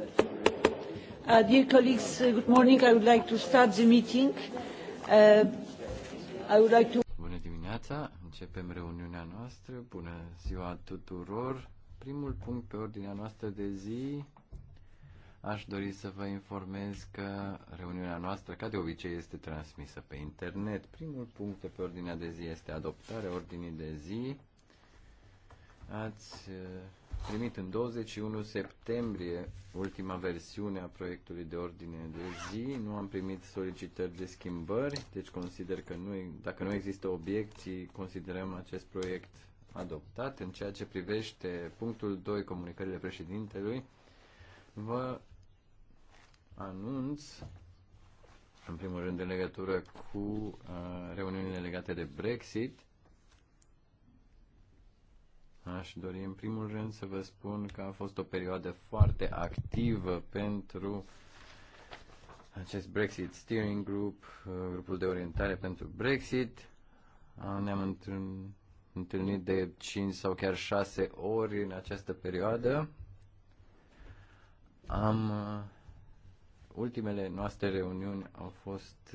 Uh, dear colleagues, uh, good morning. I would like to start the meeting. Uh, I would like to... Bună dimineața, începem reuniunea noastră. Bună ziua tuturor. Primul punct pe ordinea noastră de zi aș dori să vă informez că reuniunea noastră, ca de obicei, este transmisă pe internet. Primul punct pe ordinea de zi este adoptarea ordinii de zi ați uh, primit în 21 septembrie ultima versiune a proiectului de ordine de zi. Nu am primit solicitări de schimbări, deci consider că nu, dacă nu există obiecții, considerăm acest proiect adoptat. În ceea ce privește punctul 2, comunicările președintelui, vă anunț în primul rând în legătură cu uh, reuniunile legate de Brexit Aș dori în primul rând să vă spun că a fost o perioadă foarte activă pentru acest Brexit Steering Group, grupul de orientare pentru Brexit. Ne-am întâlnit de 5 sau chiar 6 ori în această perioadă. Am ultimele noastre reuniuni au fost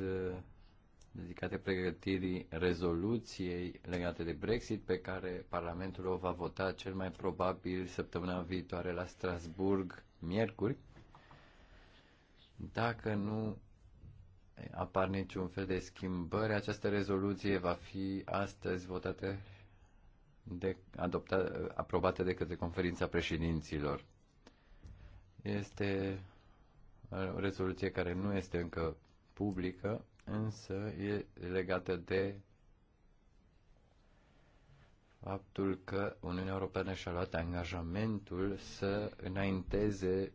dedicate pregătirii rezoluției legate de Brexit, pe care Parlamentul o va vota cel mai probabil săptămâna viitoare la Strasburg, miercuri, dacă nu apar niciun fel de schimbări, această rezoluție va fi astăzi votată de, adoptată, aprobată de către conferința președinților. Este o rezoluție care nu este încă publică, însă e legată de faptul că Uniunea Europeană și-a luat angajamentul să înainteze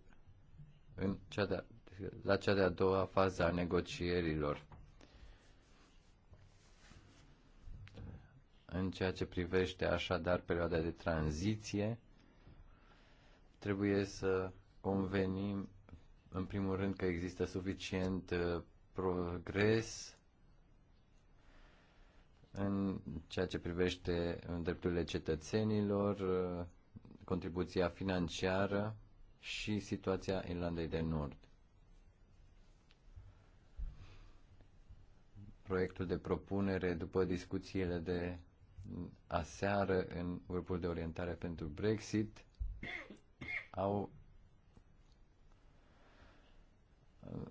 în cea de la cea de-a doua fază a negocierilor. În ceea ce privește așadar perioada de tranziție, trebuie să convenim în primul rând că există suficient uh, progres în ceea ce privește drepturile cetățenilor, contribuția financiară și situația Irlandei de Nord. Proiectul de propunere, după discuțiile de aseară în grupul de orientare pentru Brexit, au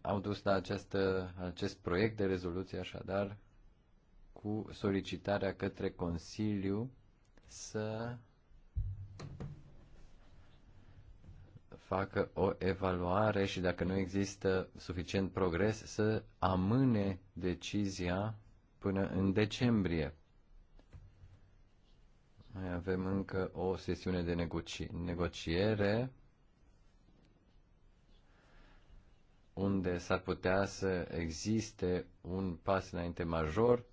au dus la această, acest proiect de rezoluție, așadar, cu solicitarea către Consiliu să facă o evaluare și dacă nu există suficient progres, să amâne decizia până în decembrie. Mai avem încă o sesiune de negoci- negociere unde s-ar putea să existe un pas înainte major.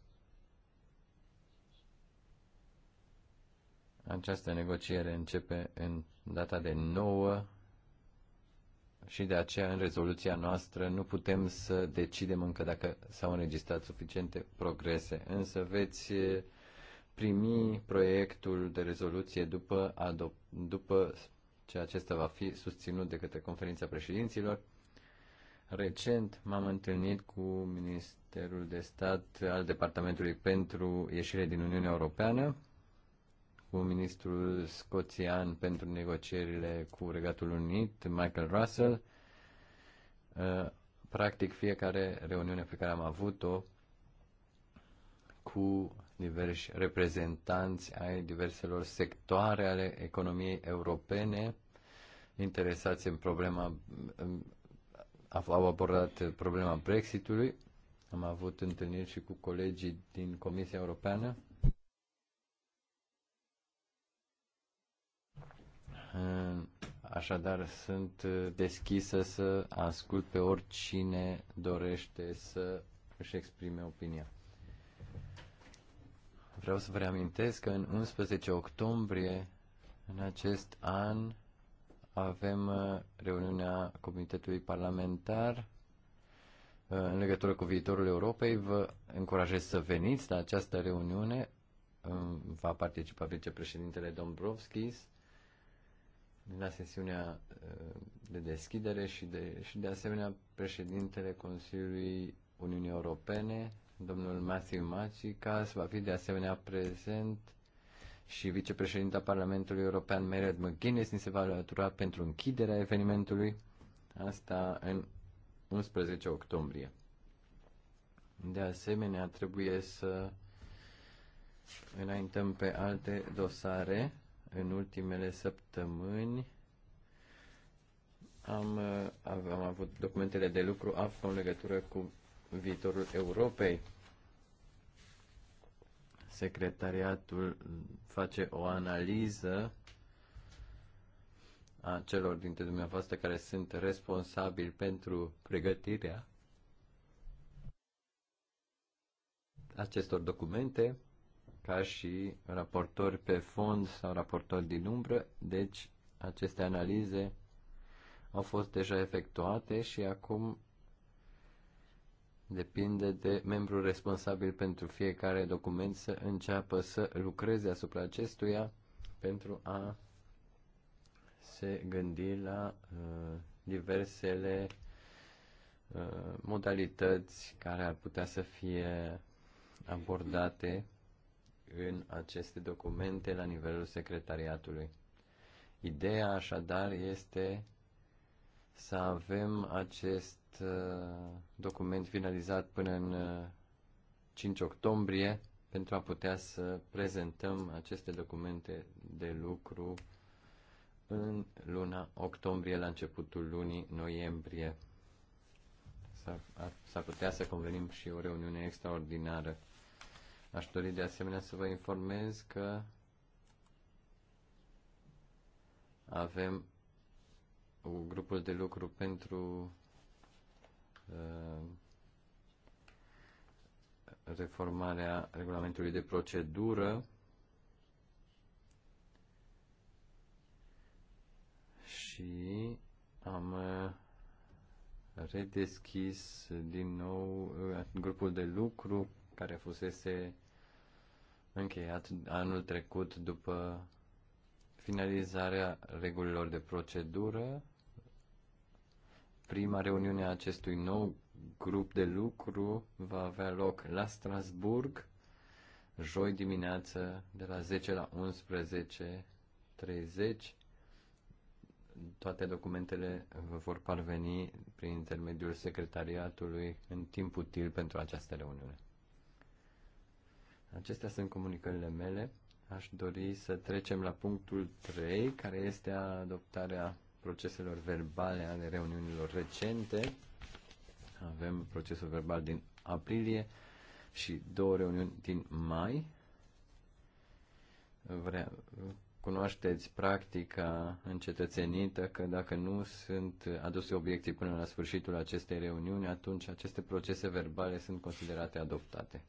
Această negociere începe în data de 9 și de aceea în rezoluția noastră nu putem să decidem încă dacă s-au înregistrat suficiente progrese, însă veți eh, primi proiectul de rezoluție după, după ce acesta va fi susținut de către conferința președinților Recent m-am întâlnit cu Ministerul de Stat al Departamentului pentru Ieșire din Uniunea Europeană, cu ministrul scoțian pentru negocierile cu Regatul Unit, Michael Russell. Uh, practic fiecare reuniune pe care am avut-o cu diversi reprezentanți ai diverselor sectoare ale economiei europene interesați în problema au abordat problema Brexitului. Am avut întâlniri și cu colegii din Comisia Europeană. Așadar, sunt deschisă să ascult pe oricine dorește să își exprime opinia. Vreau să vă reamintesc că în 11 octombrie în acest an avem uh, reuniunea Comitetului Parlamentar uh, în legătură cu viitorul Europei. Vă încurajez să veniți la această reuniune. Uh, va participa vicepreședintele Dombrovskis la sesiunea de deschidere și de, și de asemenea președintele Consiliului Uniunii Europene, domnul Matthew Macicas, va fi de asemenea prezent și vicepreședinta Parlamentului European Meret McGuinness ni se va alătura pentru închiderea evenimentului, asta în 11 octombrie. De asemenea, trebuie să înaintăm pe alte dosare. În ultimele săptămâni am, uh, am avut documentele de lucru AFCO în legătură cu viitorul Europei secretariatul face o analiză a celor dintre dumneavoastră care sunt responsabili pentru pregătirea acestor documente ca și raportori pe fond sau raportori din umbră, deci aceste analize au fost deja efectuate și acum depinde de membrul responsabil pentru fiecare document să înceapă să lucreze asupra acestuia pentru a se gândi la uh, diversele uh, modalități care ar putea să fie abordate în aceste documente la nivelul secretariatului. Ideea așadar este să avem acest Uh, document finalizat până în 5 uh, octombrie pentru a putea să prezentăm aceste documente de lucru în luna octombrie, la începutul lunii noiembrie. S-ar putea să convenim și o reuniune extraordinară. Aș dori de asemenea să vă informez că avem uh, grupul de lucru pentru Uh, reformarea regulamentului de procedură și am uh, redeschis din nou uh, grupul de lucru care fusese încheiat anul trecut după finalizarea regulilor de procedură Prima reuniune a acestui nou grup de lucru va avea loc la Strasburg, joi dimineață, de la 10 la 11.30. Toate documentele vă vor parveni prin intermediul secretariatului în timp util pentru această reuniune. Acestea sunt comunicările mele. Aș dori să trecem la punctul 3, care este adoptarea proceselor verbale ale reuniunilor recente. Avem procesul verbal din aprilie și două reuniuni din mai. Vre- cunoașteți practica încetățenită că dacă nu sunt aduse obiecții până la sfârșitul acestei reuniuni, atunci aceste procese verbale sunt considerate adoptate.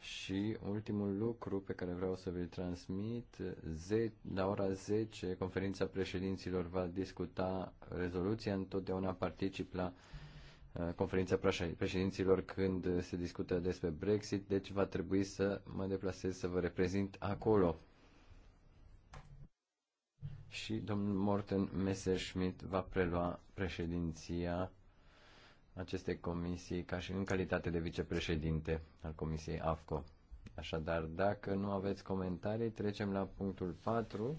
Și ultimul lucru pe care vreau să vi-l transmit, la ora 10, conferința președinților va discuta rezoluția. Întotdeauna particip la uh, conferința președinților când se discută despre Brexit, deci va trebui să mă deplasez să vă reprezint acolo. Și domnul Morten Messerschmidt va prelua președinția acestei comisii ca și în calitate de vicepreședinte al Comisiei AFCO. Așadar, dacă nu aveți comentarii, trecem la punctul 4,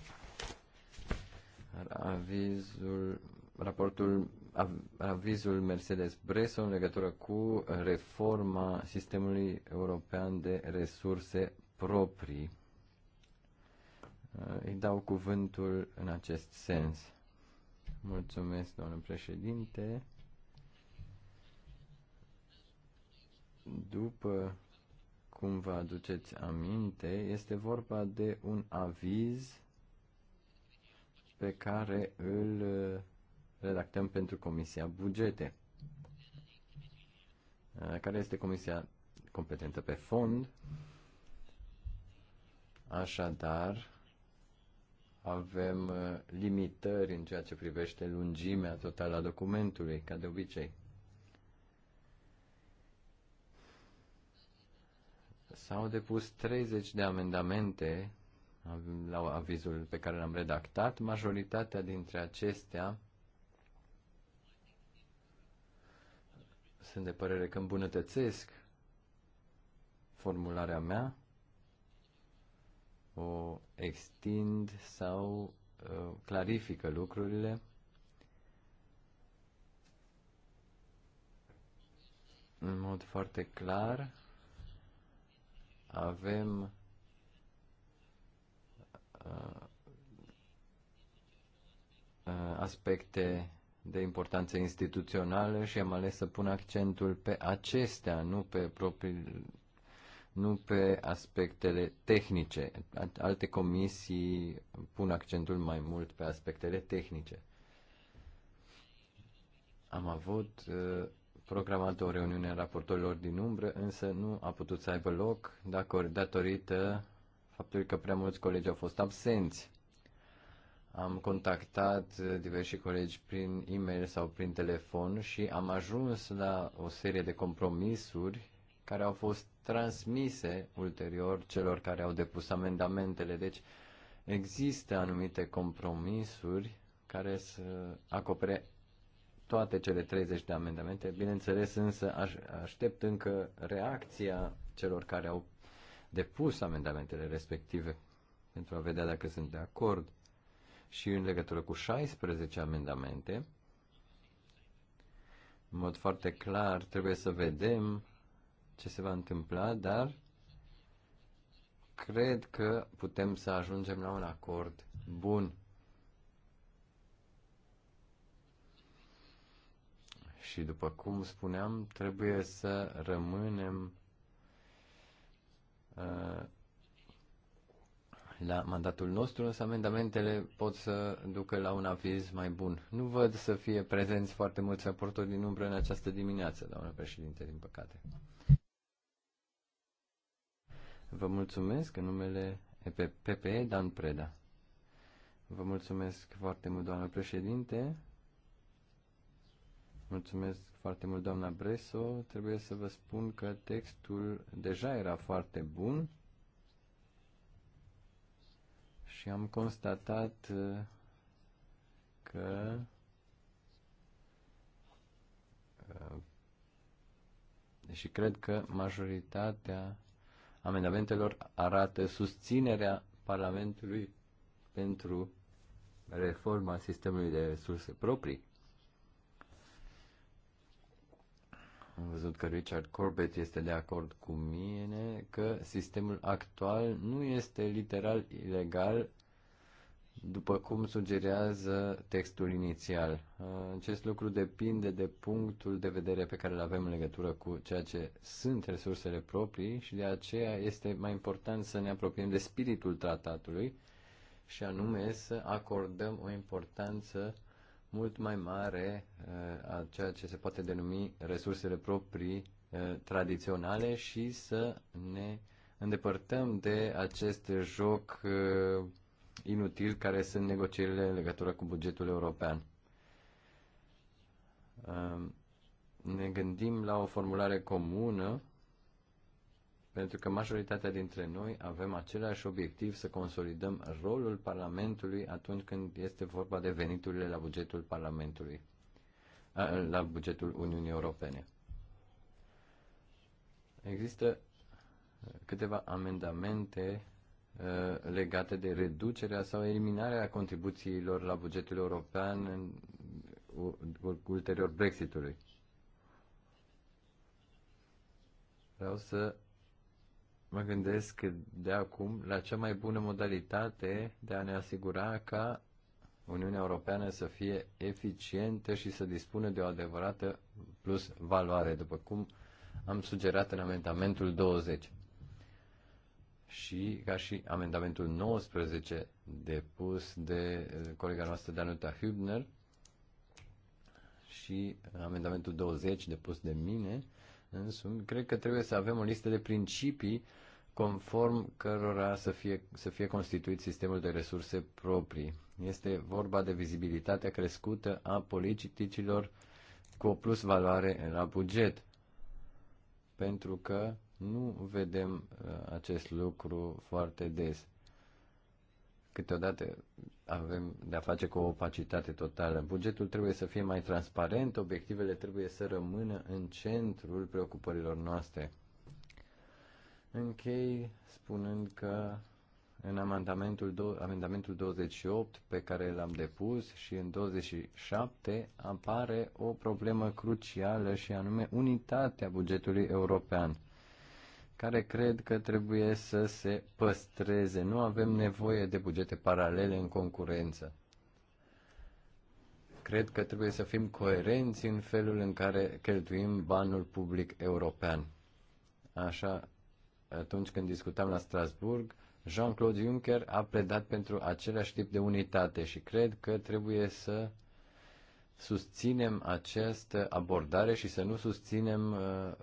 avizul, raportul, avizul Mercedes Bresson în legătură cu reforma sistemului european de resurse proprii. Îi dau cuvântul în acest sens. Mulțumesc, domnule președinte. după cum vă aduceți aminte, este vorba de un aviz pe care îl uh, redactăm pentru Comisia Bugete, uh, care este comisia competentă pe fond. Așadar, avem uh, limitări în ceea ce privește lungimea totală a documentului, ca de obicei. S-au depus 30 de amendamente la avizul pe care l-am redactat. Majoritatea dintre acestea sunt de părere că îmbunătățesc formularea mea, o extind sau uh, clarifică lucrurile. În mod foarte clar, avem uh, uh, aspecte de importanță instituțională și am ales să pun accentul pe acestea, nu pe proprii, nu pe aspectele tehnice. Alte comisii pun accentul mai mult pe aspectele tehnice. Am avut uh, programată o reuniune a raportorilor din umbră, însă nu a putut să aibă loc dacă, datorită faptului că prea mulți colegi au fost absenți. Am contactat diversi colegi prin e-mail sau prin telefon și am ajuns la o serie de compromisuri care au fost transmise ulterior celor care au depus amendamentele. Deci există anumite compromisuri care să acopere toate cele 30 de amendamente. Bineînțeles, însă aș, aștept încă reacția celor care au depus amendamentele respective pentru a vedea dacă sunt de acord. Și în legătură cu 16 amendamente, în mod foarte clar, trebuie să vedem ce se va întâmpla, dar cred că putem să ajungem la un acord bun și, după cum spuneam, trebuie să rămânem uh, la mandatul nostru, însă amendamentele pot să ducă la un aviz mai bun. Nu văd să fie prezenți foarte mulți raportori din umbră în această dimineață, doamnă președinte, din păcate. Vă mulțumesc în numele PPE Dan Preda. Vă mulțumesc foarte mult, doamnă președinte. Mulțumesc foarte mult, doamna Breso. Trebuie să vă spun că textul deja era foarte bun și am constatat uh, că uh, și cred că majoritatea amendamentelor arată susținerea Parlamentului pentru reforma sistemului de resurse proprii. Am văzut că Richard Corbett este de acord cu mine că sistemul actual nu este literal ilegal, după cum sugerează textul inițial. Acest lucru depinde de punctul de vedere pe care îl avem în legătură cu ceea ce sunt resursele proprii și de aceea este mai important să ne apropiem de spiritul tratatului și anume să acordăm o importanță mult mai mare uh, a ceea ce se poate denumi resursele proprii uh, tradiționale și să ne îndepărtăm de acest joc uh, inutil care sunt negocierile în legătură cu bugetul european. Um, ne gândim la o formulare comună pentru că majoritatea dintre noi avem același obiectiv să consolidăm rolul Parlamentului atunci când este vorba de veniturile la bugetul Parlamentului, la bugetul Uniunii Europene. Există câteva amendamente legate de reducerea sau eliminarea contribuțiilor la bugetul european în ulterior Brexitului. Vreau să mă gândesc de acum la cea mai bună modalitate de a ne asigura ca Uniunea Europeană să fie eficientă și să dispună de o adevărată plus valoare, după cum am sugerat în amendamentul 20 și ca și amendamentul 19 depus de eh, colega noastră Danuta Hübner și amendamentul 20 depus de mine însumi, cred că trebuie să avem o listă de principii conform cărora să fie, să fie constituit sistemul de resurse proprii. Este vorba de vizibilitatea crescută a politicilor cu o plus valoare la buget, pentru că nu vedem uh, acest lucru foarte des. Câteodată avem de-a face cu o opacitate totală. Bugetul trebuie să fie mai transparent, obiectivele trebuie să rămână în centrul preocupărilor noastre Închei spunând că în amendamentul, amendamentul 28 pe care l-am depus și în 27 apare o problemă crucială și anume unitatea bugetului european care cred că trebuie să se păstreze. Nu avem nevoie de bugete paralele în concurență. Cred că trebuie să fim coerenți în felul în care cheltuim banul public european. Așa atunci când discutam la Strasburg, Jean-Claude Juncker a predat pentru același tip de unitate și cred că trebuie să susținem această abordare și să nu susținem uh,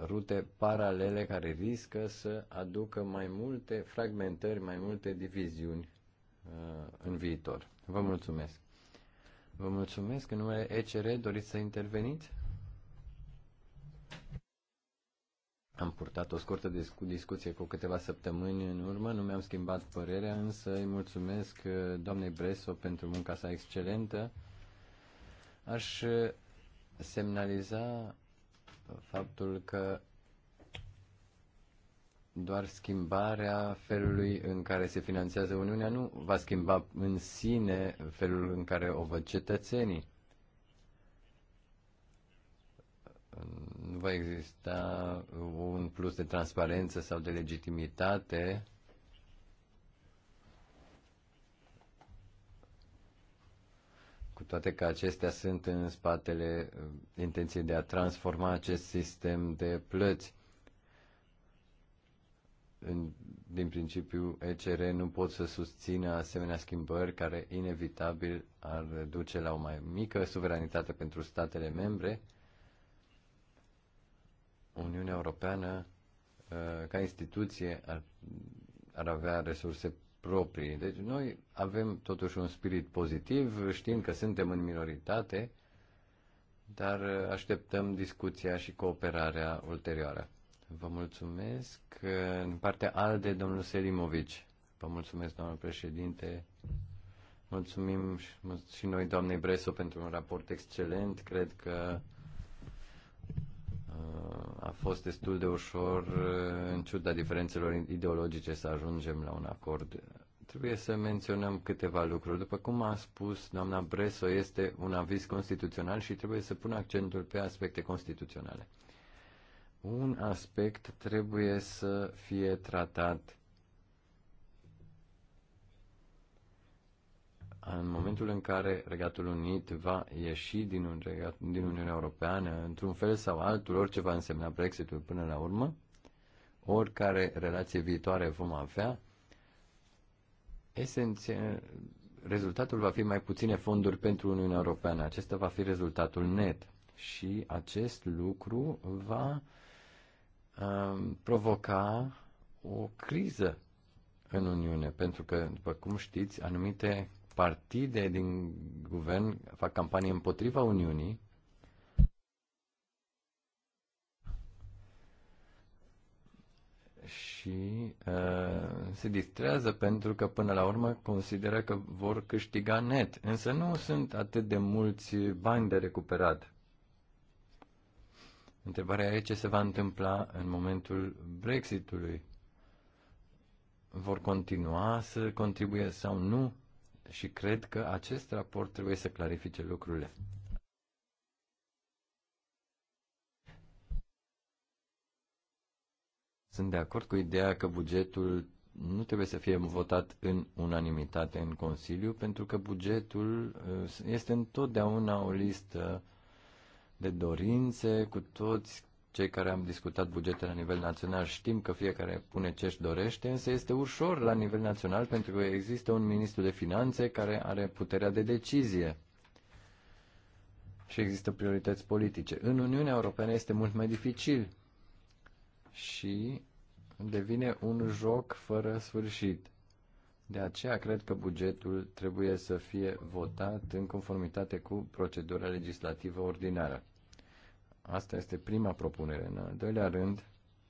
rute paralele care riscă să aducă mai multe fragmentări, mai multe diviziuni uh, în viitor. Vă mulțumesc. Vă mulțumesc. În numele ECR doriți să interveniți? Am purtat o scurtă discu- discuție cu câteva săptămâni în urmă, nu mi-am schimbat părerea, însă îi mulțumesc uh, doamnei Breso pentru munca sa excelentă. Aș uh, semnaliza faptul că doar schimbarea felului în care se finanțează Uniunea nu va schimba în sine felul în care o văd cetățenii. nu va exista un plus de transparență sau de legitimitate cu toate că acestea sunt în spatele uh, intenției de a transforma acest sistem de plăți. În, din principiu, ECR nu pot să susțină asemenea schimbări care inevitabil ar duce la o mai mică suveranitate pentru statele membre, Uniunea Europeană uh, ca instituție ar, ar avea resurse proprii. Deci noi avem totuși un spirit pozitiv, știm că suntem în minoritate, dar uh, așteptăm discuția și cooperarea ulterioară. Vă mulțumesc. Uh, în partea ALDE, domnul Selimovici. Vă mulțumesc, domnul președinte. Mulțumim și noi, doamnei Breso, pentru un raport excelent. Cred că a fost destul de ușor, uh, în ciuda diferențelor ideologice, să ajungem la un acord. Trebuie să menționăm câteva lucruri. După cum a spus doamna Breso, este un aviz constituțional și trebuie să pun accentul pe aspecte constituționale. Un aspect trebuie să fie tratat În momentul în care Regatul Unit va ieși din, un regat, din Uniunea Europeană, într-un fel sau altul, orice va însemna Brexitul până la urmă, oricare relație viitoare vom avea, esențial, rezultatul va fi mai puține fonduri pentru Uniunea Europeană. Acesta va fi rezultatul net. Și acest lucru va um, provoca o criză în Uniune, pentru că, după cum știți, anumite partide din guvern fac campanie împotriva Uniunii, și uh, se distrează pentru că până la urmă consideră că vor câștiga net, însă nu sunt atât de mulți bani de recuperat. Întrebarea e ce se va întâmpla în momentul Brexitului. Vor continua să contribuie sau nu și cred că acest raport trebuie să clarifice lucrurile. Sunt de acord cu ideea că bugetul nu trebuie să fie votat în unanimitate în Consiliu, pentru că bugetul uh, este întotdeauna o listă de dorințe, cu toți cei care am discutat bugete la nivel național știm că fiecare pune ce își dorește, însă este ușor la nivel național pentru că există un ministru de finanțe care are puterea de decizie și există priorități politice. În Uniunea Europeană este mult mai dificil și devine un joc fără sfârșit. De aceea cred că bugetul trebuie să fie votat în conformitate cu procedura legislativă ordinară. Asta este prima propunere. În al doilea rând,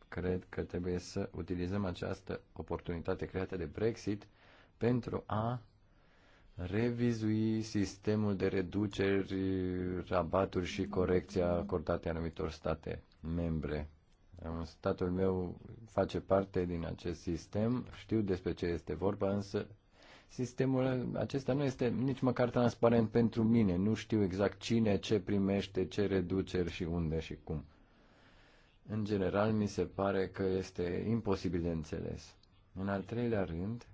cred că trebuie să utilizăm această oportunitate creată de Brexit pentru a revizui sistemul de reduceri, rabaturi și corecția acordate anumitor state membre. Statul meu face parte din acest sistem, știu despre ce este vorba, însă Sistemul acesta nu este nici măcar transparent pentru mine. Nu știu exact cine, ce primește, ce reduceri și unde și cum. În general, mi se pare că este imposibil de înțeles. În al treilea rând,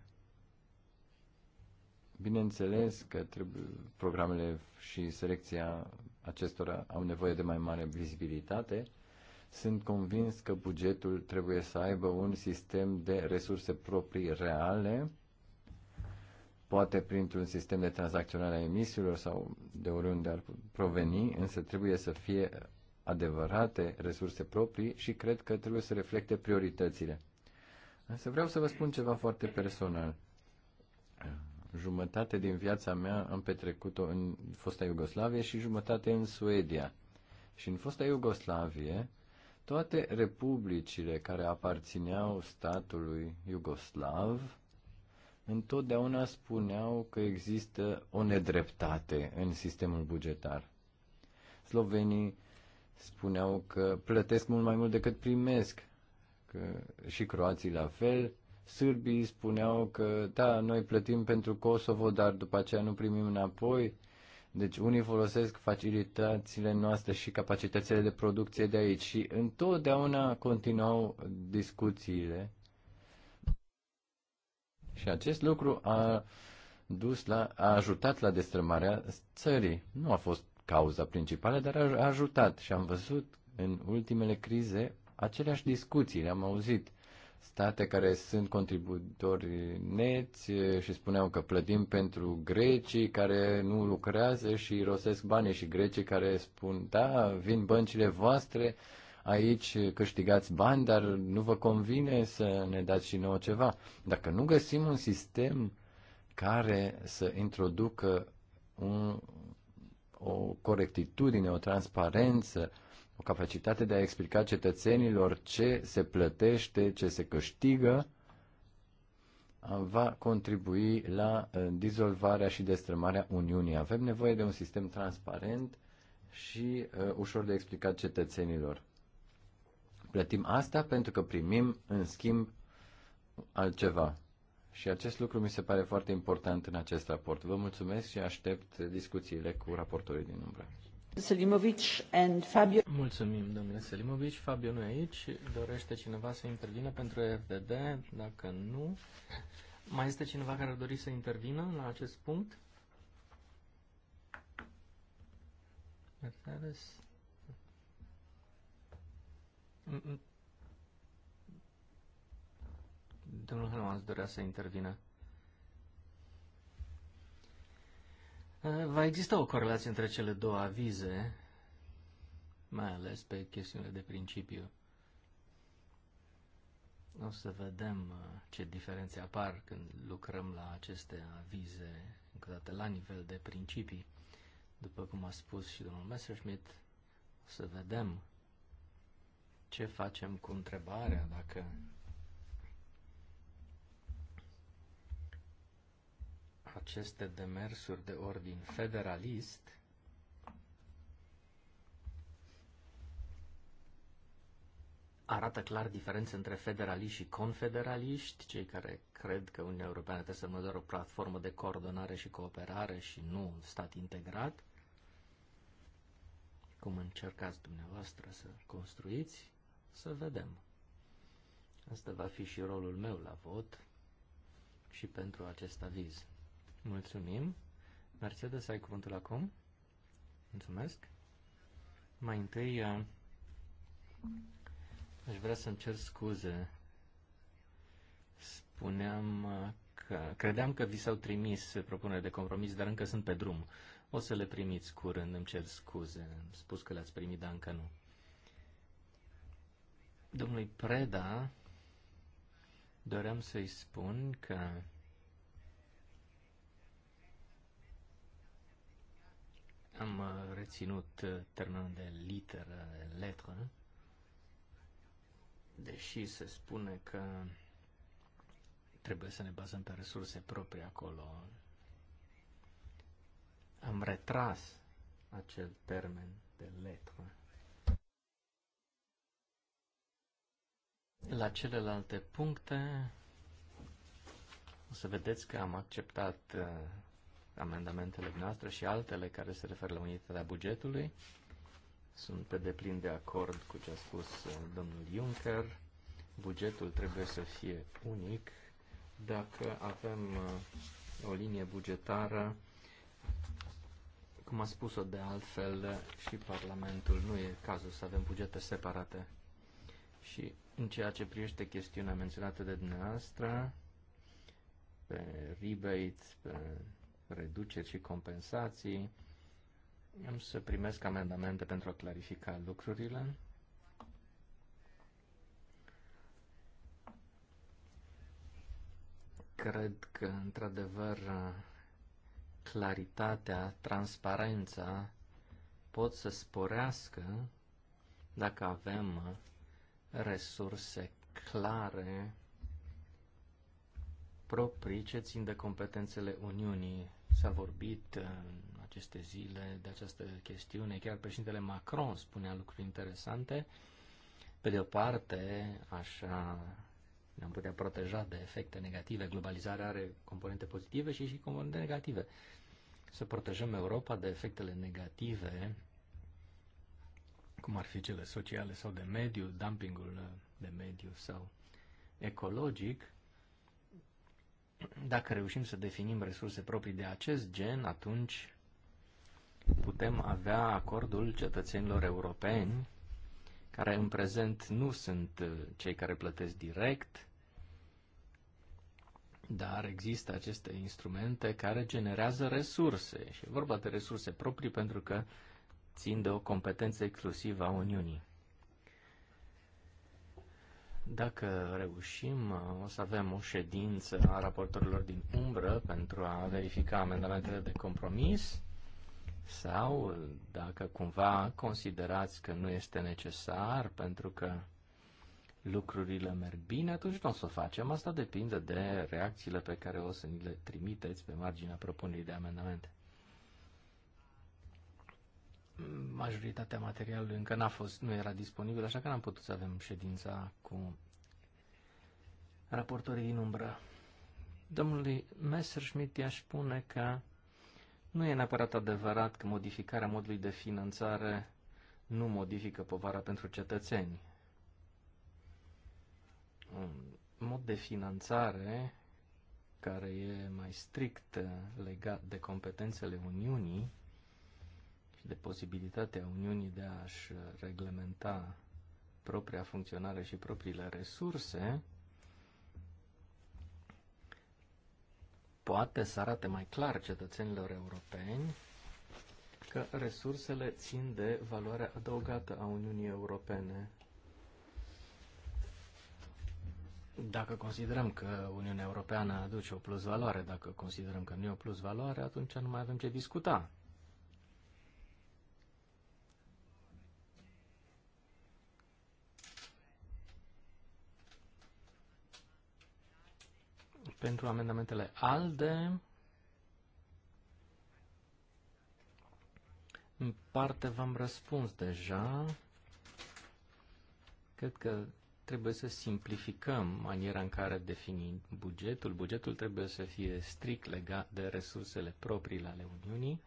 bineînțeles că trebuie, programele și selecția acestora au nevoie de mai mare vizibilitate. Sunt convins că bugetul trebuie să aibă un sistem de resurse proprii reale, poate printr-un sistem de tranzacționare a emisiilor sau de oriunde ar proveni, însă trebuie să fie adevărate resurse proprii și cred că trebuie să reflecte prioritățile. Însă vreau să vă spun ceva foarte personal. Jumătate din viața mea am petrecut-o în fosta Iugoslavie și jumătate în Suedia. Și în fosta Iugoslavie, toate republicile care aparțineau statului iugoslav întotdeauna spuneau că există o nedreptate în sistemul bugetar. Slovenii spuneau că plătesc mult mai mult decât primesc că și croații la fel. Sârbii spuneau că da, noi plătim pentru Kosovo, dar după aceea nu primim înapoi. Deci unii folosesc facilitățile noastre și capacitățile de producție de aici și întotdeauna continuau discuțiile și acest lucru a dus la, a ajutat la destrămarea țării. Nu a fost cauza principală, dar a ajutat și am văzut în ultimele crize aceleași discuții, le-am auzit. State care sunt contributori neți și spuneau că plătim pentru grecii care nu lucrează și rosesc banii și grecii care spun, da, vin băncile voastre, aici câștigați bani, dar nu vă convine să ne dați și nouă ceva. Dacă nu găsim un sistem care să introducă un, o corectitudine, o transparență, o capacitate de a explica cetățenilor ce se plătește, ce se câștigă, va contribui la uh, dizolvarea și destrămarea Uniunii. Avem nevoie de un sistem transparent și uh, ușor de explicat cetățenilor. Plătim asta pentru că primim, în schimb, altceva. Și acest lucru mi se pare foarte important în acest raport. Vă mulțumesc și aștept discuțiile cu raportorii din umbră. Selimovic and Fabio. Mulțumim, domnule Selimovic. Fabio nu e aici. Dorește cineva să intervină pentru FDD? Dacă nu, mai este cineva care ar dori să intervină la acest punct? Mercedes? Domnul Helmas dorea să intervină. Va exista o corelație între cele două avize, mai ales pe chestiunile de principiu. O să vedem ce diferențe apar când lucrăm la aceste avize, încă o dată, la nivel de principii. După cum a spus și domnul Messerschmidt, o să vedem ce facem cu întrebarea dacă aceste demersuri de ordin federalist arată clar diferențe între federaliști și confederaliști, cei care cred că Uniunea Europeană trebuie să măsoare o platformă de coordonare și cooperare și nu un stat integrat, cum încercați dumneavoastră să construiți. Să vedem. Asta va fi și rolul meu la vot și pentru acest aviz. Mulțumim. Mercedes, ai cuvântul acum? Mulțumesc. Mai întâi uh, aș vrea să-mi cer scuze. Spuneam uh, că credeam că vi s-au trimis propuneri de compromis, dar încă sunt pe drum. O să le primiți curând, îmi cer scuze. Am spus că le-ați primit, dar încă nu. Domnului Preda, doream să-i spun că am uh, reținut uh, termenul de literă, letră, deși se spune că trebuie să ne bazăm pe resurse proprii acolo. Am retras acel termen de letră. La celelalte puncte o să vedeți că am acceptat uh, amendamentele noastre și altele care se referă la unitatea bugetului. Sunt pe deplin de acord cu ce a spus uh, domnul Juncker. Bugetul trebuie să fie unic. Dacă avem uh, o linie bugetară, cum a spus-o de altfel și Parlamentul, nu e cazul să avem bugete separate. Și în ceea ce privește chestiunea menționată de dumneavoastră, pe rebate, pe reduceri și compensații, am să primesc amendamente pentru a clarifica lucrurile. Cred că, într-adevăr, claritatea, transparența pot să sporească dacă avem resurse clare proprii ce țin de competențele Uniunii. S-a vorbit în aceste zile de această chestiune, chiar președintele Macron spunea lucruri interesante. Pe de o parte, așa ne-am putea proteja de efecte negative. Globalizarea are componente pozitive și și componente negative. Să protejăm Europa de efectele negative cum ar fi cele sociale sau de mediu, dumpingul uh, de mediu sau ecologic, dacă reușim să definim resurse proprii de acest gen, atunci putem avea acordul cetățenilor europeni, care în prezent nu sunt uh, cei care plătesc direct, dar există aceste instrumente care generează resurse. Și e vorba de resurse proprii pentru că uh, țin de o competență exclusivă a Uniunii. Dacă reușim, o să avem o ședință a raportorilor din umbră pentru a verifica amendamentele de compromis sau dacă cumva considerați că nu este necesar pentru că lucrurile merg bine, atunci nu o să o facem. Asta depinde de reacțiile pe care o să ni le trimiteți pe marginea propunerii de amendamente majoritatea materialului încă n-a fost, nu era disponibil, așa că n-am putut să avem ședința cu raportorii din umbră. Domnului Messerschmidt i-aș spune că nu e neapărat adevărat că modificarea modului de finanțare nu modifică povara pentru cetățeni. Un mod de finanțare care e mai strict legat de competențele Uniunii de posibilitatea Uniunii de a-și reglementa propria funcționare și propriile resurse, poate să arate mai clar cetățenilor europeni că resursele țin de valoarea adăugată a Uniunii Europene. Dacă considerăm că Uniunea Europeană aduce o plus valoare, dacă considerăm că nu e o plus valoare, atunci nu mai avem ce discuta. pentru amendamentele ALDE. În parte v-am răspuns deja. Cred că trebuie să simplificăm maniera în care definim bugetul. Bugetul trebuie să fie strict legat de resursele propriile ale Uniunii.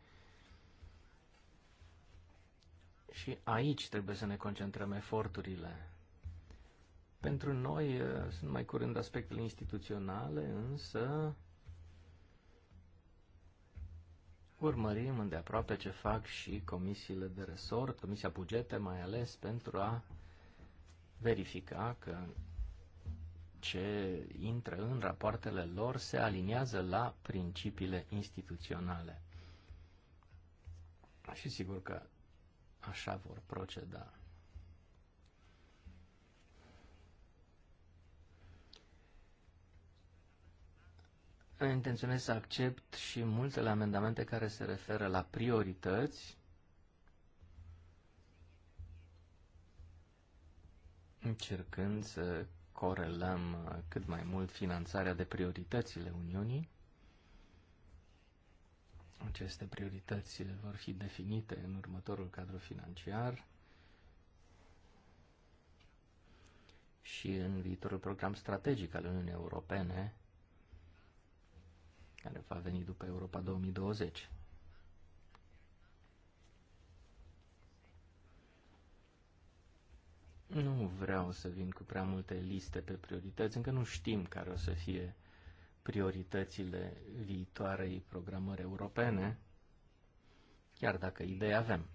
Și aici trebuie să ne concentrăm eforturile. Pentru noi eh, sunt mai curând aspectele instituționale, însă urmărim îndeaproape ce fac și comisiile de resort, Comisia Bugete mai ales, pentru a verifica că ce intră în rapoartele lor se aliniază la principiile instituționale. Și sigur că așa vor proceda. intenționez să accept și multele amendamente care se referă la priorități. Încercând să corelăm cât mai mult finanțarea de prioritățile Uniunii. Aceste priorități vor fi definite în următorul cadru financiar și în viitorul program strategic al Uniunii Europene care va veni după Europa 2020. Nu vreau să vin cu prea multe liste pe priorități, încă nu știm care o să fie prioritățile viitoarei programări europene, chiar dacă idei avem.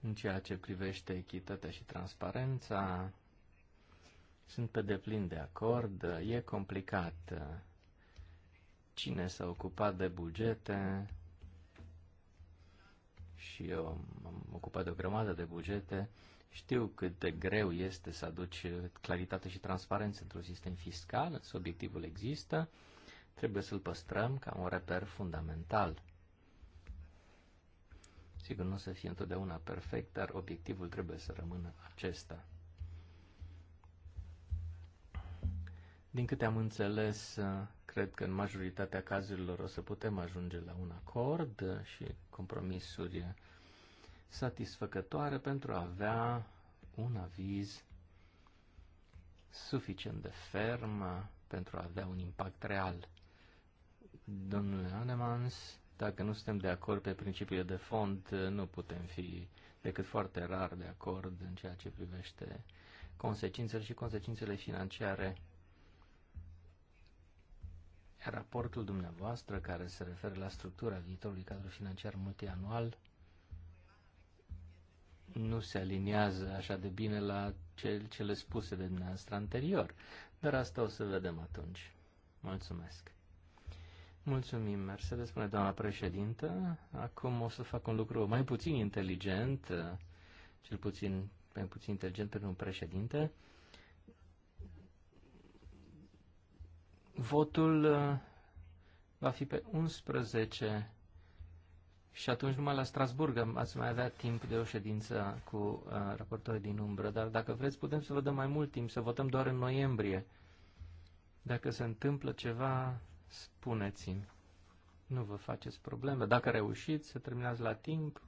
În ceea ce privește echitatea și transparența, sunt pe deplin de acord, e complicat. Uh, cine s-a ocupat de bugete? Și eu am ocupat de o grămadă de bugete. Știu cât de greu este să aduci uh, claritate și transparență într-un sistem fiscal, să obiectivul există. Trebuie să-l păstrăm ca un reper fundamental. Sigur, nu o să fie întotdeauna perfect, dar obiectivul trebuie să rămână acesta. Din câte am înțeles, cred că în majoritatea cazurilor o să putem ajunge la un acord și compromisuri satisfăcătoare pentru a avea un aviz suficient de ferm pentru a avea un impact real. Domnule Anemans, dacă nu suntem de acord pe principiile de fond, nu putem fi decât foarte rar de acord în ceea ce privește consecințele și consecințele financiare raportul dumneavoastră care se referă la structura viitorului cadru financiar multianual nu se aliniază așa de bine la ce cele spuse de dumneavoastră anterior, dar asta o să vedem atunci. Mulțumesc. Mulțumim, Mercedes, spune doamna președintă. Acum o să fac un lucru mai puțin inteligent, cel puțin mai puțin inteligent pentru un președinte. Votul uh, va fi pe 11 și atunci numai la Strasburg ați mai avea timp de o ședință cu uh, raportorii din umbră, dar dacă vreți putem să vă dăm mai mult timp, să votăm doar în noiembrie. Dacă se întâmplă ceva, spuneți-mi. Nu vă faceți probleme. Dacă reușiți să terminați la timp,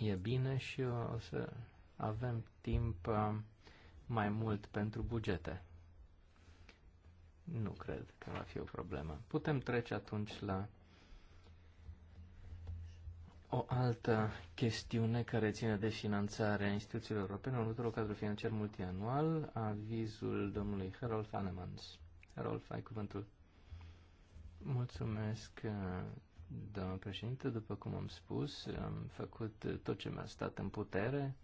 e bine și o să avem timp uh, mai mult pentru bugete. Nu cred că va fi o problemă. Putem trece atunci la o altă chestiune care ține de finanțarea instituțiilor europene, următorul cadru financiar multianual, avizul domnului Harold Fanemans. Harold, ai cuvântul. Mulțumesc, uh, doamnă președinte. După cum am spus, am făcut tot ce mi-a stat în putere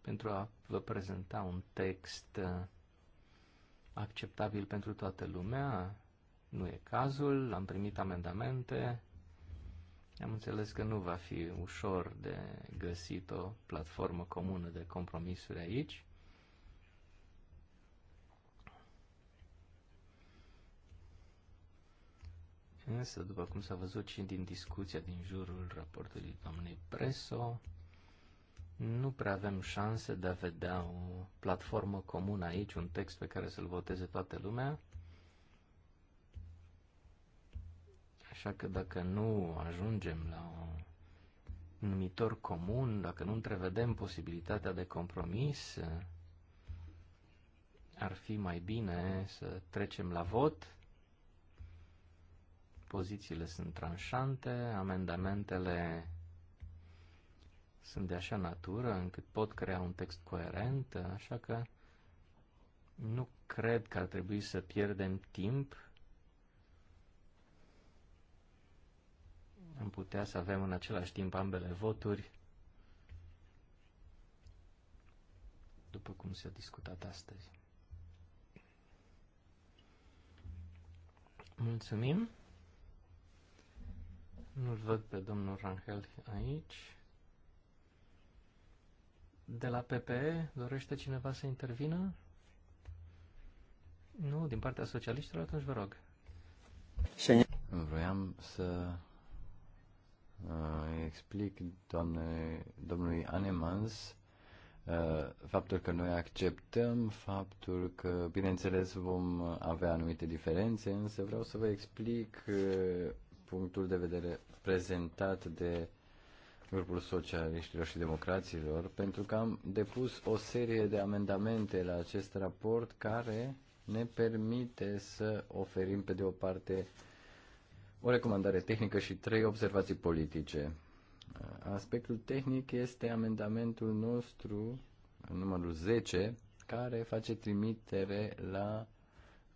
pentru a vă prezenta un text uh, acceptabil pentru toată lumea. Nu e cazul, am primit amendamente, am înțeles că nu va fi ușor de găsit o platformă comună de compromisuri aici. Însă, după cum s-a văzut și din discuția din jurul raportului doamnei Preso, nu prea avem șanse de a vedea o platformă comună aici, un text pe care să-l voteze toată lumea. Așa că dacă nu ajungem la un numitor comun, dacă nu întrevedem posibilitatea de compromis, ar fi mai bine să trecem la vot. Pozițiile sunt tranșante, amendamentele sunt de așa natură încât pot crea un text coerent, așa că nu cred că ar trebui să pierdem timp. Am putea să avem în același timp ambele voturi, după cum s-a discutat astăzi. Mulțumim. Nu-l văd pe domnul Rangel aici. De la PPE, dorește cineva să intervină? Nu, din partea socialiștilor, atunci vă rog. Vroiam să uh, explic doamne, domnului Anemans uh, faptul că noi acceptăm faptul că, bineînțeles, vom avea anumite diferențe, însă vreau să vă explic uh, punctul de vedere prezentat de uh, grupul socialiștilor și democraților, pentru că am depus o serie de amendamente la acest raport care ne permite să oferim, pe de o parte, o recomandare tehnică și trei observații politice. Aspectul tehnic este amendamentul nostru, numărul 10, care face trimitere la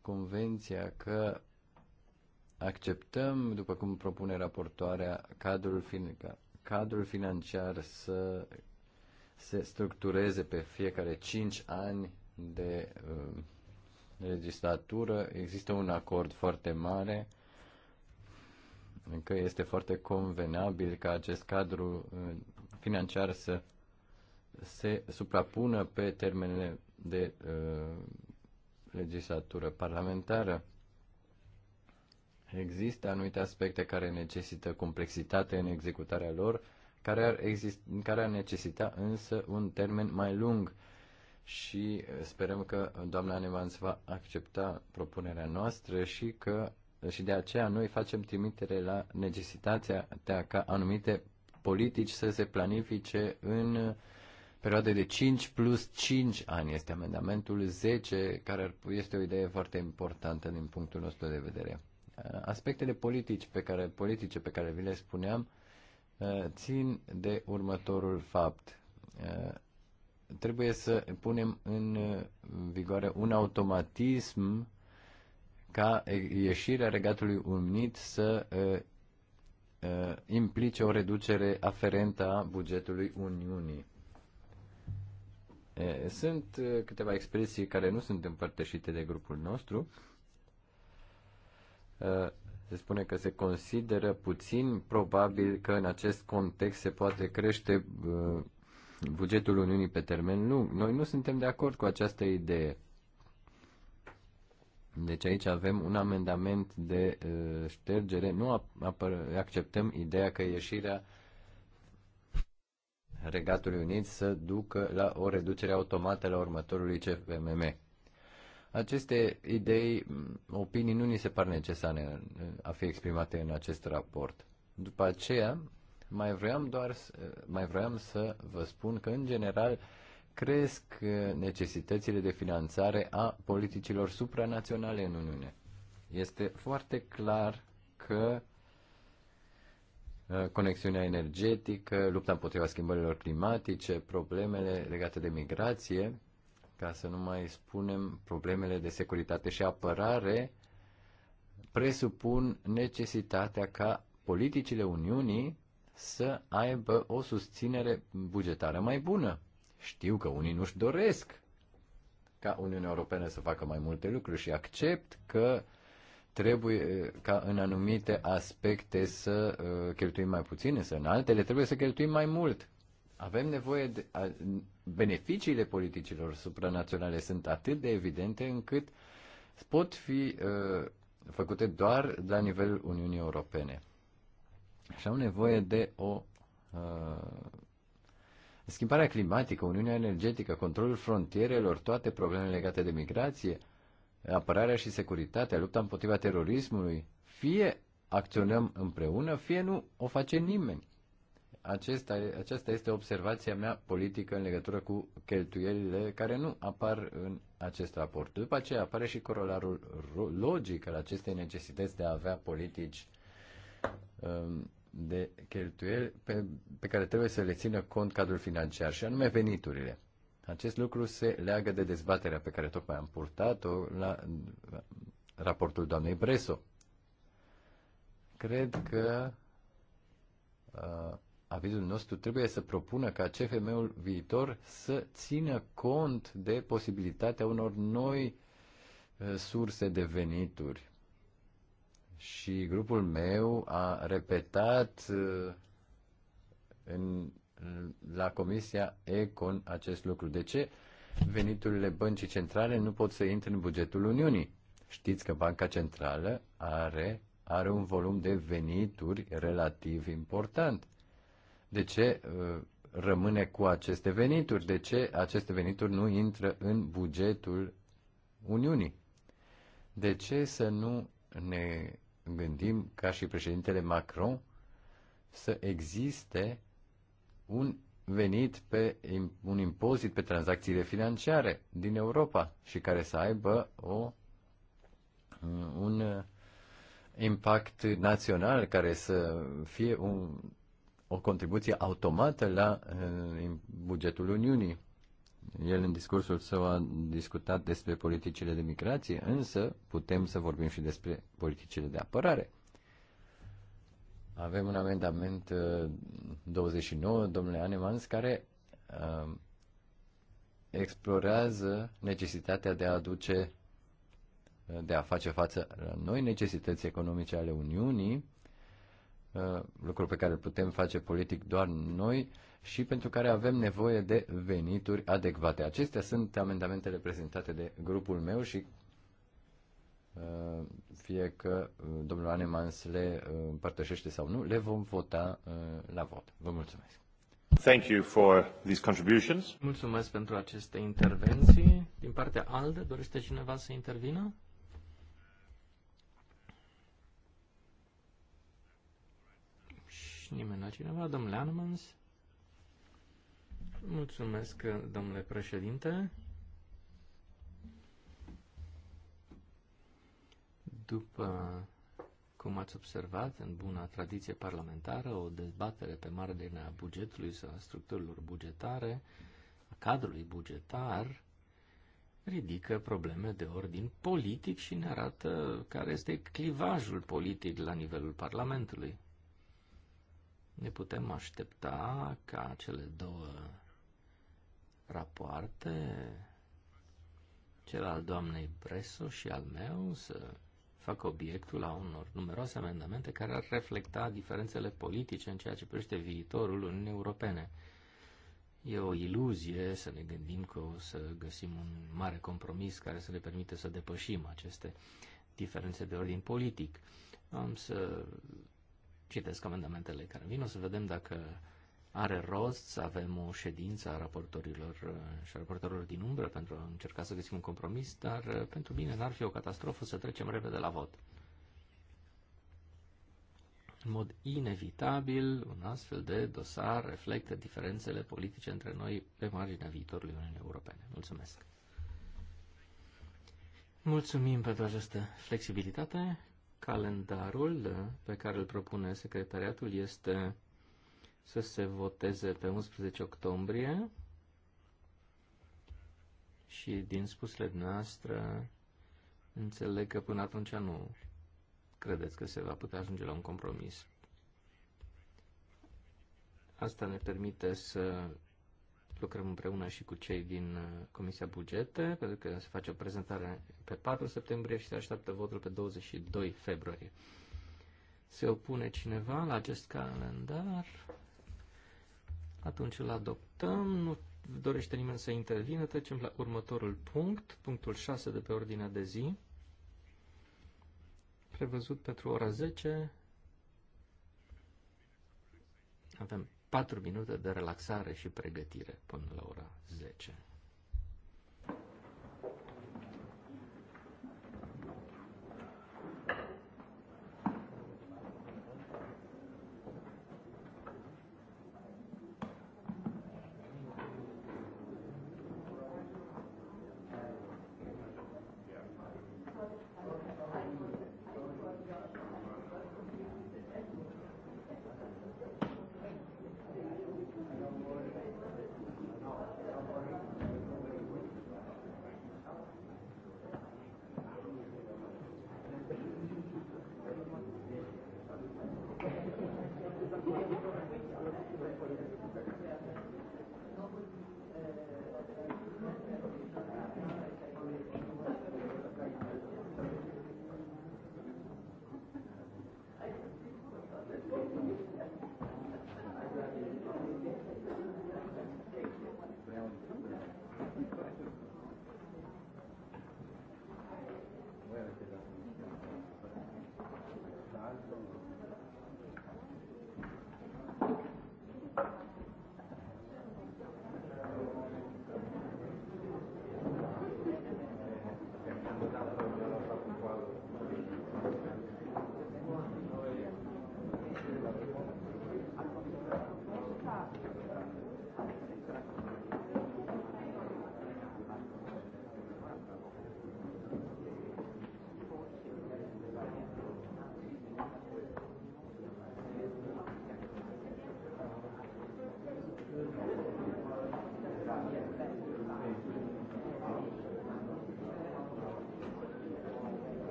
convenția că acceptăm, după cum propune raportoarea, cadrul, fin- cadrul financiar să se structureze pe fiecare 5 ani de uh, legislatură. Există un acord foarte mare că este foarte convenabil ca acest cadru uh, financiar să se suprapună pe termenele de uh, legislatură parlamentară. Există anumite aspecte care necesită complexitate în executarea lor, care ar, exist, care ar necesita însă un termen mai lung și sperăm că doamna Nevanț va accepta propunerea noastră și că și de aceea noi facem trimitere la necesitatea de ca anumite politici să se planifice în perioade de 5 plus 5 ani. Este amendamentul 10, care este o idee foarte importantă din punctul nostru de vedere. Eh, aspectele politici pe care, politice pe care vi le spuneam eh, țin de următorul fapt. Eh, trebuie să punem în vigoare un automatism ca ieșirea Regatului Unit să implice o reducere aferentă a bugetului Uniunii. Sunt câteva expresii care nu sunt împărtășite de grupul nostru, Eh, se spune că se consideră puțin probabil că în acest context se poate crește eh, bugetul Uniunii pe termen lung. Noi nu suntem de acord cu această idee. Deci aici avem un amendament de uh, ștergere. Nu acceptăm ideea că ieșirea Regatului Unit să ducă la o reducere automată la următorului CFMM. Aceste idei, opinii nu ni se par necesare a fi exprimate în acest raport. După aceea, mai vreau doar mai vreau să vă spun că în general cresc necesitățile de finanțare a politicilor supranaționale în Uniune. Este foarte clar că conexiunea energetică, lupta împotriva schimbărilor climatice, problemele legate de migrație ca să nu mai spunem problemele de securitate și apărare, presupun necesitatea ca politicile Uniunii să aibă o susținere bugetară mai bună. Știu că unii nu-și doresc ca Uniunea Europeană să facă mai multe lucruri și accept că trebuie ca în anumite aspecte să uh, cheltuim mai puțin, însă în altele trebuie să cheltuim mai mult. Avem nevoie de, beneficiile politicilor supranaționale sunt atât de evidente încât pot fi uh, făcute doar la nivelul Uniunii Europene. Și au nevoie de o uh, schimbare climatică, Uniunea Energetică, controlul frontierelor, toate problemele legate de migrație, apărarea și securitatea, lupta împotriva terorismului, fie acționăm împreună, fie nu o face nimeni. Acesta, aceasta este observația mea politică în legătură cu cheltuielile care nu apar în acest raport. După aceea apare și corolarul logic al acestei necesități de a avea politici um, de cheltuieli pe, pe care trebuie să le țină cont cadrul financiar și anume veniturile. Acest lucru se leagă de dezbaterea pe care tocmai am purtat-o la raportul doamnei Breso. Cred că uh, avizul nostru trebuie să propună ca CFM-ul viitor să țină cont de posibilitatea unor noi uh, surse de venituri. Și grupul meu a repetat uh, în, la Comisia Econ acest lucru. De ce veniturile băncii centrale nu pot să intre în bugetul Uniunii? Știți că Banca Centrală are, are un volum de venituri relativ important de ce uh, rămâne cu aceste venituri? De ce aceste venituri nu intră în bugetul Uniunii? De ce să nu ne gândim, ca și președintele Macron, să existe un venit pe un impozit pe tranzacțiile financiare din Europa și care să aibă o, un uh, impact național care să fie un, o contribuție automată la eh, bugetul Uniunii. El în discursul său a discutat despre politicile de migrație, însă putem să vorbim și despre politicile de apărare. Avem un amendament 29, eh, domnule Anemans, care uh, explorează necesitatea de a aduce, de a face față la noi necesități economice ale Uniunii, Uh, lucru pe care putem face politic doar noi și pentru care avem nevoie de venituri adecvate. Acestea sunt amendamentele prezentate de grupul meu și uh, fie că uh, domnul Anemans le împărtășește sau nu, le vom vota la vot. Vă mulțumesc. Thank you for these contributions. Mulțumesc pentru aceste intervenții. Din partea ALDE, dorește cineva să intervină? nimeni cineva. Domnule Anmans. Mulțumesc, domnule președinte. După cum ați observat, în buna tradiție parlamentară, o dezbatere pe marginea bugetului sau a structurilor bugetare, a cadrului bugetar, ridică probleme de ordin politic și ne arată care este clivajul politic la nivelul Parlamentului ne putem aștepta ca cele două rapoarte, cel al doamnei Bresso și al meu, să facă obiectul la unor numeroase amendamente care ar reflecta diferențele politice în ceea ce privește viitorul Uniunii Europene. E o iluzie să ne gândim că o să găsim un mare compromis care să ne permite să depășim aceste diferențe de ordin politic. Am să citesc amendamentele care vin, o să vedem dacă are rost să avem o ședință a raportorilor uh, și a raportorilor din umbră pentru a încerca să găsim un compromis, dar uh, pentru mine n-ar fi o catastrofă să trecem repede la vot. În mod inevitabil, un astfel de dosar reflectă diferențele politice între noi pe marginea viitorului Uniunii Europene. Mulțumesc! Mulțumim pentru această flexibilitate. Calendarul pe care îl propune secretariatul este să se voteze pe 11 octombrie și din spusele noastre înțeleg că până atunci nu credeți că se va putea ajunge la un compromis. Asta ne permite să lucrăm împreună și cu cei din uh, Comisia Bugete, pentru că se face o prezentare pe 4 septembrie și se așteaptă votul pe 22 februarie. Se opune cineva la acest calendar? Atunci îl adoptăm. Nu dorește nimeni să intervină. Trecem la următorul punct, punctul 6 de pe ordinea de zi, prevăzut pentru ora 10. Avem 4 minute de relaxare și pregătire până la ora 10.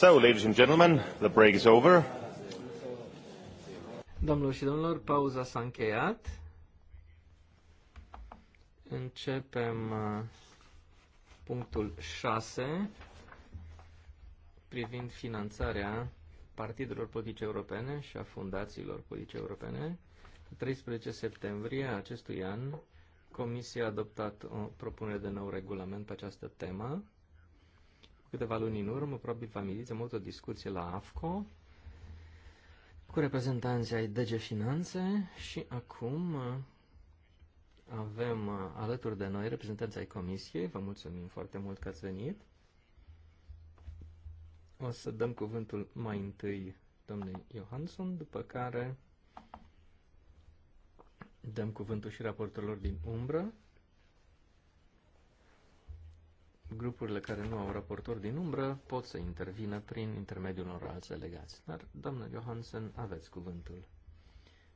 So, ladies and gentlemen, the break is over. Domnilor și domnilor, pauza s-a încheiat. Începem uh, punctul 6 privind finanțarea partidelor politice europene și a fundațiilor politice europene. 13 septembrie acestui an, Comisia a adoptat o propunere de nou regulament pe această temă câteva luni în urmă, probabil vă amintiți, am avut o discuție la AFCO cu reprezentanții ai DG Finanțe și acum uh, avem uh, alături de noi reprezentanții ai Comisiei. Vă mulțumim foarte mult că ați venit. O să dăm cuvântul mai întâi domnului Johansson, după care dăm cuvântul și raportorilor din umbră grupurile care nu au raportori din umbră pot să intervină prin intermediul unor alți delegați. Dar, doamnă Johansen, aveți cuvântul.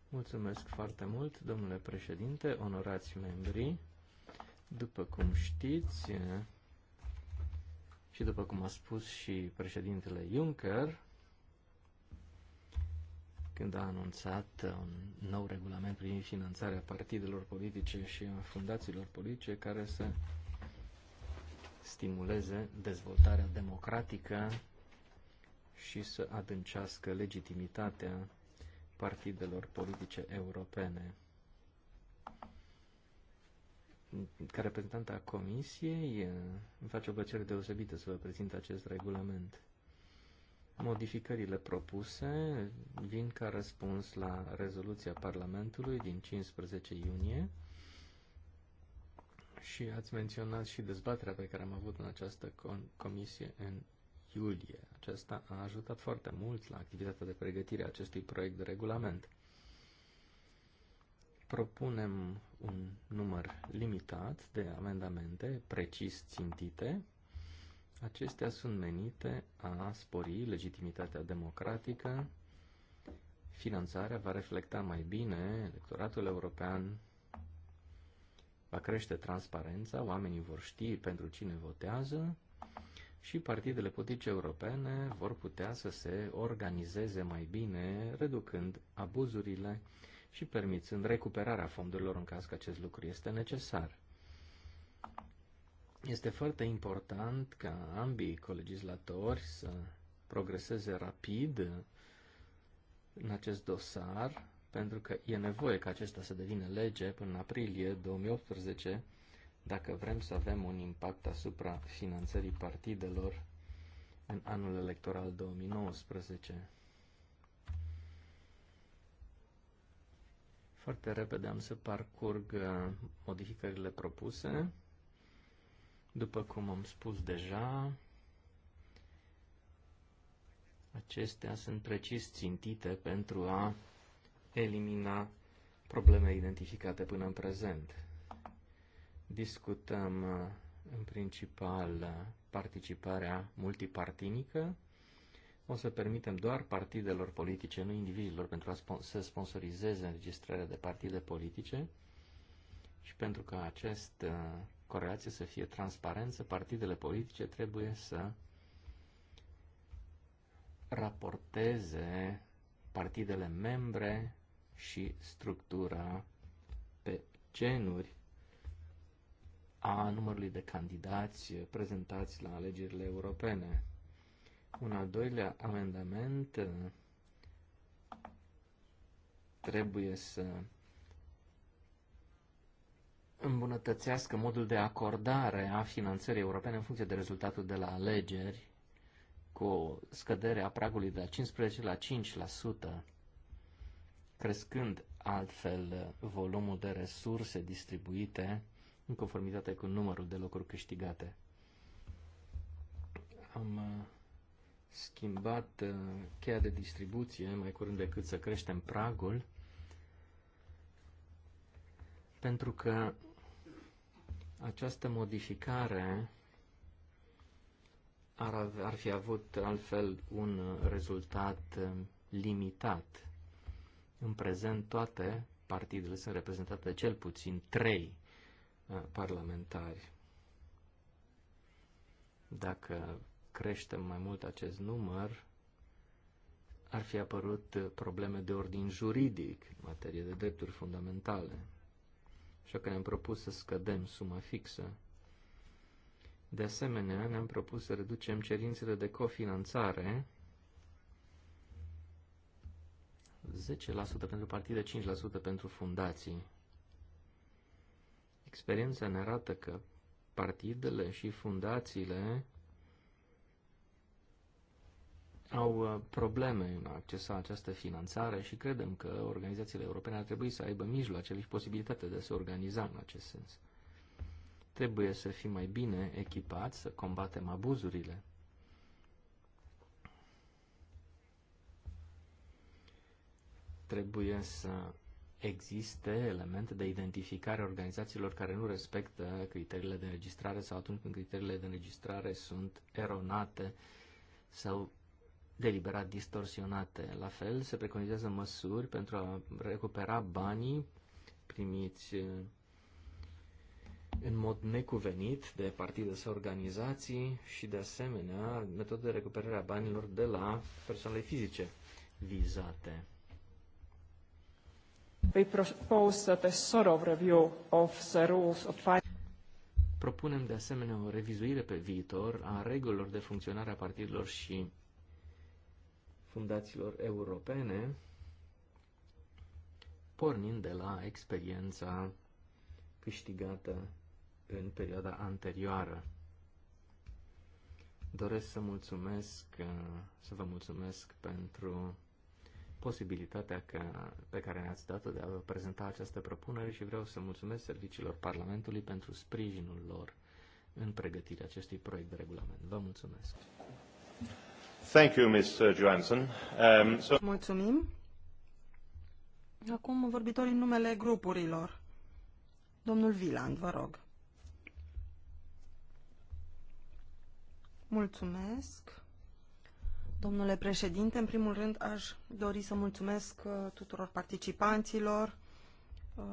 Mulțumesc foarte mult, domnule președinte, onorați membri. După cum știți și după cum a spus și președintele Juncker, când a anunțat un nou regulament privind finanțarea partidelor politice și a fundațiilor politice care să stimuleze dezvoltarea democratică și să adâncească legitimitatea partidelor politice europene. Ca reprezentant a Comisiei, îmi face o plăcere deosebită să vă prezint acest regulament. Modificările propuse vin ca răspuns la rezoluția Parlamentului din 15 iunie și ați menționat și dezbaterea pe care am avut în această comisie în iulie. Aceasta a ajutat foarte mult la activitatea de pregătire a acestui proiect de regulament. Propunem un număr limitat de amendamente precis țintite. Acestea sunt menite a spori legitimitatea democratică. Finanțarea va reflecta mai bine electoratul european va crește transparența, oamenii vor ști pentru cine votează și partidele politice europene vor putea să se organizeze mai bine, reducând abuzurile și permițând recuperarea fondurilor în caz că acest lucru este necesar. Este foarte important ca ambii colegislatori să progreseze rapid în acest dosar, pentru că e nevoie ca acesta să devină lege până în aprilie 2018, dacă vrem să avem un impact asupra finanțării partidelor în anul electoral 2019. Foarte repede am să parcurg uh, modificările propuse. După cum am spus deja, acestea sunt precis țintite pentru a elimina probleme identificate până în prezent. Discutăm uh, în principal uh, participarea multipartinică. O să permitem doar partidelor politice, nu indivizilor, pentru a spon să sponsorizeze înregistrarea de partide politice și pentru ca această uh, corelație să fie transparență, partidele politice trebuie să raporteze partidele membre și structura pe genuri a numărului de candidați prezentați la alegerile europene. Un al doilea amendament uh, trebuie să îmbunătățească modul de acordare a finanțării europene în funcție de rezultatul de la alegeri, cu scăderea scădere a pragului de la 15 la 5% crescând altfel uh, volumul de resurse distribuite în conformitate cu numărul de locuri câștigate. Am uh, schimbat uh, cheia de distribuție mai curând decât să creștem pragul, pentru că această modificare ar, ar fi avut altfel un rezultat limitat în prezent, toate partidele sunt reprezentate de cel puțin trei uh, parlamentari. Dacă creștem mai mult acest număr, ar fi apărut probleme de ordin juridic în materie de drepturi fundamentale. Așa că ne-am propus să scădem suma fixă. De asemenea, ne-am propus să reducem cerințele de cofinanțare 10% pentru partide, 5% pentru fundații. Experiența ne arată că partidele și fundațiile au uh, probleme în a accesa această finanțare și credem că organizațiile europene ar trebui să aibă mijloace și posibilitatea de a se organiza în acest sens. Trebuie să fim mai bine echipați să combatem abuzurile trebuie să existe elemente de identificare a organizațiilor care nu respectă criteriile de înregistrare sau atunci când criteriile de înregistrare sunt eronate sau deliberat distorsionate. La fel, se preconizează măsuri pentru a recupera banii primiți uh, în mod necuvenit de partide sau organizații și, de asemenea, metode de recuperare a banilor de la persoanele fizice vizate. We propose that a sort of review of the rules of Propunem de asemenea o revizuire pe viitor a regulilor de funcționare a partidelor și fundațiilor europene, pornind de la experiența câștigată în perioada anterioară. Doresc să mulțumesc, să vă mulțumesc pentru posibilitatea că, pe care ne-ați dat-o de a vă prezenta această propunere și vreau să mulțumesc serviciilor Parlamentului pentru sprijinul lor în pregătirea acestui proiect de regulament. Vă mulțumesc! Thank you, Ms. Uh, Johansson. Um, so... Mulțumim! Acum vorbitorii în numele grupurilor. Domnul Viland, vă rog. Mulțumesc. Domnule președinte, în primul rând aș dori să mulțumesc uh, tuturor participanților, uh,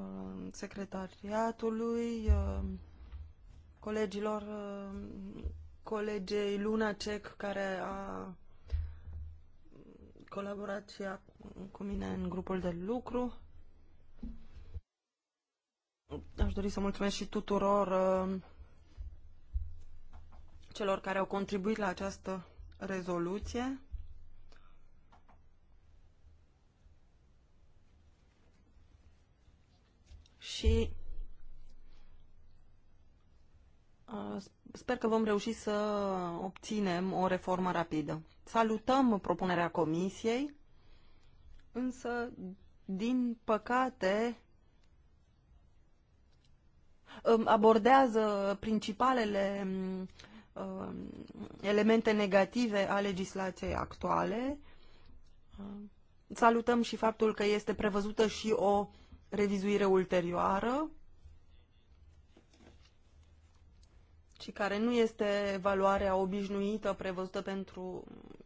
secretariatului, uh, colegilor, colegei Lunacek, care a colaborat și a, cu mine în grupul de lucru. Aș dori să mulțumesc și tuturor celor care au contribuit la această rezoluție și uh, sper că vom reuși să obținem o reformă rapidă. Salutăm propunerea Comisiei, însă, din păcate, um, abordează principalele Um, elemente negative a legislației actuale. salutăm și faptul că este prevăzută și o revizuire ulterioară și care nu este valoarea obișnuită prevăzută, pentru,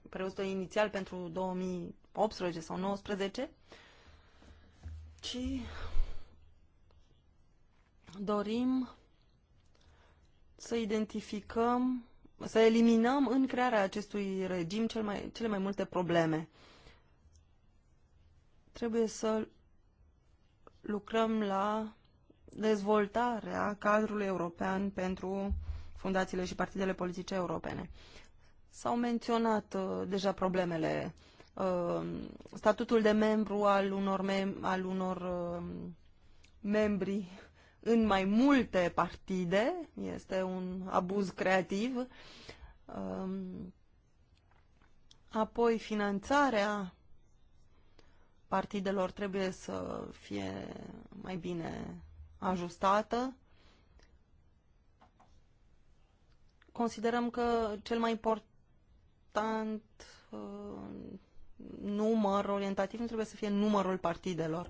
prevăzută inițial pentru 2018 sau 2019, ci dorim să identificăm, să eliminăm în crearea acestui regim cel mai, cele mai multe probleme. Trebuie să lucrăm la dezvoltarea cadrului european pentru fundațiile și partidele politice europene. S-au menționat uh, deja problemele uh, statutul de membru al unor, mem- al unor uh, membri în mai multe partide, este un abuz creativ. Um, apoi, finanțarea partidelor trebuie să fie mai bine ajustată. Considerăm că cel mai important uh, număr orientativ nu trebuie să fie numărul partidelor.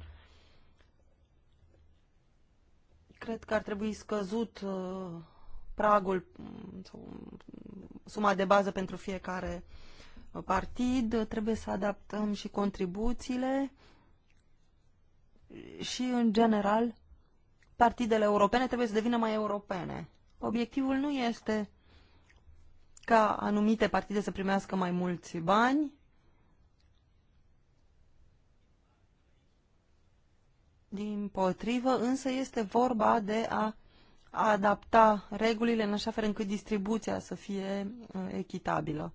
cred că ar trebui scăzut uh, pragul, mm, mm, suma de bază pentru fiecare uh, partid, trebuie să adaptăm și contribuțiile și, în general, partidele europene trebuie să devină mai europene. Obiectivul nu este ca anumite partide să primească mai mulți bani, Din potrivă, însă este vorba de a adapta regulile în așa fel încât distribuția să fie uh, echitabilă.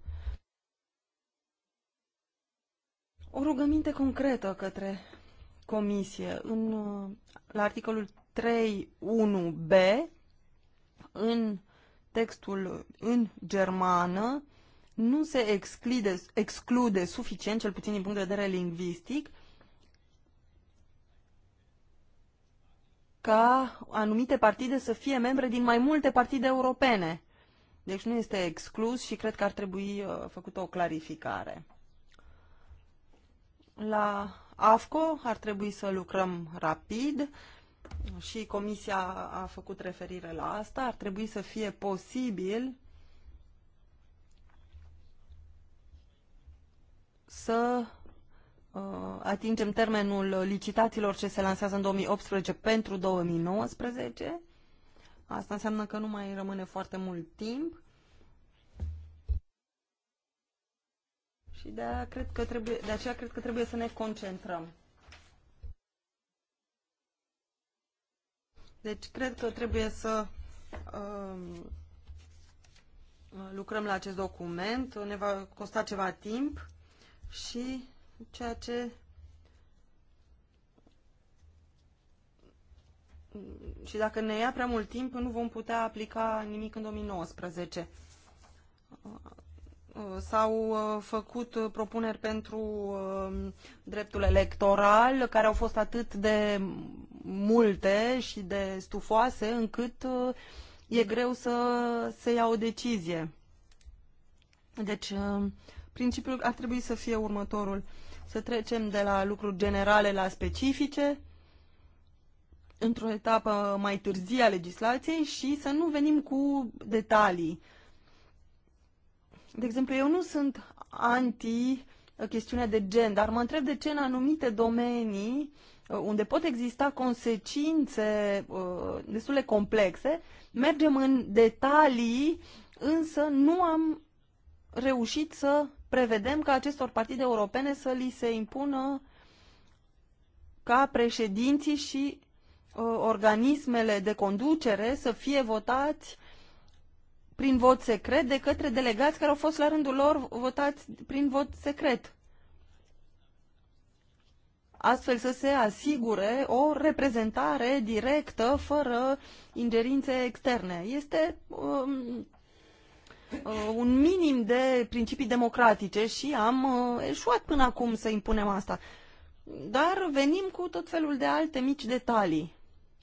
O rugăminte concretă către comisie. În, uh, la articolul 3.1b, în textul în germană, nu se exclude, exclude suficient, cel puțin din punct de vedere lingvistic, ca anumite partide să fie membre din mai multe partide europene. Deci nu este exclus și cred că ar trebui uh, făcută o clarificare. La AFCO ar trebui să lucrăm rapid și Comisia a făcut referire la asta. Ar trebui să fie posibil să Uh, atingem termenul licitațiilor ce se lansează în 2018 pentru 2019. Asta înseamnă că nu mai rămâne foarte mult timp. Și de cred că trebuie, de aceea cred că trebuie să ne concentrăm. Deci cred că trebuie să um, lucrăm la acest document. Ne va costa ceva timp și ceea ce și dacă ne ia prea mult timp, nu vom putea aplica nimic în 2019. Uh, uh, s-au uh, făcut propuneri pentru dreptul electoral, care au fost atât de multe și de stufoase, încât e greu să se ia o decizie. Deci, principiul ar trebui să fie următorul să trecem de la lucruri generale la specifice într-o etapă mai târzie a legislației și să nu venim cu detalii. De exemplu, eu nu sunt anti uh, chestiunea de gen, dar mă întreb de ce în anumite domenii uh, unde pot exista consecințe uh, destul de complexe, mergem în detalii, însă nu am reușit să prevedem ca acestor partide europene să li se impună ca președinții și uh, organismele de conducere să fie votați prin vot secret de către delegați care au fost la rândul lor votați prin vot secret. Astfel să se asigure o reprezentare directă, fără ingerințe externe. Este uh, uh, un minim de principii democratice și am uh, eșuat până acum să impunem asta. Dar venim cu tot felul de alte mici detalii.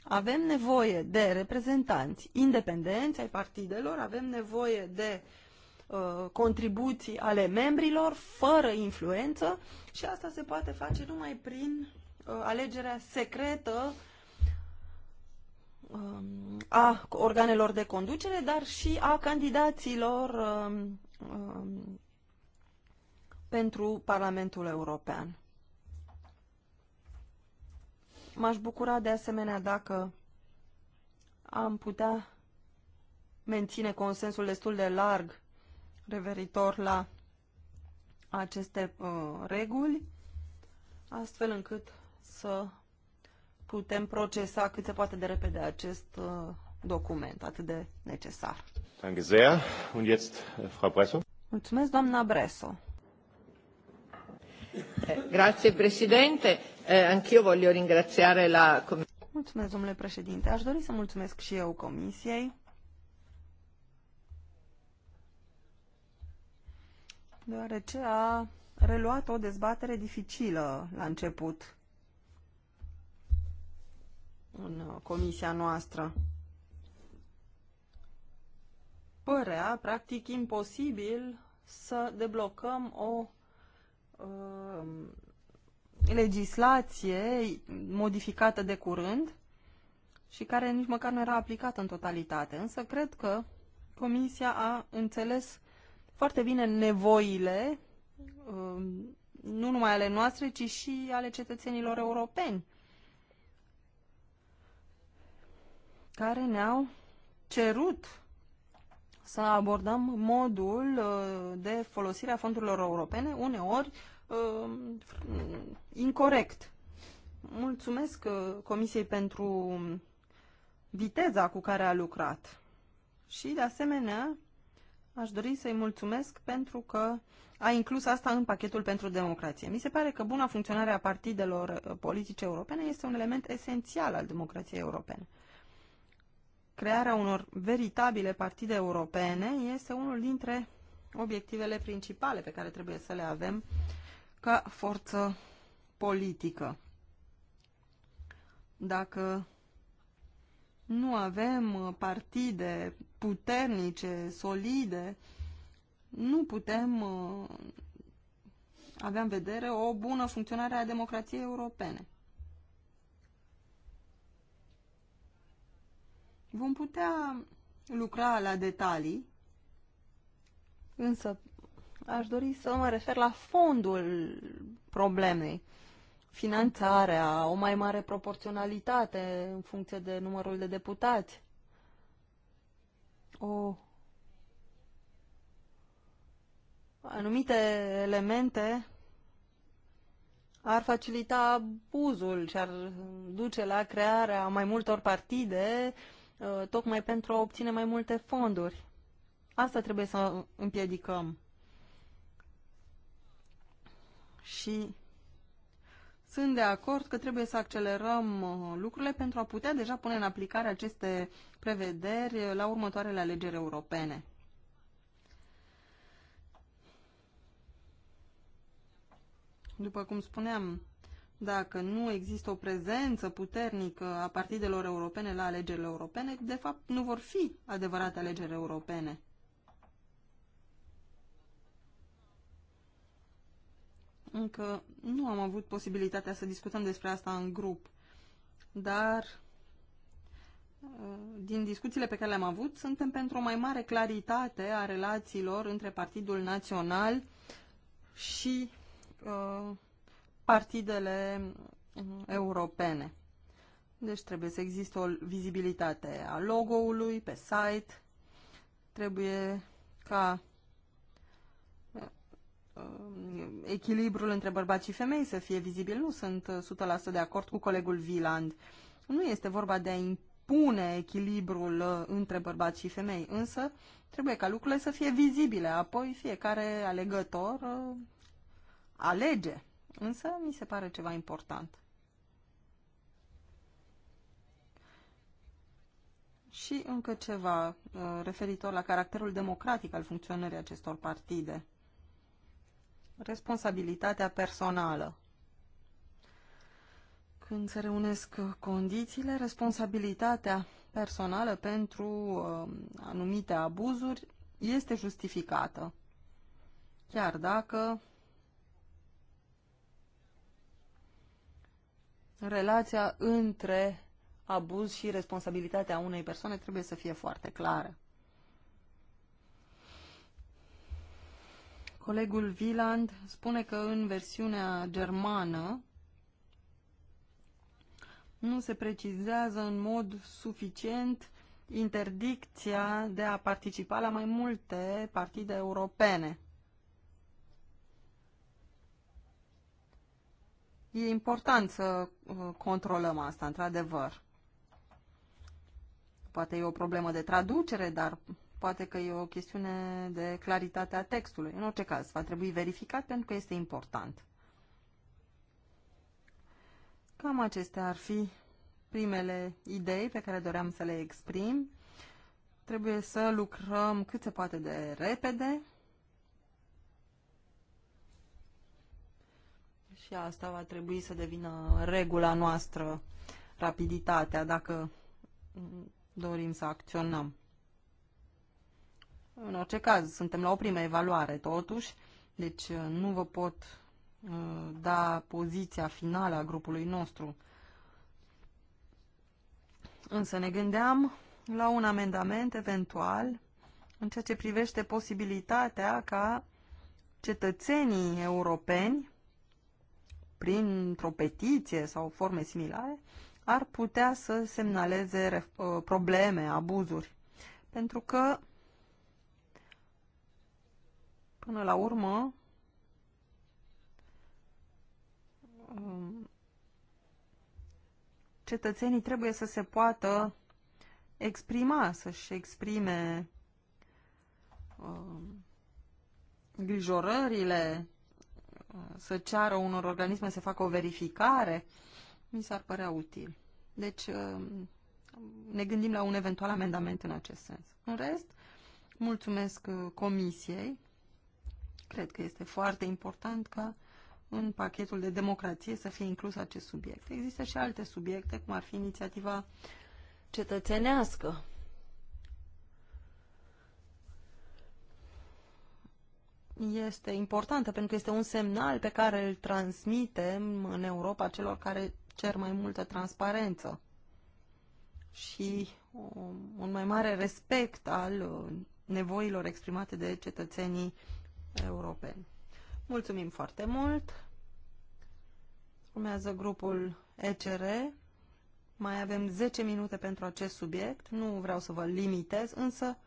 Avem nevoie de reprezentanți independenți ai partidelor, avem nevoie de uh, contribuții ale membrilor fără influență și asta se poate face numai prin uh, alegerea secretă uh, a organelor de conducere, dar și a candidaților um, um, pentru Parlamentul European. M-aș bucura de asemenea dacă am putea menține consensul destul de larg referitor la aceste uh, reguli, astfel încât să putem procesa cât se poate de repede acest uh, document atât de necesar. Danke sehr. Und jetzt uh, Frau Bresso. Mulțumesc, doamna Bresso. Eh, grazie, Presidente. Eh, anch'io voglio ringraziare la Mulțumesc, domnule președinte. Aș dori să mulțumesc și eu Comisiei. deoarece a reluat o dezbatere dificilă la început în uh, comisia noastră. Părea, practic, imposibil să deblocăm o uh, legislație modificată de curând și care nici măcar nu era aplicată în totalitate. Însă cred că Comisia a înțeles foarte bine nevoile, um, nu numai ale noastre, ci și ale cetățenilor europeni. care ne-au cerut să abordăm modul uh, de folosire a fondurilor europene, uneori uh, incorrect. Mulțumesc uh, Comisiei pentru viteza cu care a lucrat. Și, de asemenea, aș dori să-i mulțumesc pentru că a inclus asta în pachetul pentru democrație. Mi se pare că buna funcționare a partidelor politice europene este un element esențial al democrației europene crearea unor veritabile partide europene este unul dintre obiectivele principale pe care trebuie să le avem ca forță politică. Dacă nu avem partide puternice, solide, nu putem uh, avea în vedere o bună funcționare a democrației europene. Vom putea lucra la detalii, însă aș dori să mă refer la fondul problemei. Finanțarea, o mai mare proporționalitate în funcție de numărul de deputați. O anumite elemente ar facilita abuzul și ar duce la crearea mai multor partide Uh, tocmai pentru a obține mai multe fonduri. Asta trebuie să împiedicăm. Și sunt de acord că trebuie să accelerăm uh, lucrurile pentru a putea deja pune în aplicare aceste prevederi uh, la următoarele alegeri europene. După cum spuneam, dacă nu există o prezență puternică a partidelor europene la alegerile europene, de fapt nu vor fi adevărate alegeri europene. Încă nu am avut posibilitatea să discutăm despre asta în grup, dar uh, din discuțiile pe care le-am avut, suntem pentru o mai mare claritate a relațiilor între Partidul Național și uh, partidele europene. Deci trebuie să existe o vizibilitate a logo-ului pe site, trebuie ca uh, echilibrul între bărbați și femei să fie vizibil. Nu sunt uh, 100% de acord cu colegul Viland. Nu este vorba de a impune echilibrul uh, între bărbați și femei, însă trebuie ca lucrurile să fie vizibile. Apoi fiecare alegător alege Însă mi se pare ceva important. Și încă ceva uh, referitor la caracterul democratic al funcționării acestor partide. Responsabilitatea personală. Când se reunesc condițiile, responsabilitatea personală pentru uh, anumite abuzuri este justificată, chiar dacă relația între abuz și responsabilitatea unei persoane trebuie să fie foarte clară. Colegul Wieland spune că în versiunea germană nu se precizează în mod suficient interdicția de a participa la mai multe partide europene. E important să uh, controlăm asta, într-adevăr. Poate e o problemă de traducere, dar poate că e o chestiune de claritate a textului. În orice caz, va trebui verificat pentru că este important. Cam acestea ar fi primele idei pe care doream să le exprim. Trebuie să lucrăm cât se poate de repede și asta va trebui să devină regula noastră, rapiditatea, dacă dorim să acționăm. În orice caz, suntem la o primă evaluare, totuși, deci uh, nu vă pot uh, da poziția finală a grupului nostru. Însă ne gândeam la un amendament eventual în ceea ce privește posibilitatea ca cetățenii europeni printr-o petiție sau forme similare, ar putea să semnaleze uh, probleme, abuzuri. Pentru că, până la urmă, um, cetățenii trebuie să se poată exprima, să-și exprime uh, um, grijorările, să ceară unor organisme să facă o verificare, mi s-ar părea util. Deci um, ne gândim la un eventual amendament în acest sens. În rest, mulțumesc uh, comisiei. Cred că este foarte important ca în pachetul de democrație să fie inclus acest subiect. Există și alte subiecte, cum ar fi inițiativa cetățenească. este importantă pentru că este un semnal pe care îl transmitem în Europa celor care cer mai multă transparență și um, un mai mare respect al uh, nevoilor exprimate de cetățenii europeni. Mulțumim foarte mult! Urmează grupul ECR. Mai avem 10 minute pentru acest subiect. Nu vreau să vă limitez, însă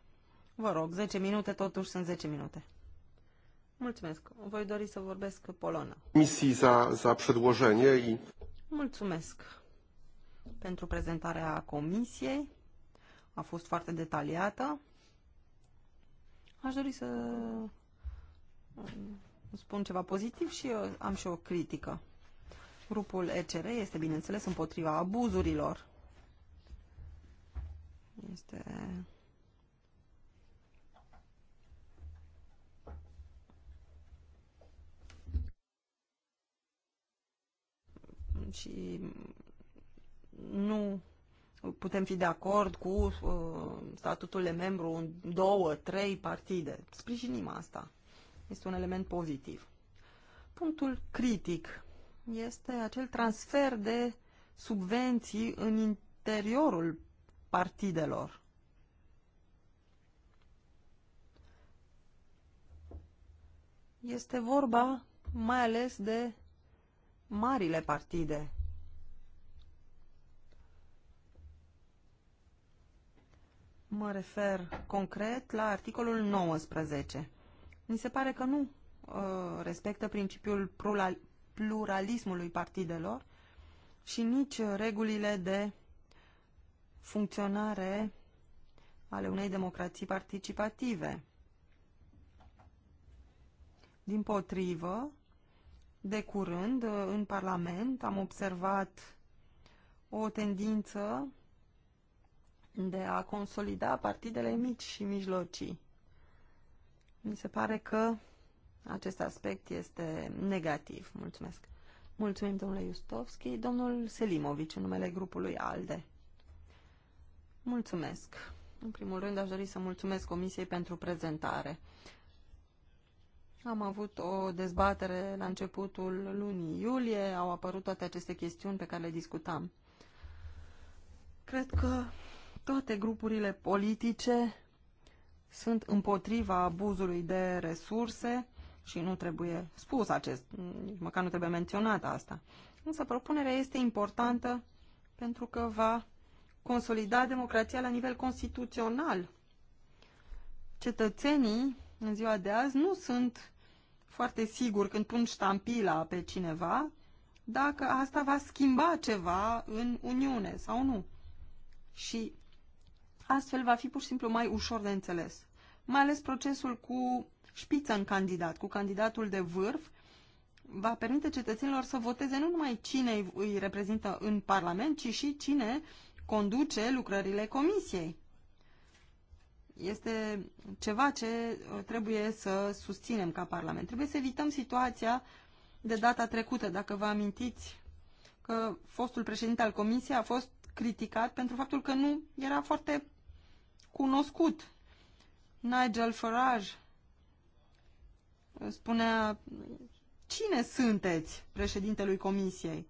vă rog, 10 minute totuși sunt 10 minute. Mulțumesc. Voi dori să vorbesc polonă. Misii za, za przedłożenie i... Mulțumesc pentru prezentarea comisiei. A fost foarte detaliată. Aș dori să um, spun ceva pozitiv și eu am și o critică. Grupul ECR este, bineînțeles, împotriva abuzurilor. Este și nu putem fi de acord cu uh, statutul de membru în două, trei partide. Sprijinim asta. Este un element pozitiv. Punctul critic este acel transfer de subvenții în interiorul partidelor. Este vorba mai ales de marile partide. Mă refer concret la articolul 19. Mi se pare că nu uh, respectă principiul pluralismului partidelor și nici regulile de funcționare ale unei democrații participative. Din potrivă, de curând uh, în Parlament am observat o tendință de a consolida partidele mici și mijlocii. Mi se pare că acest aspect este negativ. Mulțumesc. Mulțumim, domnule Iustovski. Domnul Selimovici, în numele grupului ALDE. Mulțumesc. În primul rând, aș dori să mulțumesc Comisiei pentru prezentare. Am avut o dezbatere la începutul lunii iulie, au apărut toate aceste chestiuni pe care le discutam. Cred că toate grupurile politice sunt împotriva abuzului de resurse și nu trebuie spus acest, nici măcar nu trebuie menționat asta. Însă propunerea este importantă pentru că va consolida democrația la nivel constituțional. Cetățenii în ziua de azi nu sunt foarte sigur când pun ștampila pe cineva dacă asta va schimba ceva în Uniune sau nu. Și astfel va fi pur și simplu mai ușor de înțeles. Mai ales procesul cu șpiță în candidat, cu candidatul de vârf, va permite cetățenilor să voteze nu numai cine îi reprezintă în Parlament, ci și cine conduce lucrările Comisiei este ceva ce uh, trebuie să susținem ca Parlament. Trebuie să evităm situația de data trecută, dacă vă amintiți că fostul președinte al Comisiei a fost criticat pentru faptul că nu era foarte cunoscut. Nigel Farage uh, spunea, cine sunteți președintelui Comisiei?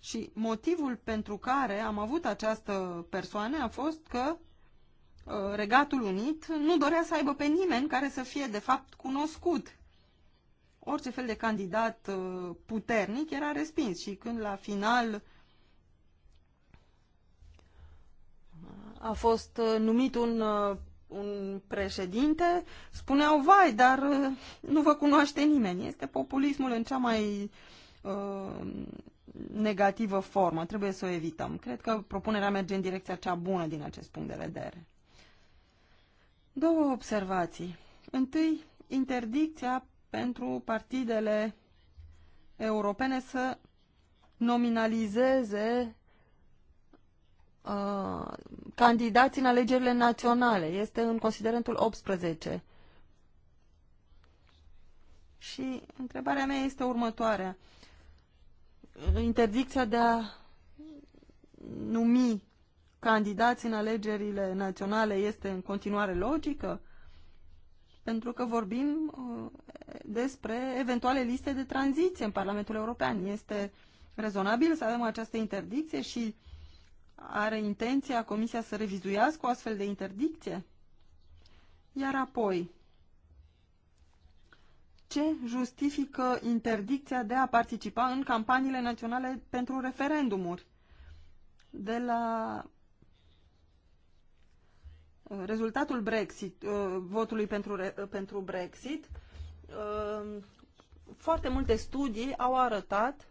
Și motivul pentru care am avut această persoană a fost că Uh, Regatul Unit nu dorea să aibă pe nimeni care să fie, de fapt, cunoscut. Orice fel de candidat uh, puternic era respins și când la final a fost uh, numit un, un președinte, spuneau, vai, dar nu vă cunoaște nimeni. Este populismul în cea mai negativă formă. Trebuie să o evităm. Cred că propunerea merge în direcția cea bună din acest punct de vedere. Două observații. Întâi, interdicția pentru partidele europene să nominalizeze uh, candidați în alegerile naționale. Este în considerentul 18. Și întrebarea mea este următoarea. Interdicția de a numi candidați în alegerile naționale este în continuare logică? Pentru că vorbim uh, despre eventuale liste de tranziție în Parlamentul European. Este rezonabil să avem această interdicție și are intenția Comisia să revizuiască o astfel de interdicție? Iar apoi, ce justifică interdicția de a participa în campaniile naționale pentru referendumuri? De la rezultatul Brexit, uh, votului pentru, uh, pentru Brexit, uh, foarte multe studii au arătat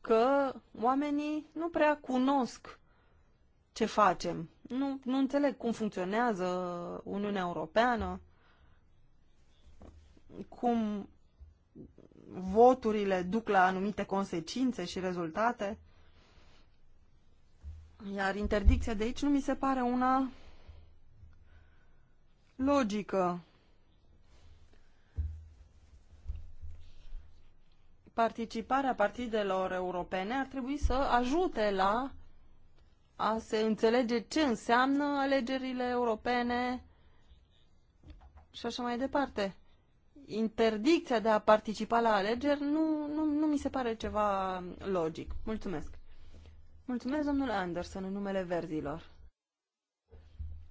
că oamenii nu prea cunosc ce facem. Nu, nu înțeleg cum funcționează Uniunea Europeană, cum voturile duc la anumite consecințe și rezultate. Iar interdicția de aici nu mi se pare una logică. Participarea partidelor europene ar trebui să ajute la a se înțelege ce înseamnă alegerile europene și așa mai departe. Interdicția de a participa la alegeri nu, nu, nu mi se pare ceva logic. Mulțumesc. Mulțumesc, domnule Anderson, în numele verzilor.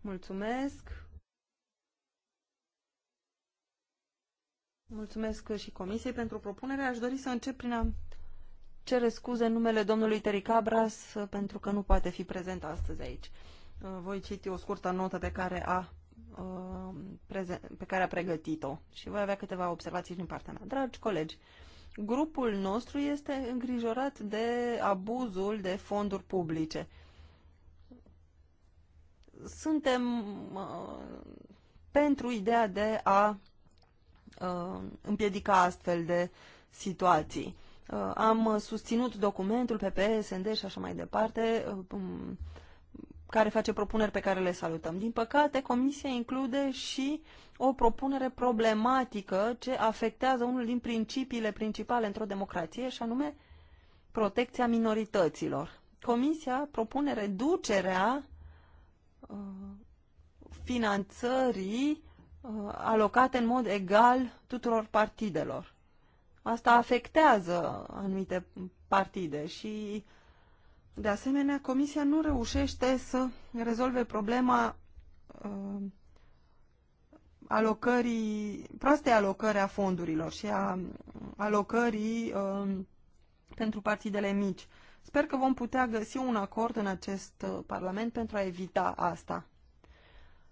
Mulțumesc. Mulțumesc și Comisiei pentru propunere. Aș dori să încep prin a cere scuze în numele domnului Teri Cabras uh, pentru că nu poate fi prezent astăzi aici. Uh, voi citi o scurtă notă pe care a, uh, pe care a pregătit-o și voi avea câteva observații din partea mea. Dragi colegi, grupul nostru este îngrijorat de abuzul de fonduri publice. Suntem pentru ideea de a uh, împiedica astfel de situații. Uh, am susținut documentul pe, SND și așa mai departe, uh, um, care face propuneri pe care le salutăm. Din păcate, Comisia include și o propunere problematică ce afectează unul din principiile principale într-o democrație, și anume protecția minorităților. Comisia propune reducerea uh, finanțării Uh, alocate în mod egal tuturor partidelor. Asta afectează anumite partide și, de asemenea, Comisia nu reușește să rezolve problema uh, alocării, proastei alocări a fondurilor și a alocării uh, pentru partidele mici. Sper că vom putea găsi un acord în acest uh, Parlament pentru a evita asta.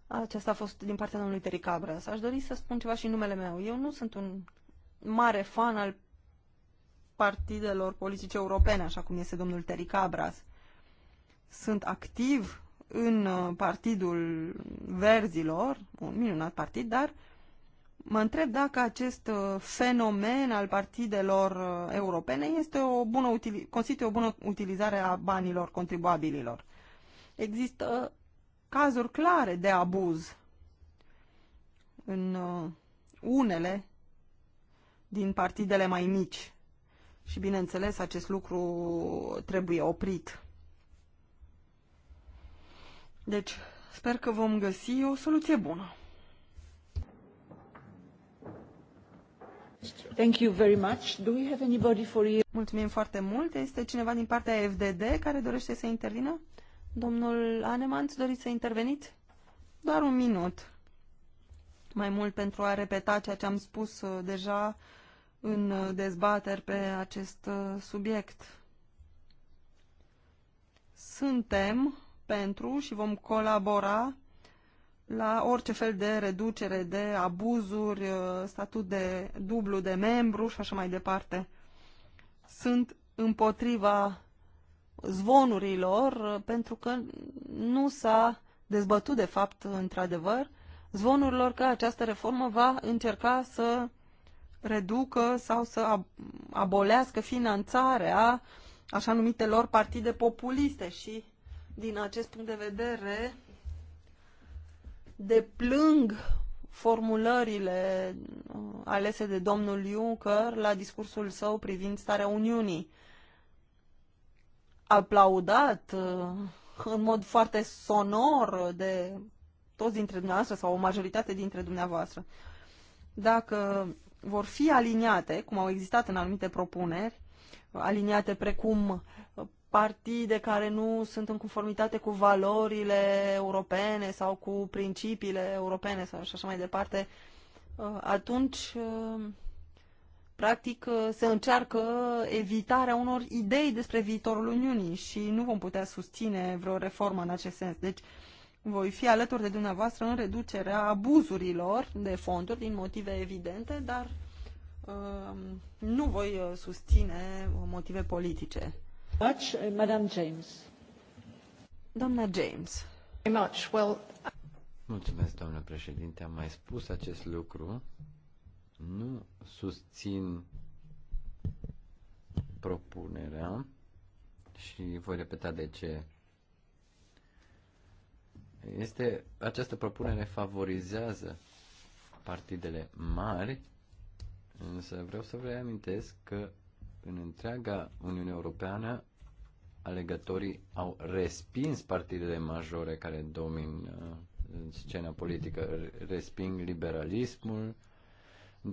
Aceasta a fost din partea domnului Tericabra. Cabras. Aș dori să spun ceva și în numele meu. Eu nu sunt un mare fan al partidelor politice europene, așa cum este domnul Teri Cabras. Sunt activ în uh, partidul verzilor, un minunat partid, dar mă întreb dacă acest uh, fenomen al partidelor uh, europene este o bună constituie o bună utilizare a banilor contribuabililor. Există cazuri clare de abuz. În uh, unele din partidele mai mici. Și, bineînțeles, acest lucru trebuie oprit. Deci, sper că vom găsi o soluție bună. Thank you very much. Do we have anybody for you? Mulțumim foarte mult. Este cineva din partea FDD care dorește să intervină? Domnul Anemant, doriți să interveniți? Doar un minut. Mai mult pentru a repeta ceea ce am spus uh, deja în uh, dezbateri pe acest uh, subiect. Suntem pentru și vom colabora la orice fel de reducere de abuzuri, statut de dublu de membru și așa mai departe. Sunt împotriva zvonurilor, pentru că nu s-a dezbătut de fapt într-adevăr, zvonurilor că această reformă va încerca să reducă sau să abolească finanțarea așa numitelor partide populiste și din acest punct de vedere deplâng formulările uh, alese de domnul Juncker la discursul său privind starea Uniunii aplaudat uh, în mod foarte sonor de toți dintre dumneavoastră sau o majoritate dintre dumneavoastră. Dacă vor fi aliniate, cum au existat în anumite propuneri, aliniate precum partide care nu sunt în conformitate cu valorile europene sau cu principiile europene sau așa mai departe, uh, atunci uh, practic uh, se încearcă evitarea unor idei despre viitorul Uniunii și nu vom putea susține vreo reformă în acest sens. Deci voi fi alături de dumneavoastră în reducerea abuzurilor de fonduri din motive evidente, dar uh, nu voi uh, susține uh, motive politice. Much, Madame James. Doamna James. Much. Well... Mulțumesc, doamnă președinte. Am mai spus acest lucru nu susțin propunerea și voi repeta de ce. Este, această propunere favorizează partidele mari, însă vreau să vă reamintesc că în întreaga Uniune Europeană alegătorii au respins partidele majore care domină uh, scena politică, resping liberalismul,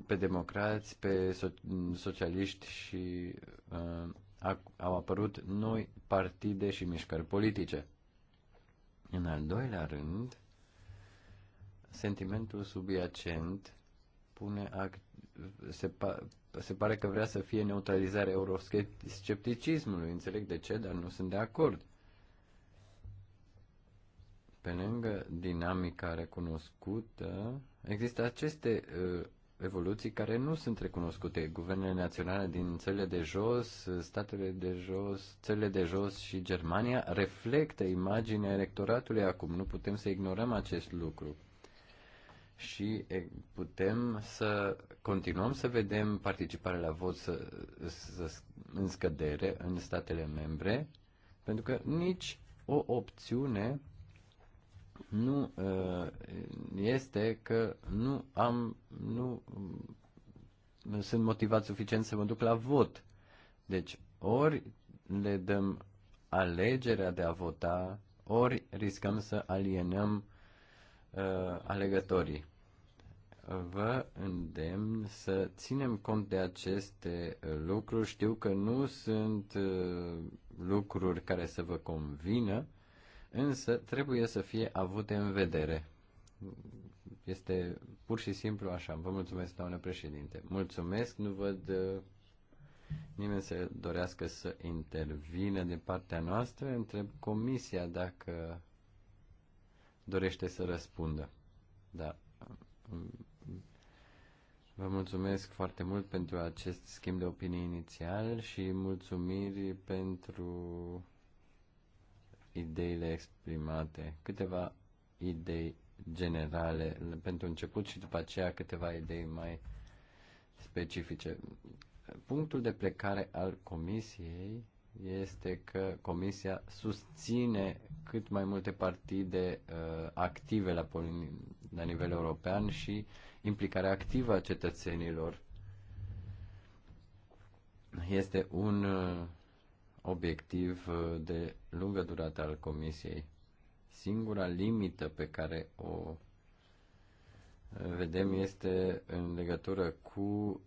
pe democrați, pe so- socialiști și uh, au apărut noi partide și mișcări politice. În al doilea rând, sentimentul subiacent pune act, se, pa- se pare că vrea să fie neutralizarea euroscepticismului. Înțeleg de ce, dar nu sunt de acord. Pe lângă dinamica recunoscută, există aceste uh, evoluții care nu sunt recunoscute. Guvernele naționale din țările de jos, statele de jos, țările de jos și Germania reflectă imaginea electoratului acum. Nu putem să ignorăm acest lucru. Și putem să continuăm să vedem participarea la vot să, să, în scădere în statele membre, pentru că nici o opțiune nu ă, este că nu am, nu, sunt motivat suficient să mă duc la vot. Deci, ori le dăm alegerea de a vota, ori riscăm să alienăm uh, alegătorii. Vă îndemn să ținem cont de aceste lucruri. Știu că nu sunt uh, lucruri care să vă convină, însă trebuie să fie avute în vedere. Este pur și simplu așa. Vă mulțumesc, doamnă președinte. Mulțumesc, nu văd uh, nimeni să dorească să intervină de partea noastră. Întreb comisia dacă dorește să răspundă. Da. Vă mulțumesc foarte mult pentru acest schimb de opinii inițial și mulțumiri pentru ideile exprimate, câteva idei generale pentru început și după aceea câteva idei mai specifice. Punctul de plecare al comisiei este că comisia susține cât mai multe partide uh, active la, la nivel european și implicarea activă a cetățenilor. Este un uh, obiectiv uh, de lungă durată al Comisiei. Singura limită pe care o uh, vedem este în legătură cu uh,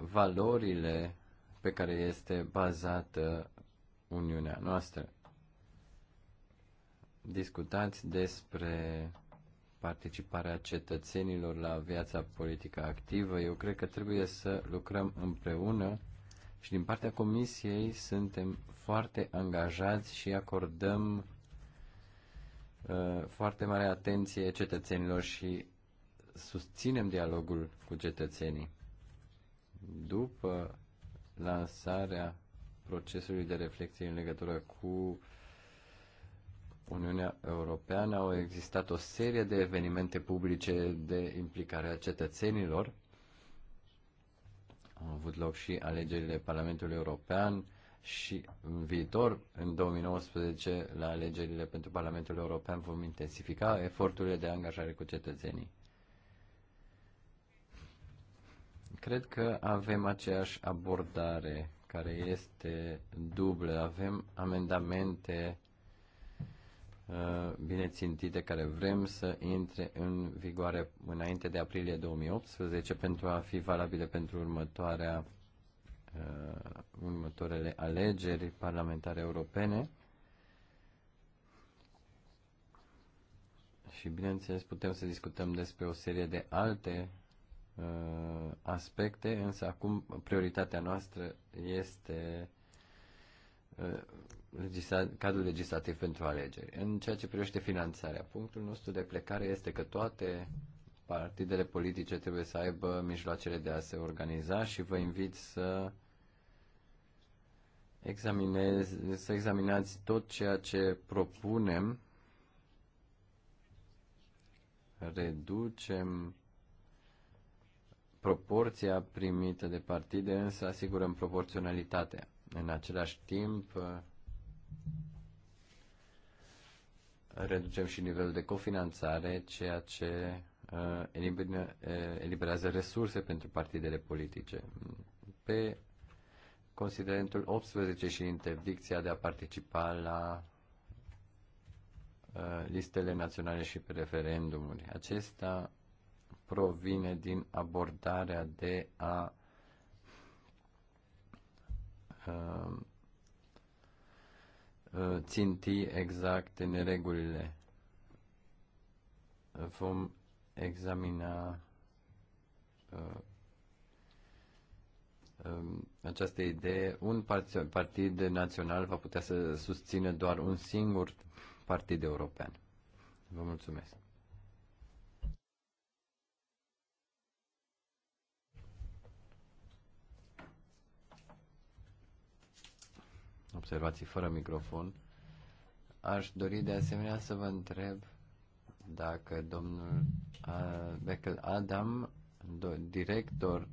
valorile pe care este bazată Uniunea noastră. Discutați despre participarea cetățenilor la viața politică activă. Eu cred că trebuie să lucrăm împreună și din partea Comisiei suntem foarte angajați și acordăm uh, foarte mare atenție cetățenilor și susținem dialogul cu cetățenii. După lansarea procesului de reflexie în legătură cu Uniunea Europeană au existat o serie de evenimente publice de implicare a cetățenilor au avut loc și alegerile Parlamentului European și în viitor, în 2019, la alegerile pentru Parlamentul European vom intensifica eforturile de angajare cu cetățenii. Cred că avem aceeași abordare care este dublă. Avem amendamente Uh, bine țintite care vrem să intre în vigoare înainte de aprilie 2018 pentru a fi valabile pentru următoarea, uh, următoarele alegeri parlamentare europene. Și bineînțeles putem să discutăm despre o serie de alte uh, aspecte, însă acum prioritatea noastră este Uh, cadrul legislativ pentru alegeri. În ceea ce privește finanțarea, punctul nostru de plecare este că toate partidele politice trebuie să aibă mijloacele de a se organiza și vă invit să examinez, să examinați tot ceea ce propunem. Reducem proporția primită de partide, însă asigurăm proporționalitatea. În același timp, uh, reducem și nivelul de cofinanțare, ceea ce uh, uh, eliberează resurse pentru partidele politice. Pe considerentul 18 și interdicția de a participa la listele naționale și pe referendumuri. Acesta provine din abordarea de a Uh, ținti exact neregulile. Vom examina uh, um, această idee. Un partid național va putea să susțină doar un singur partid european. Vă mulțumesc. observații fără microfon. Aș dori de asemenea să vă întreb dacă domnul Beckel Adam, director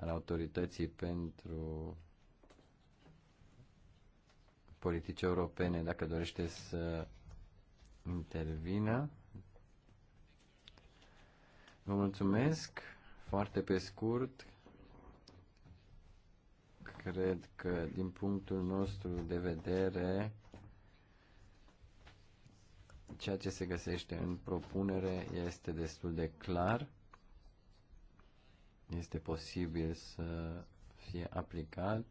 al autorității pentru politici europene, dacă dorește să intervină. Vă mulțumesc foarte pe scurt Cred că, din punctul nostru de vedere, ceea ce se găsește în propunere este destul de clar. Este posibil să fie aplicat.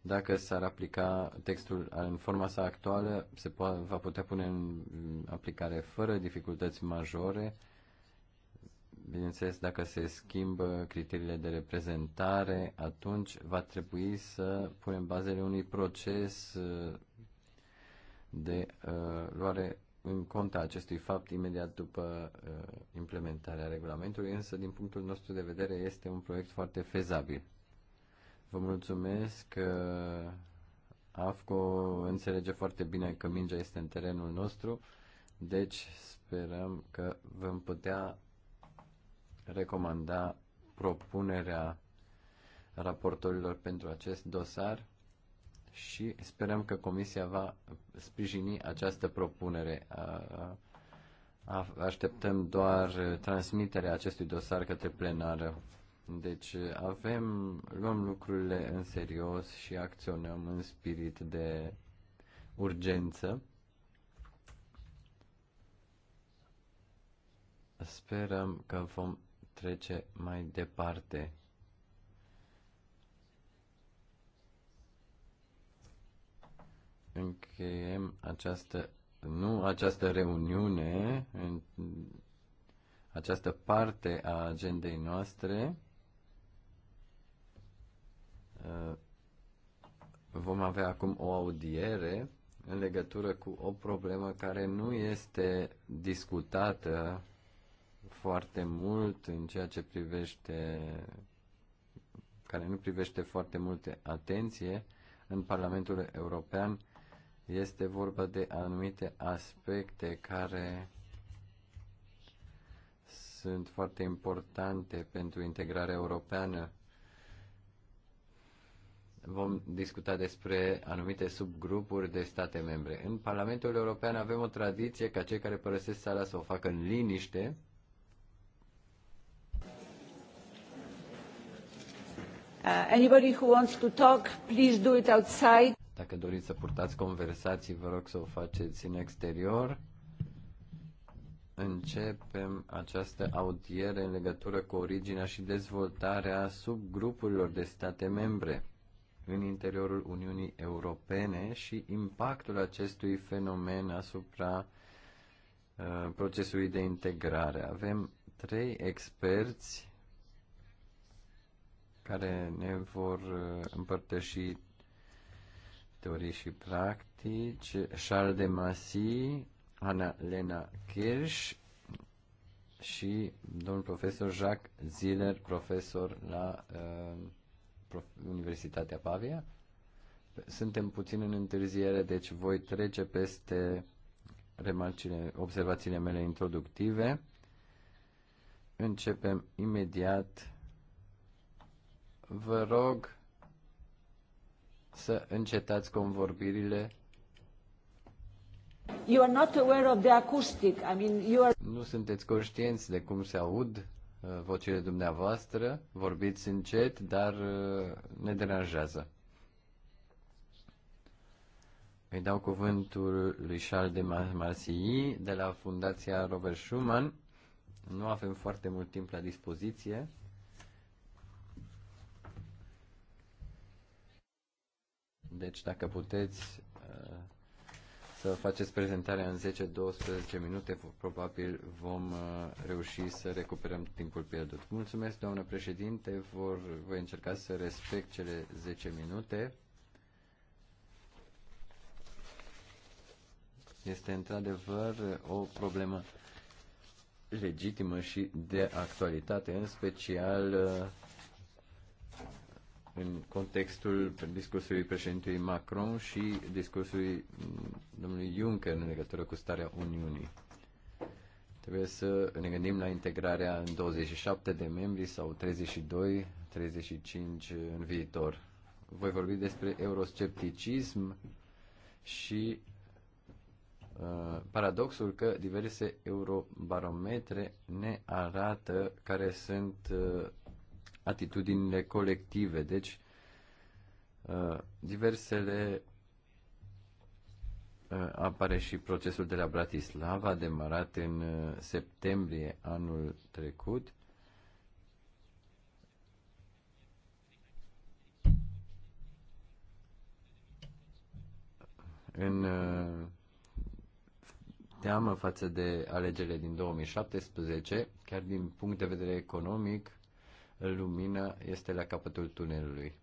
Dacă s-ar aplica textul în forma sa actuală, se va putea pune în aplicare fără dificultăți majore Bineînțeles, dacă se schimbă criteriile de reprezentare, atunci va trebui să punem bazele unui proces de uh, luare în cont a acestui fapt imediat după uh, implementarea regulamentului, însă din punctul nostru de vedere este un proiect foarte fezabil. Vă mulțumesc că uh, AFCO înțelege foarte bine că mingea este în terenul nostru, deci sperăm că vom putea recomanda propunerea raportorilor pentru acest dosar și sperăm că Comisia va sprijini această propunere. Așteptăm doar transmiterea acestui dosar către plenară. Deci avem, luăm lucrurile în serios și acționăm în spirit de urgență. Sperăm că vom trece mai departe. Încheiem această, nu această reuniune, în această parte a agendei noastre. Uh, vom avea acum o audiere în legătură cu o problemă care nu este discutată foarte mult în ceea ce privește care nu privește foarte multe atenție în Parlamentul European este vorba de anumite aspecte care sunt foarte importante pentru integrarea europeană. Vom discuta despre anumite subgrupuri de state membre. În Parlamentul European avem o tradiție ca cei care părăsesc sala să o facă în liniște, Uh, anybody who wants to talk, please do it outside. Dacă doriți să purtați conversații, vă rog să o faceți în exterior. Începem această audiere în legătură cu originea și dezvoltarea subgrupurilor de state membre în interiorul Uniunii Europene și impactul acestui fenomen asupra uh, procesului de integrare. Avem trei experți care ne vor uh, împărtăși teorii și practici, Charles de Massy, Ana Lena Kirsch și domnul profesor Jacques Ziller, profesor la uh, Universitatea Pavia. Suntem puțin în întârziere, deci voi trece peste remarcile, observațiile mele introductive. Începem imediat Vă rog să încetați convorbirile. You are not aware of the acoustic. I mean, you are... Nu sunteți conștienți de cum se aud uh, vocile dumneavoastră, vorbiți încet, dar uh, ne deranjează. Îi dau cuvântul lui Charles de Marsilly de la Fundația Robert Schumann. Nu avem foarte mult timp la dispoziție. Deci dacă puteți uh, să faceți prezentarea în 10-12 minute, probabil vom uh, reuși să recuperăm timpul pierdut. Mulțumesc, doamnă președinte, vor, voi încerca să respect cele 10 minute. Este într-adevăr o problemă legitimă și de actualitate, în special uh, în contextul discursului președintelui Macron și discursului mm, domnului Juncker în legătură cu starea Uniunii. Trebuie să ne gândim la integrarea în 27 de membri sau 32, 35 în viitor. Voi vorbi despre euroscepticism și uh, paradoxul că diverse eurobarometre ne arată care sunt uh, atitudinile colective. Deci, uh, diversele uh, apare și procesul de la Bratislava, demarat în uh, septembrie anul trecut. În teamă față de alegerile din 2017, chiar din punct de vedere economic, lumina este la capătul tunelului.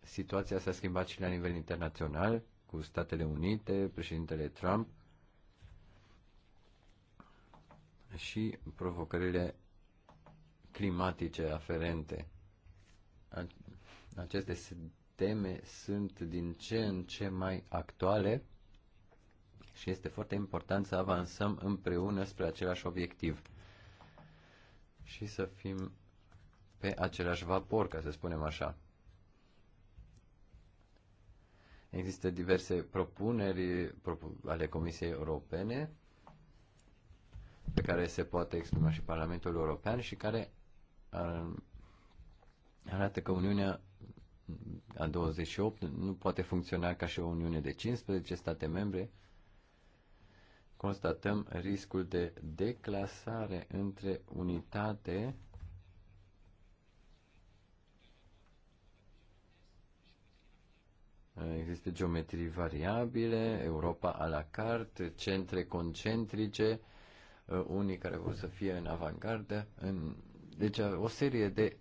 Situația s-a schimbat și la nivel internațional, cu Statele Unite, președintele Trump și provocările climatice aferente. Aceste teme sunt din ce în ce mai actuale și este foarte important să avansăm împreună spre același obiectiv și să fim pe același vapor, ca să spunem așa. Există diverse propuneri ale Comisiei Europene pe care se poate exprima și Parlamentul European și care um, arată că Uniunea a 28 nu poate funcționa ca și o Uniune de 15 state membre. Constatăm riscul de declasare între unitate Există geometrii variabile, Europa a la carte, centre concentrice, uh, unii care vor să fie în avantgardă. În... Deci uh, o serie de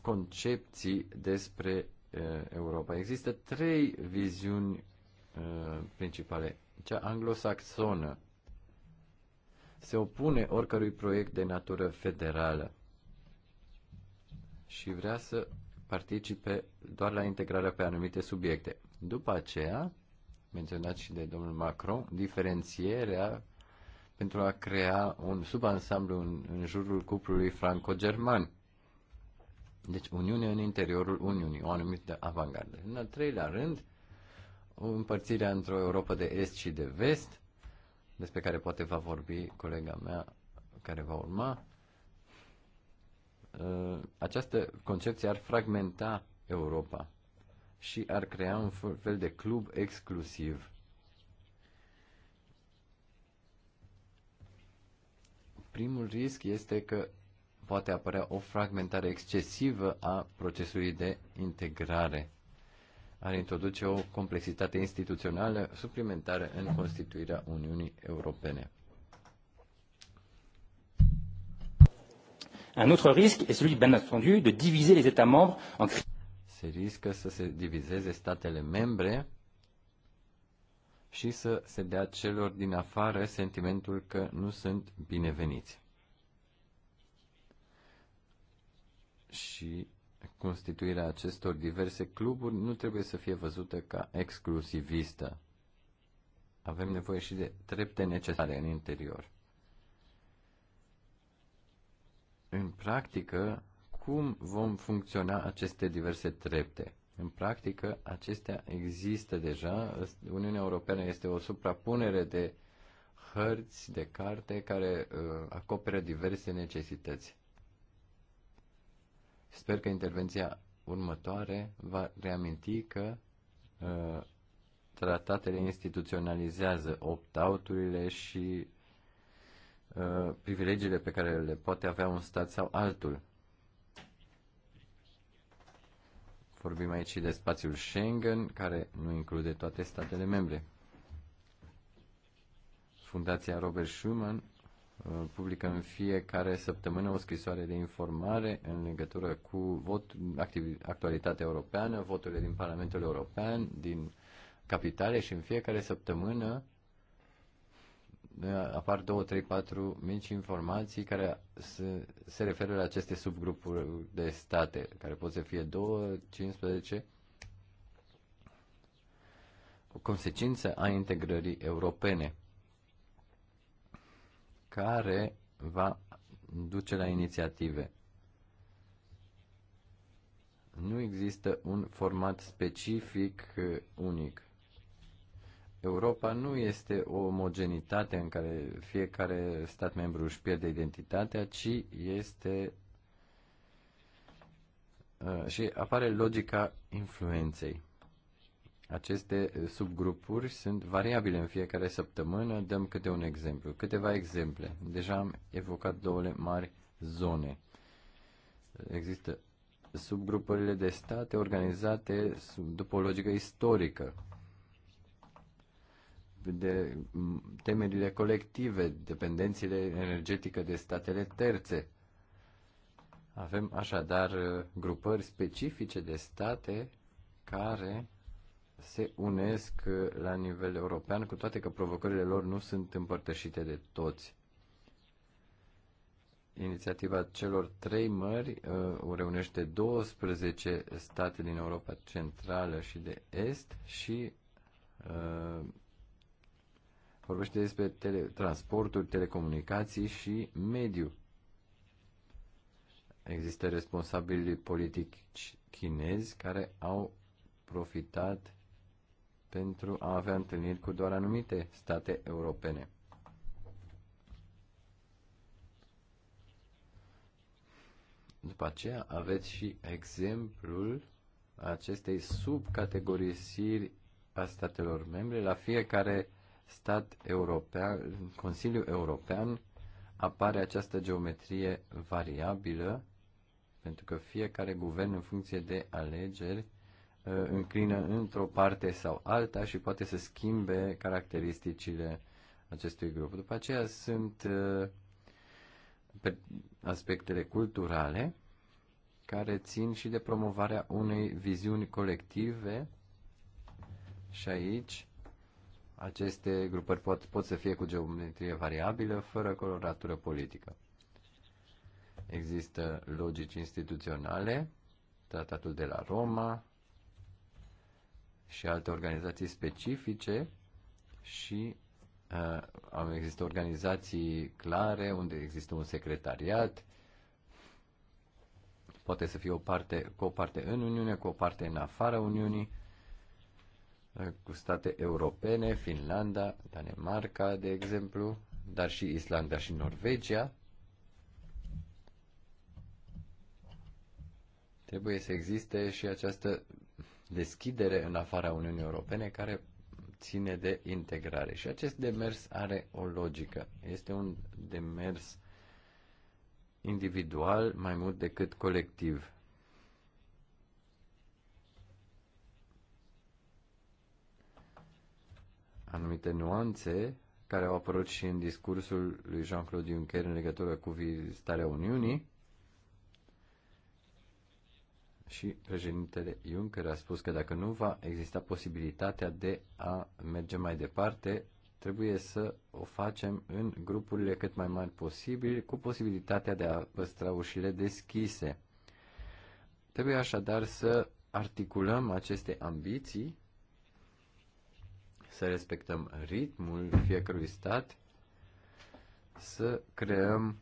concepții despre uh, Europa. Există trei viziuni principale. Cea anglosaxonă se opune oricărui proiect de natură federală și vrea să participe doar la integrarea pe anumite subiecte. După aceea, menționat și de domnul Macron, diferențierea pentru a crea un subansamblu în, în jurul cuplului franco-german. Deci Uniune în interiorul Uniunii, o anumită avangardă. În al treilea rând, o împărțire într-o Europa de Est și de Vest, despre care poate va vorbi colega mea care va urma, Uh, această concepție ar fragmenta Europa și ar crea un fel de club exclusiv. Primul risc este că poate apărea o fragmentare excesivă a procesului de integrare. Ar introduce o complexitate instituțională suplimentară în constituirea Uniunii Europene. Un autre risque est celui, bien entendu, de diviser les États membres en Se riscă să se divizeze statele membre și să se dea celor din afară sentimentul că nu sunt bineveniți. Și constituirea acestor diverse cluburi nu trebuie să fie văzută ca exclusivistă. Avem nevoie și de trepte necesare în interior. în practică, cum vom funcționa aceste diverse trepte. În practică, acestea există deja. Uniunea Europeană este o suprapunere de hărți, de carte, care uh, acoperă diverse necesități. Sper că intervenția următoare va reaminti că uh, tratatele instituționalizează opt-out-urile și Uh, privilegiile pe care le poate avea un stat sau altul. Vorbim aici de spațiul Schengen, care nu include toate statele membre. Fundația Robert Schuman uh, publică în fiecare săptămână o scrisoare de informare în legătură cu vot, activ, actualitatea europeană, voturile din Parlamentul European, din capitale și în fiecare săptămână apar două, trei, patru mici informații care se, se referă la aceste subgrupuri de state, care pot să fie două, 15. O consecință a integrării europene, care va duce la inițiative. Nu există un format specific uh, unic Europa nu este o omogenitate în care fiecare stat membru își pierde identitatea, ci este uh, și apare logica influenței. Aceste subgrupuri sunt variabile în fiecare săptămână. Dăm câte un exemplu, câteva exemple. Deja am evocat două mari zone. Există subgrupările de state organizate după o logică istorică, de temerile colective, dependențele energetică de statele terțe. Avem așadar uh, grupări specifice de state care se unesc uh, la nivel european, cu toate că provocările lor nu sunt împărtășite de toți. Inițiativa celor trei mări uh, reunește 12 state din Europa Centrală și de Est și uh, vorbește despre tele, transporturi, telecomunicații și mediu. Există responsabili politici chinezi care au profitat pentru a avea întâlniri cu doar anumite state europene. După aceea aveți și exemplul acestei subcategorisiri a statelor membre la fiecare stat european, Consiliu European apare această geometrie variabilă, pentru că fiecare guvern în funcție de alegeri uh, înclină într-o parte sau alta și poate să schimbe caracteristicile acestui grup. După aceea sunt uh, aspectele culturale care țin și de promovarea unei viziuni colective și aici aceste grupări pot, pot să fie cu geometrie variabilă, fără coloratură politică. Există logici instituționale, Tratatul de la Roma și alte organizații specifice și uh, există organizații clare unde există un secretariat, poate să fie o parte, cu o parte în Uniune, cu o parte în afara Uniunii cu state europene, Finlanda, Danemarca, de exemplu, dar și Islanda și Norvegia. Trebuie să existe și această deschidere în afara Uniunii Europene care ține de integrare. Și acest demers are o logică. Este un demers individual mai mult decât colectiv. anumite nuanțe care au apărut și în discursul lui Jean-Claude Juncker în legătură cu vizitarea Uniunii. Și președintele Juncker a spus că dacă nu va exista posibilitatea de a merge mai departe, trebuie să o facem în grupurile cât mai mari posibil, cu posibilitatea de a păstra ușile deschise. Trebuie așadar să articulăm aceste ambiții să respectăm ritmul fiecărui stat, să creăm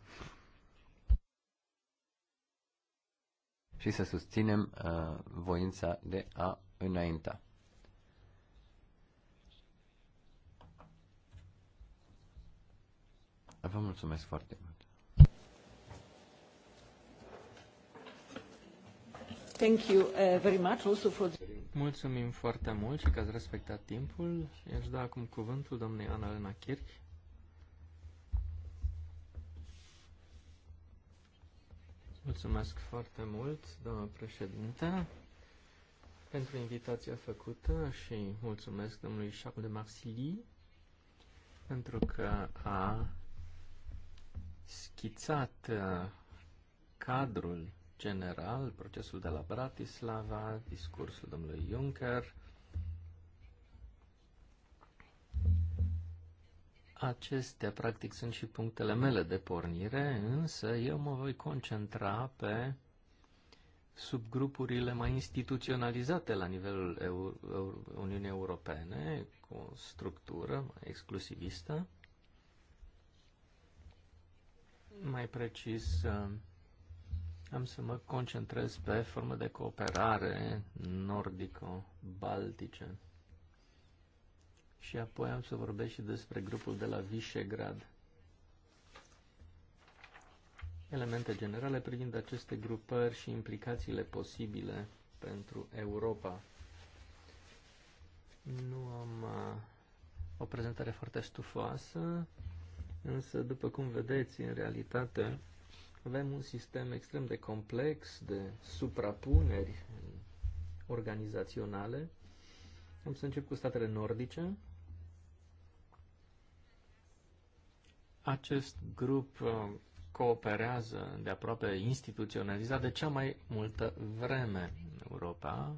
și să susținem uh, voința de a înainta. Vă mulțumesc foarte mult. Thank you uh, very much also for the Mulțumim foarte mult și că ați respectat timpul. I-aș da acum cuvântul doamnei Ana Elena Kirch. Mulțumesc foarte mult, doamnă președinte, pentru invitația făcută și mulțumesc domnului Charles de Marsili pentru că a schițat uh, cadrul general, procesul de la Bratislava, discursul domnului Juncker. Acestea, practic, sunt și punctele mele de pornire, însă eu mă voi concentra pe subgrupurile mai instituționalizate la nivelul Uniunii Europene, cu o structură mai exclusivistă, mai precis am să mă concentrez pe formă de cooperare nordico-baltice. Și apoi am să vorbesc și despre grupul de la Visegrad. Elemente generale privind aceste grupări și implicațiile posibile pentru Europa. Nu am o prezentare foarte stufoasă, însă, după cum vedeți, în realitate, avem un sistem extrem de complex, de suprapuneri organizaționale. Am să încep cu statele nordice. Acest grup uh, cooperează de aproape instituționalizat de cea mai multă vreme în Europa.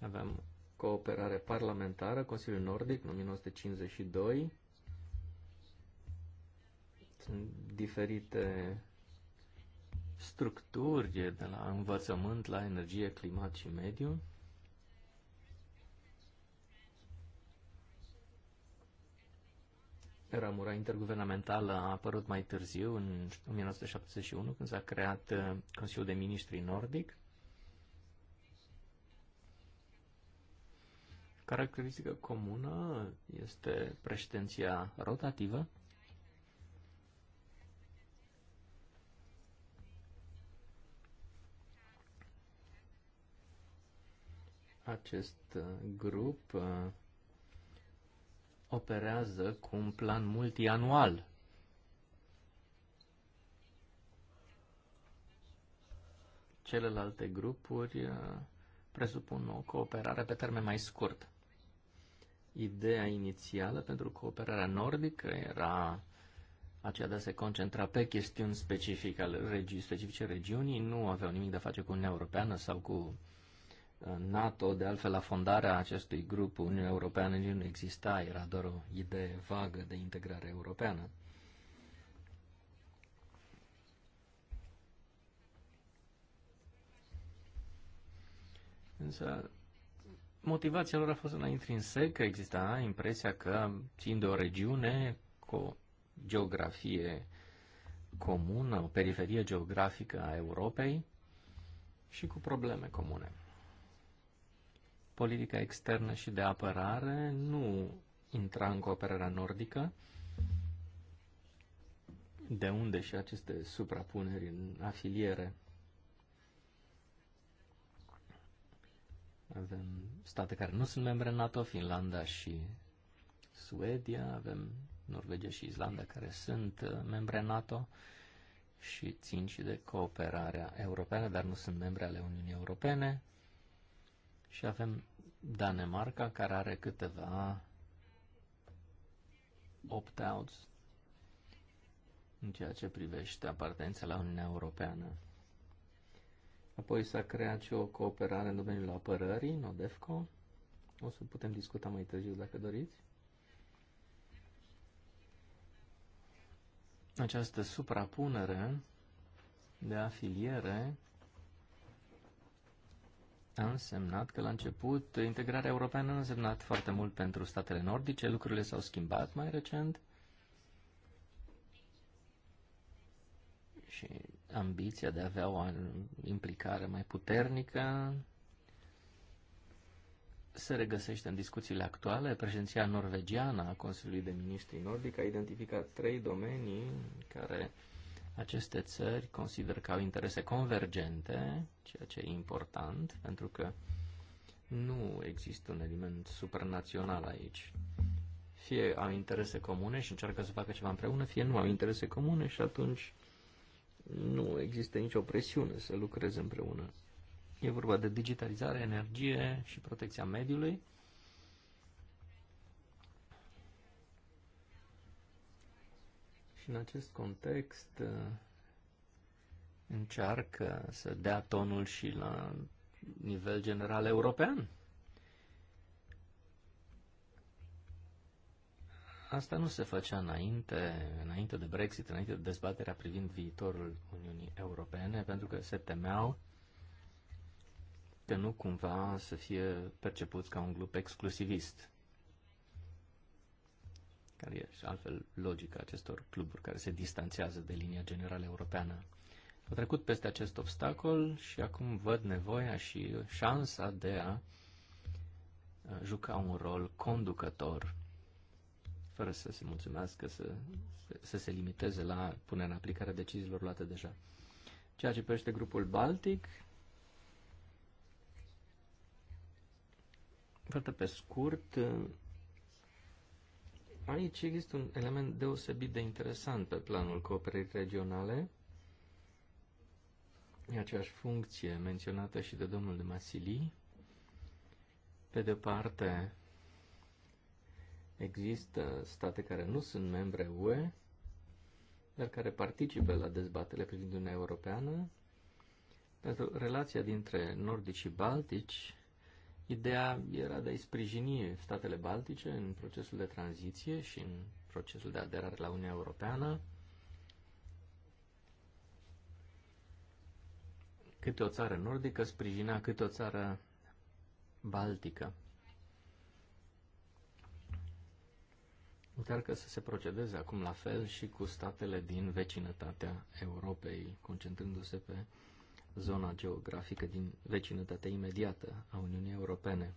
Avem cooperare parlamentară, Consiliul Nordic, în 1952. Sunt diferite structuri de la învățământ la energie, climat și mediu. Ramura interguvernamentală a apărut mai târziu, în 1971, când s-a creat uh, Consiliul de Ministri Nordic. Caracteristică comună este președinția rotativă, acest uh, grup uh, operează cu un plan multianual. Celelalte grupuri uh, presupun o cooperare pe termen mai scurt. Ideea inițială pentru cooperarea nordică era aceea de a se concentra pe chestiuni specifice, ale regi, specifice regiunii, nu aveau nimic de a face cu Uniunea Europeană sau cu NATO, de altfel la fondarea acestui grup Uniunea Europeană nici nu exista, era doar o idee vagă de integrare europeană. Însă motivația lor a fost una intrinsecă, exista impresia că țin de o regiune cu o geografie comună, o periferie geografică a Europei și cu probleme comune politica externă și de apărare nu intra în cooperarea nordică, de unde și aceste suprapuneri în afiliere. Avem state care nu sunt membre NATO, Finlanda și Suedia, avem Norvegia și Islanda care sunt uh, membre NATO și țin și de cooperarea europeană, dar nu sunt membre ale Uniunii Europene. Și avem Danemarca, care are câteva opt-outs în ceea ce privește apartența la Uniunea Europeană. Apoi s-a creat și o cooperare în domeniul apărării, NODEFCO. O să putem discuta mai târziu dacă doriți. Această suprapunere de afiliere a însemnat că la început integrarea europeană a însemnat foarte mult pentru statele nordice, lucrurile s-au schimbat mai recent și ambiția de a avea o implicare mai puternică se regăsește în discuțiile actuale. Președinția norvegiană a Consiliului de Ministri Nordic a identificat trei domenii care aceste țări consider că au interese convergente, ceea ce e important, pentru că nu există un element supranațional aici. Fie au interese comune și încearcă să facă ceva împreună, fie nu au interese comune și atunci nu există nicio presiune să lucreze împreună. E vorba de digitalizare, energie și protecția mediului Și în acest context uh, încearcă să dea tonul și la nivel general european. Asta nu se făcea înainte, înainte de Brexit, înainte de dezbaterea privind viitorul Uniunii Europene, pentru că se temeau că nu cumva să fie percepuți ca un grup exclusivist care e și altfel logica acestor cluburi care se distanțează de linia generală europeană. Au trecut peste acest obstacol și acum văd nevoia și șansa de a juca un rol conducător, fără să se mulțumească, să, să se limiteze la punerea în aplicare a deciziilor luate deja. Ceea ce privește grupul Baltic, foarte pe scurt, Aici există un element deosebit de interesant pe planul cooperării regionale. E aceeași funcție menționată și de domnul de Masili. Pe de parte, există state care nu sunt membre UE, dar care participă la dezbatele privind Uniunea Europeană. Pentru relația dintre nordici și baltici, Ideea era de a-i sprijini statele baltice în procesul de tranziție și în procesul de aderare la Uniunea Europeană. Câte o țară nordică sprijinea câte o țară baltică. Încearcă să se procedeze acum la fel și cu statele din vecinătatea Europei, concentrându-se pe zona geografică din vecinătatea imediată a Uniunii Europene.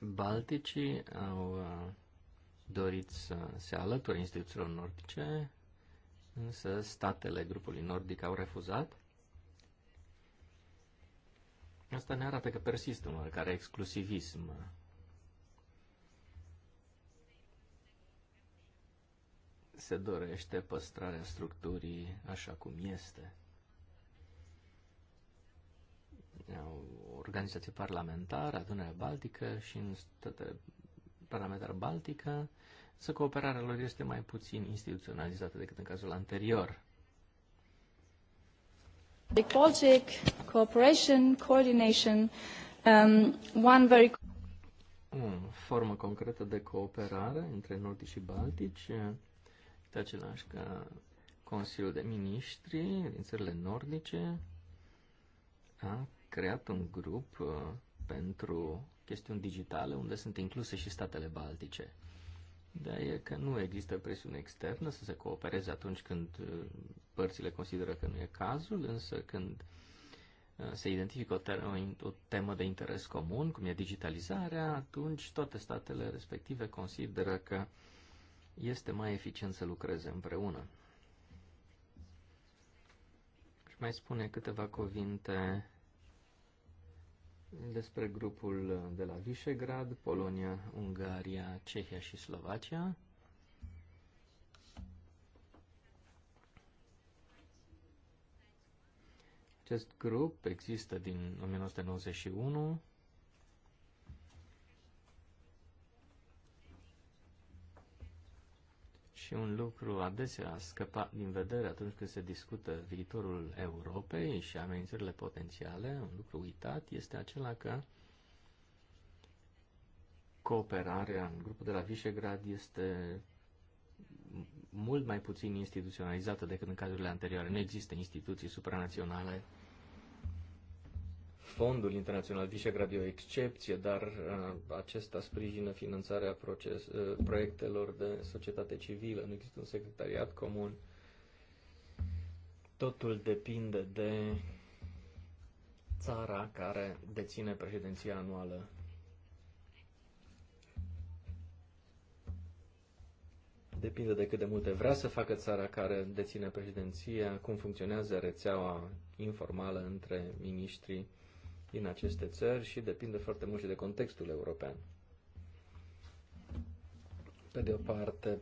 Balticii au uh, dorit să se alăture instituțiilor nordice, însă statele grupului nordic au refuzat. Asta ne arată că persistă un oarecare exclusivism se dorește păstrarea structurii așa cum este. O organizație parlamentară, adunarea baltică și în statele parlamentar baltică, să cooperarea lor este mai puțin instituționalizată decât în cazul anterior. The Baltic cooperation, coordination, um, one very o formă concretă de cooperare între nordici și baltici este același ca Consiliul de Ministri din țările nordice, a creat un grup uh, pentru chestiuni digitale unde sunt incluse și statele baltice. De e că nu există presiune externă să se coopereze atunci când uh, părțile consideră că nu e cazul, însă când uh, se identifică o, ter- o temă de interes comun, cum e digitalizarea, atunci toate statele respective consideră că uh, este mai eficient să lucreze împreună. Și mai spune câteva cuvinte despre grupul de la Visegrad, Polonia, Ungaria, Cehia și Slovacia. Acest grup există din 1991 și un lucru adesea scăpat din vedere atunci când se discută viitorul Europei și amenințările potențiale, un lucru uitat, este acela că cooperarea în grupul de la Visegrad este mult mai puțin instituționalizată decât în cazurile anterioare. Nu există instituții supranaționale Fondul Internațional Visegrad e o excepție, dar uh, acesta sprijină finanțarea proces, uh, proiectelor de societate civilă, nu există un secretariat comun. Totul depinde de țara care deține președinția anuală. Depinde de cât de multe vrea să facă țara care deține președinția, cum funcționează rețeaua informală între miniștrii din aceste țări și depinde foarte mult și de contextul european. Pe de o parte,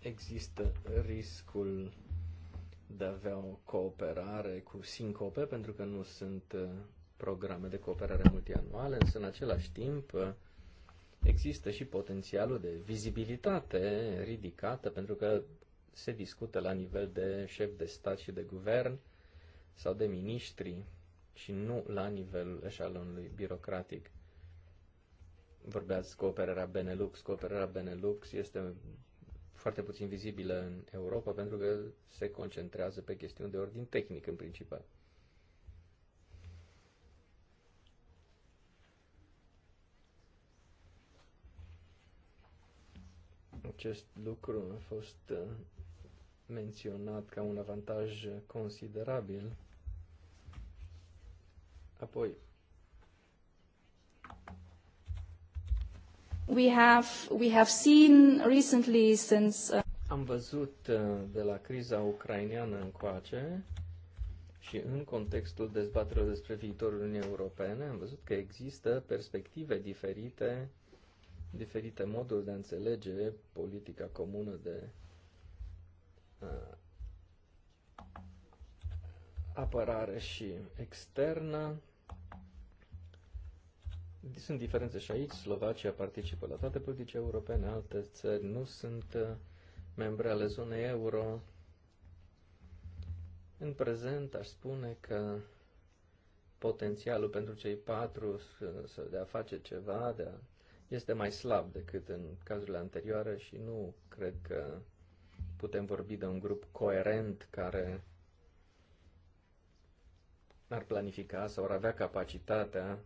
există riscul de a avea o cooperare cu sincope, pentru că nu sunt uh, programe de cooperare multianuale, însă în același timp uh, există și potențialul de vizibilitate ridicată, pentru că se discută la nivel de șef de stat și de guvern sau de miniștri și nu la nivelul eșalonului birocratic. Vorbeați cooperarea Benelux. Cooperarea Benelux este foarte puțin vizibilă în Europa pentru că se concentrează pe chestiuni de ordin tehnic în principal. Acest lucru a fost uh, menționat ca un avantaj considerabil Apoi, we have, we have seen recently since uh... am văzut uh, de la criza ucraineană încoace și în contextul dezbaterilor despre viitorul Uniunii Europene, am văzut că există perspective diferite, diferite moduri de a înțelege politica comună de uh, apărare și externă. Sunt diferențe și aici. Slovacia participă la toate politice europene, alte țări nu sunt uh, membre ale zonei euro. În prezent aș spune că potențialul pentru cei patru să de a face ceva de a, este mai slab decât în cazurile anterioare și nu cred că putem vorbi de un grup coerent care ar planifica sau ar avea capacitatea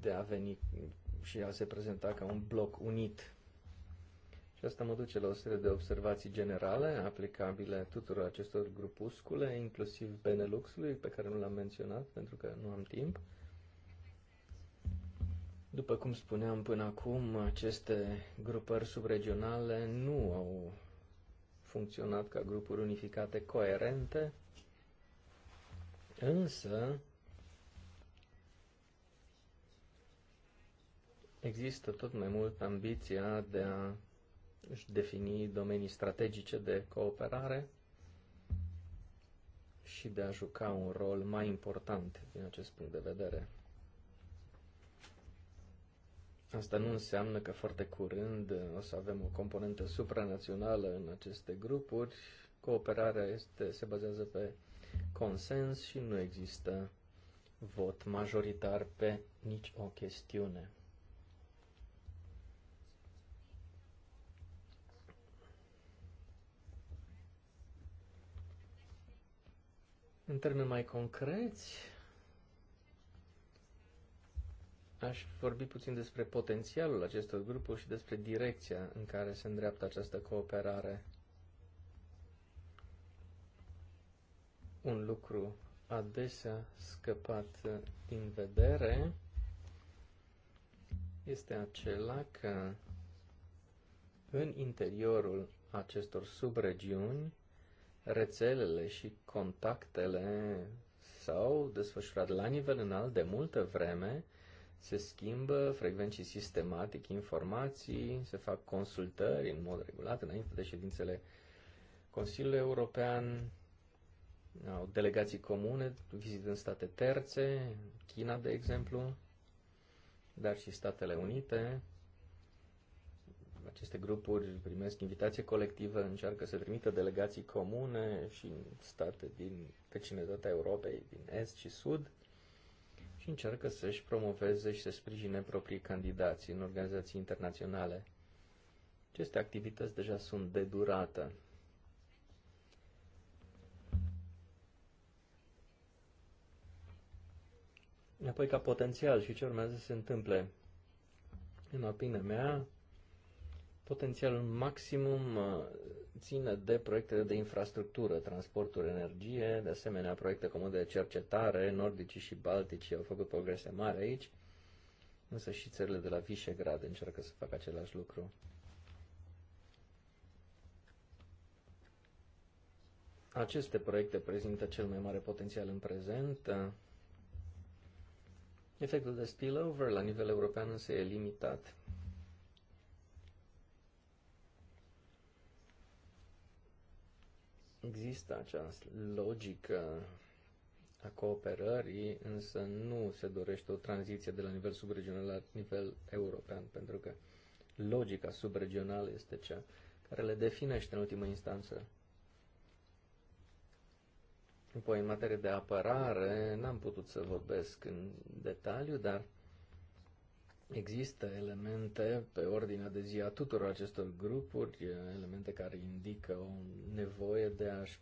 de a veni și a se prezenta ca un bloc unit. Și asta mă duce la o serie de observații generale aplicabile tuturor acestor grupuscule, inclusiv Beneluxului, pe care nu l-am menționat pentru că nu am timp. După cum spuneam până acum, aceste grupări subregionale nu au funcționat ca grupuri unificate coerente, însă Există tot mai mult ambiția de a își defini domenii strategice de cooperare și de a juca un rol mai important din acest punct de vedere. Asta nu înseamnă că foarte curând o să avem o componentă supranațională în aceste grupuri. Cooperarea este, se bazează pe consens și nu există vot majoritar pe nici o chestiune. În termeni mai concreți, aș vorbi puțin despre potențialul acestor grupuri și despre direcția în care se îndreaptă această cooperare. Un lucru adesea scăpat uh, din vedere este acela că în interiorul acestor subregiuni rețelele și contactele s-au desfășurat la nivel înalt de multă vreme, se schimbă frecvenții sistematic informații, se fac consultări în mod regulat înainte de ședințele Consiliului European, au delegații comune, vizite în state terțe, China, de exemplu, dar și Statele Unite, aceste grupuri primesc invitație colectivă, încearcă să trimită delegații comune și în state din vecinătatea Europei, din Est și Sud, și încearcă să-și promoveze și să sprijine proprii candidați în organizații internaționale. Aceste activități deja sunt de durată. Apoi, ca potențial și ce urmează să se întâmple, în opinia mea, Potențialul maximum uh, ține de proiectele de infrastructură, transporturi, energie, de asemenea proiecte comune de cercetare, nordici și baltici au făcut progrese mari aici, însă și țările de la Visegrad încearcă să facă același lucru. Aceste proiecte prezintă cel mai mare potențial în prezent. Efectul de spillover la nivel european însă e limitat. Există această logică a cooperării, însă nu se dorește o tranziție de la nivel subregional la nivel european, pentru că logica subregională este cea care le definește în ultimă instanță. Apoi, în materie de apărare, n-am putut să vorbesc în detaliu, dar Există elemente pe ordinea de zi a tuturor acestor grupuri, elemente care indică o nevoie de a-și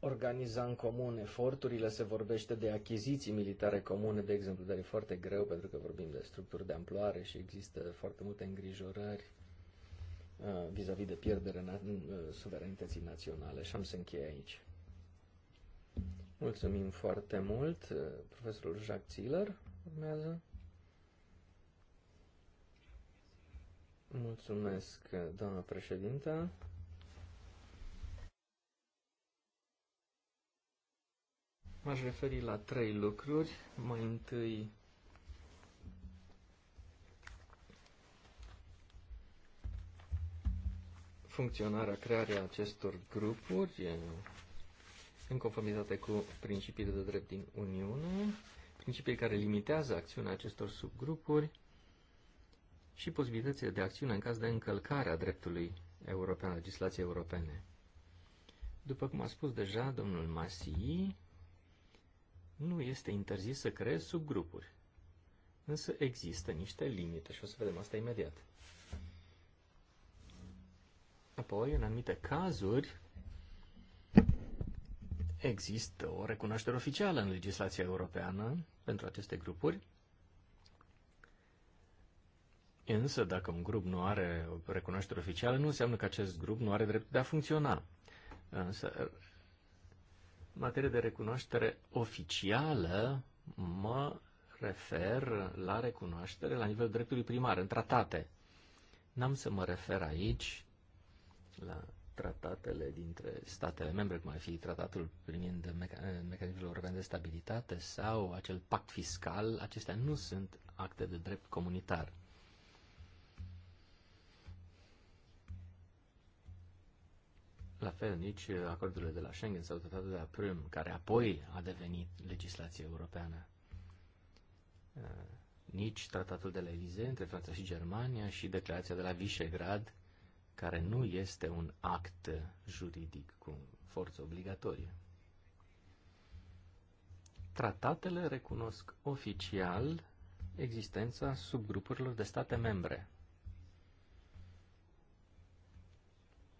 organiza în comun eforturile, se vorbește de achiziții militare comune, de exemplu, dar e foarte greu pentru că vorbim de structuri de amploare și există foarte multe îngrijorări vis-a-vis -vis de pierderea na- suveranității naționale și am să închei aici. Mulțumim foarte mult. Uh, profesorul Jacques Ziller urmează. Mulțumesc, uh, doamna președintă. M-aș referi la trei lucruri. Mai întâi, funcționarea, crearea acestor grupuri, în conformitate cu principiile de drept din Uniune, principii care limitează acțiunea acestor subgrupuri și posibilitățile de acțiune în caz de încălcare a dreptului european, legislației europene. După cum a spus deja domnul Masii, nu este interzis să creezi subgrupuri, însă există niște limite și o să vedem asta imediat. Apoi, în anumite cazuri, există o recunoaștere oficială în legislația europeană pentru aceste grupuri, însă dacă un grup nu are o recunoaștere oficială, nu înseamnă că acest grup nu are dreptul de a funcționa. Însă, în materie de recunoaștere oficială, mă refer la recunoaștere la nivelul dreptului primar, în tratate. N-am să mă refer aici la tratatele dintre statele membre, cum ar fi tratatul privind meca- mecanismul european de stabilitate sau acel pact fiscal, acestea nu sunt acte de drept comunitar. La fel nici acordurile de la Schengen sau tratatul de la Prüm, care apoi a devenit legislație europeană. Eh, nici tratatul de la Elize între Franța și Germania și declarația de la Visegrad, care nu este un act juridic cu forță obligatorie. Tratatele recunosc oficial existența subgrupurilor de state membre.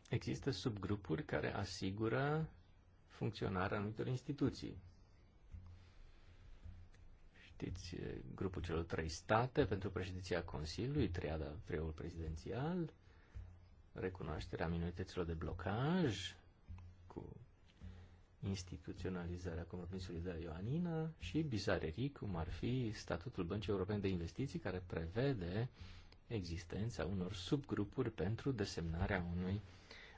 Există subgrupuri care asigură funcționarea anumitor instituții. Știți, grupul celor trei state pentru președinția Consiliului, triada, triul prezidențial, recunoașterea minorităților de blocaj, cu instituționalizarea compromisului de la Ioanina și bizarerii, cum ar fi statutul Băncii Europene de Investiții, care prevede existența unor subgrupuri pentru desemnarea unui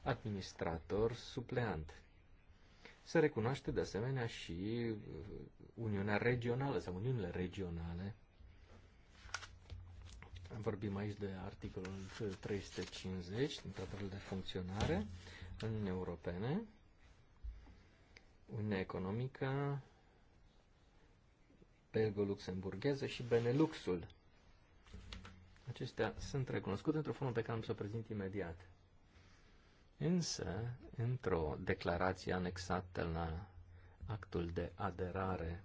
administrator supleant. Se recunoaște de asemenea și Uniunea Regională sau Uniunile Regionale Vorbim aici de articolul 350 din tratatul de funcționare în Uniunea Europene. Uniunea Economică belgo-luxemburgheză și Beneluxul. Acestea sunt recunoscute într-o formă pe care am să o prezint imediat. Însă, într-o declarație anexată la actul de aderare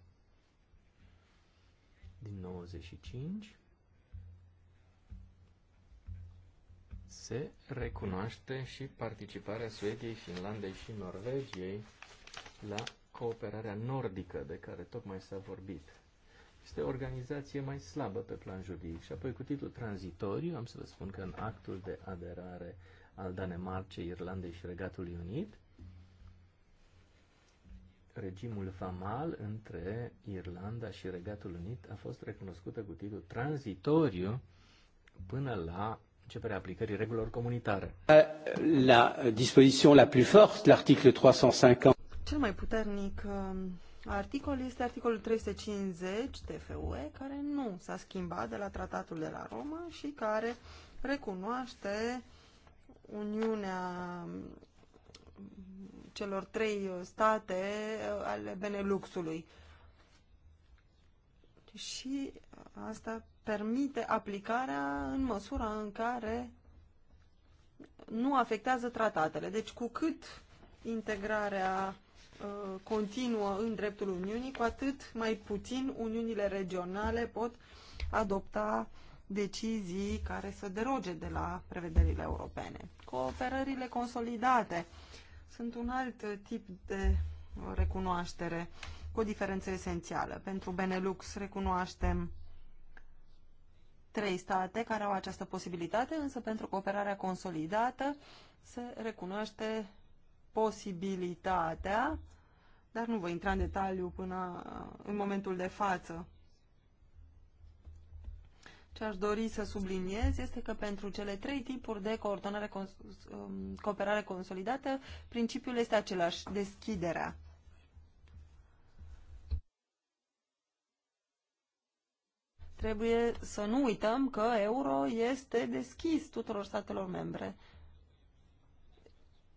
din 95, se recunoaște și participarea Suediei, Finlandei și Norvegiei la cooperarea nordică de care tocmai s-a vorbit. Este o organizație mai slabă pe plan juridic și apoi cu titlul tranzitoriu am să vă spun că în actul de aderare al Danemarcei, Irlandei și Regatului Unit, regimul famal între Irlanda și Regatul Unit a fost recunoscută cu titlul tranzitoriu până la începerea aplicării regulilor comunitare. La dispoziție la plus forte, l'article 350. Cel mai puternic um, articol este articolul 350 TFUE, care nu s-a schimbat de la tratatul de la Roma și care recunoaște Uniunea um, celor trei uh, state uh, ale Beneluxului. Și asta permite aplicarea în măsura în care nu afectează tratatele. Deci cu cât integrarea uh, continuă în dreptul Uniunii, cu atât mai puțin Uniunile regionale pot adopta decizii care să deroge de la prevederile europene. Cooperările consolidate sunt un alt tip de recunoaștere cu o diferență esențială. Pentru Benelux recunoaștem trei state care au această posibilitate, însă pentru cooperarea consolidată se recunoaște posibilitatea, dar nu voi intra în detaliu până în momentul de față. Ce aș dori să subliniez este că pentru cele trei tipuri de coordonare, um, cooperare consolidată, principiul este același, deschiderea. Trebuie să nu uităm că euro este deschis tuturor statelor membre.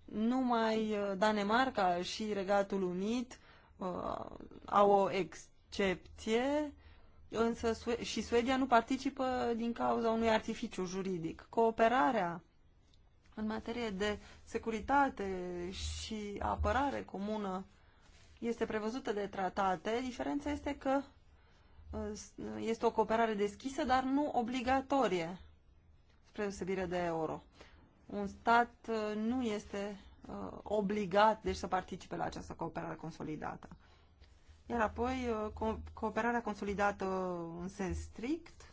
Numai uh, Danemarca și Regatul Unit uh, au o excepție, însă Sue și Suedia nu participă din cauza unui artificiu juridic. Cooperarea în materie de securitate și apărare comună este prevăzută de tratate, diferența este că este o cooperare deschisă, dar nu obligatorie, spre deosebire de euro. Un stat uh, nu este uh, obligat deci, să participe la această cooperare consolidată. Iar apoi, uh, cooperarea consolidată în sens strict,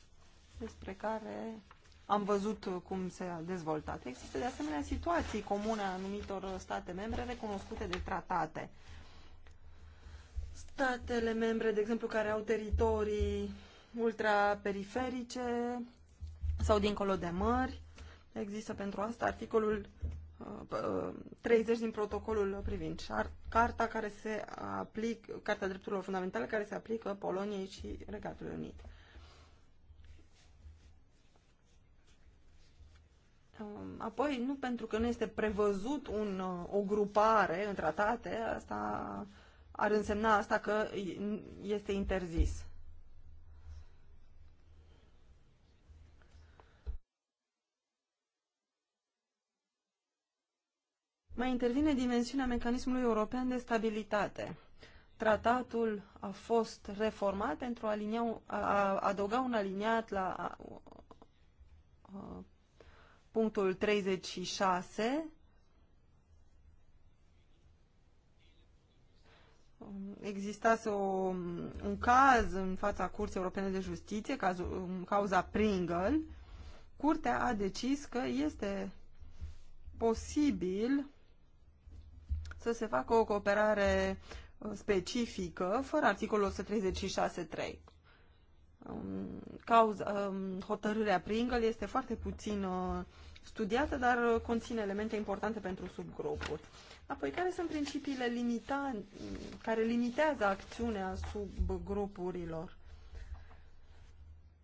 despre care am văzut cum s-a dezvoltat. Există de asemenea situații comune a anumitor state membre recunoscute de tratate statele membre, de exemplu, care au teritorii ultraperiferice sau dincolo de mări. Există pentru asta articolul 30 uh, din protocolul privind carta care se aplică, Carta Drepturilor Fundamentale care se aplică Poloniei și Regatului Unit. Um, apoi, nu pentru că nu este prevăzut un, uh, o grupare în tratate, asta ar însemna asta că este interzis. Mai intervine dimensiunea mecanismului european de stabilitate. Tratatul a fost reformat pentru a, alinia, a adăuga un aliniat la a, a, punctul 36 existase o, un caz în fața Curții Europene de Justiție, cazul, cauza Pringle, Curtea a decis că este posibil să se facă o cooperare uh, specifică fără articolul 136.3. Um, cauza, um, hotărârea Pringle este foarte puțin uh, studiată, dar uh, conține elemente importante pentru subgrupuri. Apoi, care sunt principiile limita, care limitează acțiunea subgrupurilor?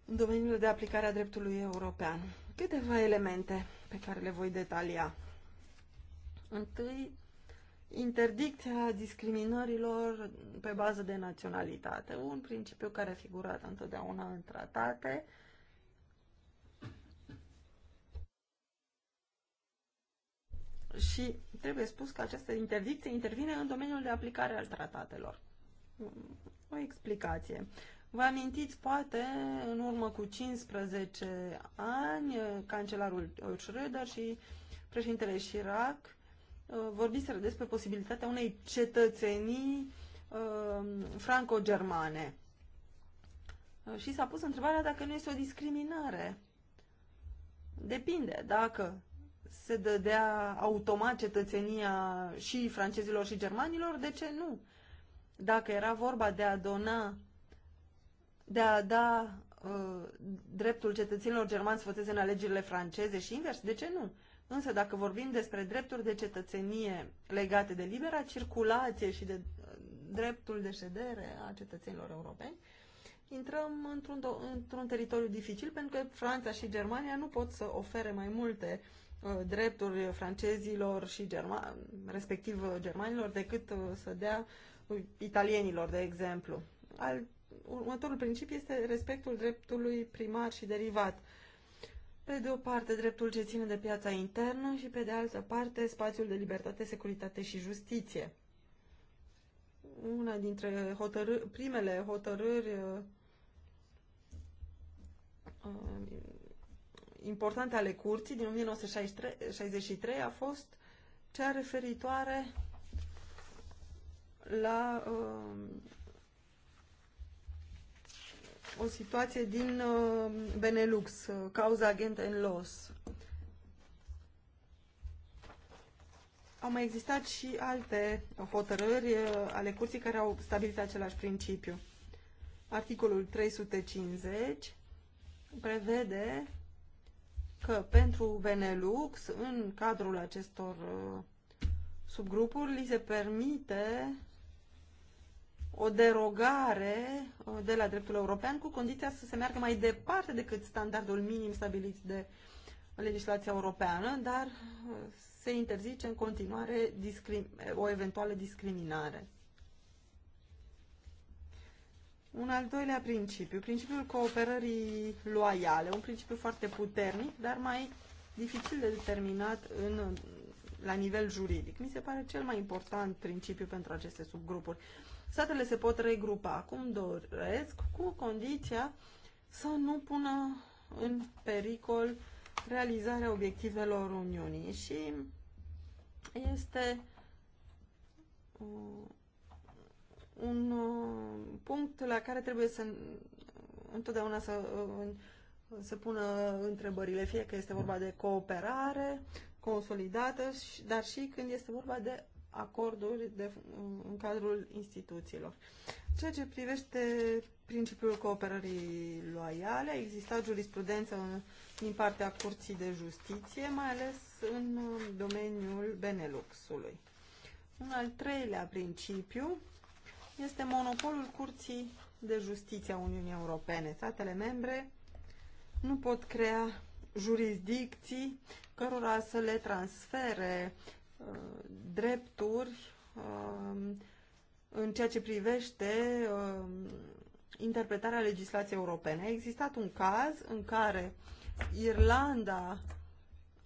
În domeniul de aplicare a dreptului european. Câteva elemente pe care le voi detalia. Întâi, interdicția discriminărilor pe bază de naționalitate, un principiu care a figurat întotdeauna în tratate și trebuie spus că această interdicție intervine în domeniul de aplicare al tratatelor. O explicație. Vă amintiți, poate, în urmă cu 15 ani, cancelarul Schröder și președintele Chirac uh, vorbiseră despre posibilitatea unei cetățenii uh, franco-germane. Uh, și s-a pus întrebarea dacă nu este o discriminare. Depinde dacă se dădea automat cetățenia și francezilor și germanilor, de ce nu? Dacă era vorba de a dona, de a da uh, dreptul cetățenilor germani să voteze în alegerile franceze și invers, de ce nu? Însă dacă vorbim despre drepturi de cetățenie legate de libera circulație și de uh, dreptul de ședere a cetățenilor europeni, intrăm într-un, într-un teritoriu dificil pentru că Franța și Germania nu pot să ofere mai multe Uh, drepturi francezilor și germa, respectiv uh, germanilor decât uh, să dea italienilor, de exemplu. Al, următorul principiu este respectul dreptului primar și derivat. Pe de o parte, dreptul ce ține de piața internă și pe de altă parte, spațiul de libertate, securitate și justiție. Una dintre hotărâ primele hotărâri importante ale curții din 1963 a fost cea referitoare la uh, o situație din uh, Benelux, uh, cauza agent în los. Au mai existat și alte hotărâri uh, ale curții care au stabilit același principiu. Articolul 350 prevede că pentru Benelux, în cadrul acestor uh, subgrupuri, li se permite o derogare uh, de la dreptul european cu condiția să se meargă mai departe decât standardul minim stabilit de legislația europeană, dar uh, se interzice în continuare o eventuală discriminare. Un al doilea principiu, principiul cooperării loiale, un principiu foarte puternic, dar mai dificil de determinat în, la nivel juridic. Mi se pare cel mai important principiu pentru aceste subgrupuri. Statele se pot regrupa cum doresc, cu condiția să nu pună în pericol realizarea obiectivelor Uniunii. Și este uh, un uh, punct la care trebuie să întotdeauna să, uh, să pună întrebările, fie că este vorba de cooperare consolidată, dar și când este vorba de acorduri de, uh, în cadrul instituțiilor. Ceea ce privește principiul cooperării loiale, a existat jurisprudență în, din partea Curții de Justiție, mai ales în domeniul Beneluxului. Un al treilea principiu este monopolul Curții de Justiție a Uniunii Europene. Statele membre nu pot crea jurisdicții cărora să le transfere uh, drepturi uh, în ceea ce privește uh, interpretarea legislației europene. A existat un caz în care Irlanda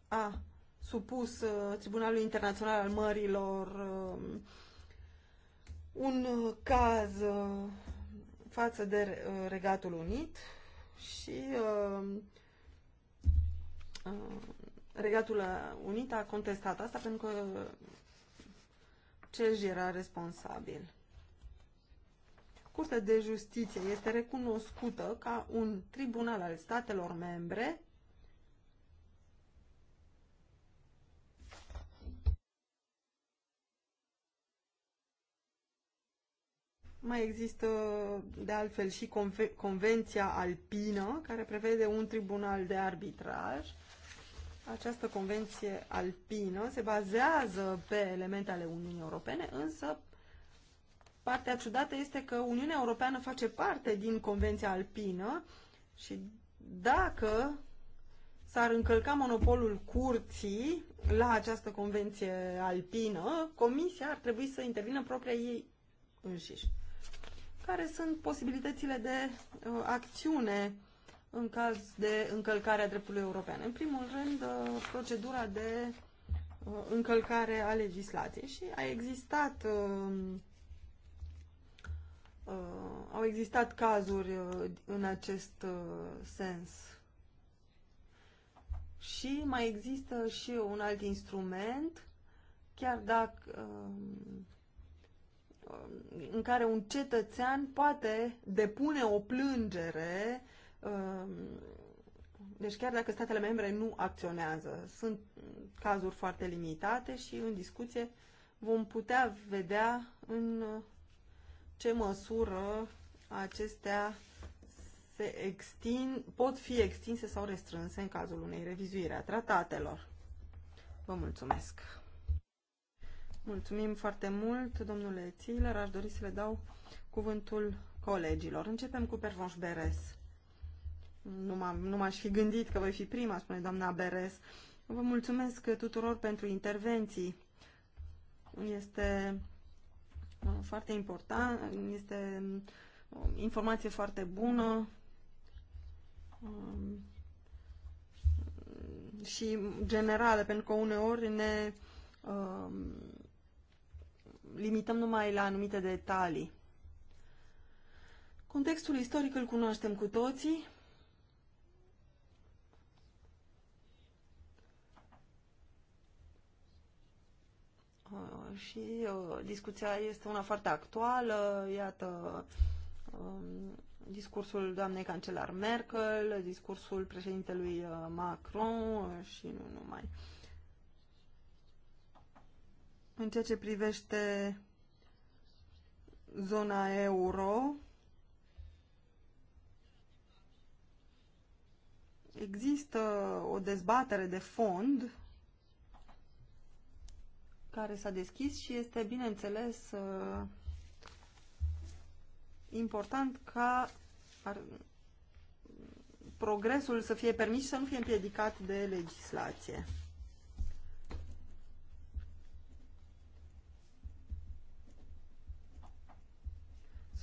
a supus uh, Tribunalul Internațional al Mărilor uh, un uh, caz uh, față de uh, Regatul Unit și Regatul Unit a contestat asta pentru că Cej era responsabil. Curtea de Justiție este recunoscută ca un tribunal al statelor membre Mai există, de altfel, și conve Convenția Alpină, care prevede un tribunal de arbitraj. Această convenție alpină se bazează pe elemente ale Uniunii Europene, însă partea ciudată este că Uniunea Europeană face parte din Convenția Alpină și dacă s-ar încălca monopolul curții la această convenție alpină, Comisia ar trebui să intervină propria ei înșiși care sunt posibilitățile de uh, acțiune în caz de încălcare a dreptului european. În primul rând, uh, procedura de uh, încălcare a legislației și a existat uh, uh, au existat cazuri uh, în acest uh, sens. Și mai există și un alt instrument, chiar dacă uh, în care un cetățean poate depune o plângere um, deci chiar dacă statele membre nu acționează, sunt cazuri foarte limitate și în discuție vom putea vedea în ce măsură acestea se extin, pot fi extinse sau restrânse în cazul unei revizuire a tratatelor. Vă mulțumesc! Mulțumim foarte mult, domnule Țiler. Aș dori să le dau cuvântul colegilor. Începem cu Pervonș Beres. Nu m-aș fi gândit că voi fi prima, spune doamna Beres. Vă mulțumesc tuturor pentru intervenții. Este uh, foarte important, este uh, informație foarte bună um, și generală, pentru că uneori ne um, limităm numai la anumite detalii. Contextul istoric îl cunoaștem cu toții. Și discuția este una foarte actuală. Iată discursul doamnei cancelar Merkel, discursul președintelui Macron și nu numai. În ceea ce privește zona euro, există o dezbatere de fond care s-a deschis și este, bineînțeles, uh, important ca ar, progresul să fie permis și să nu fie împiedicat de legislație.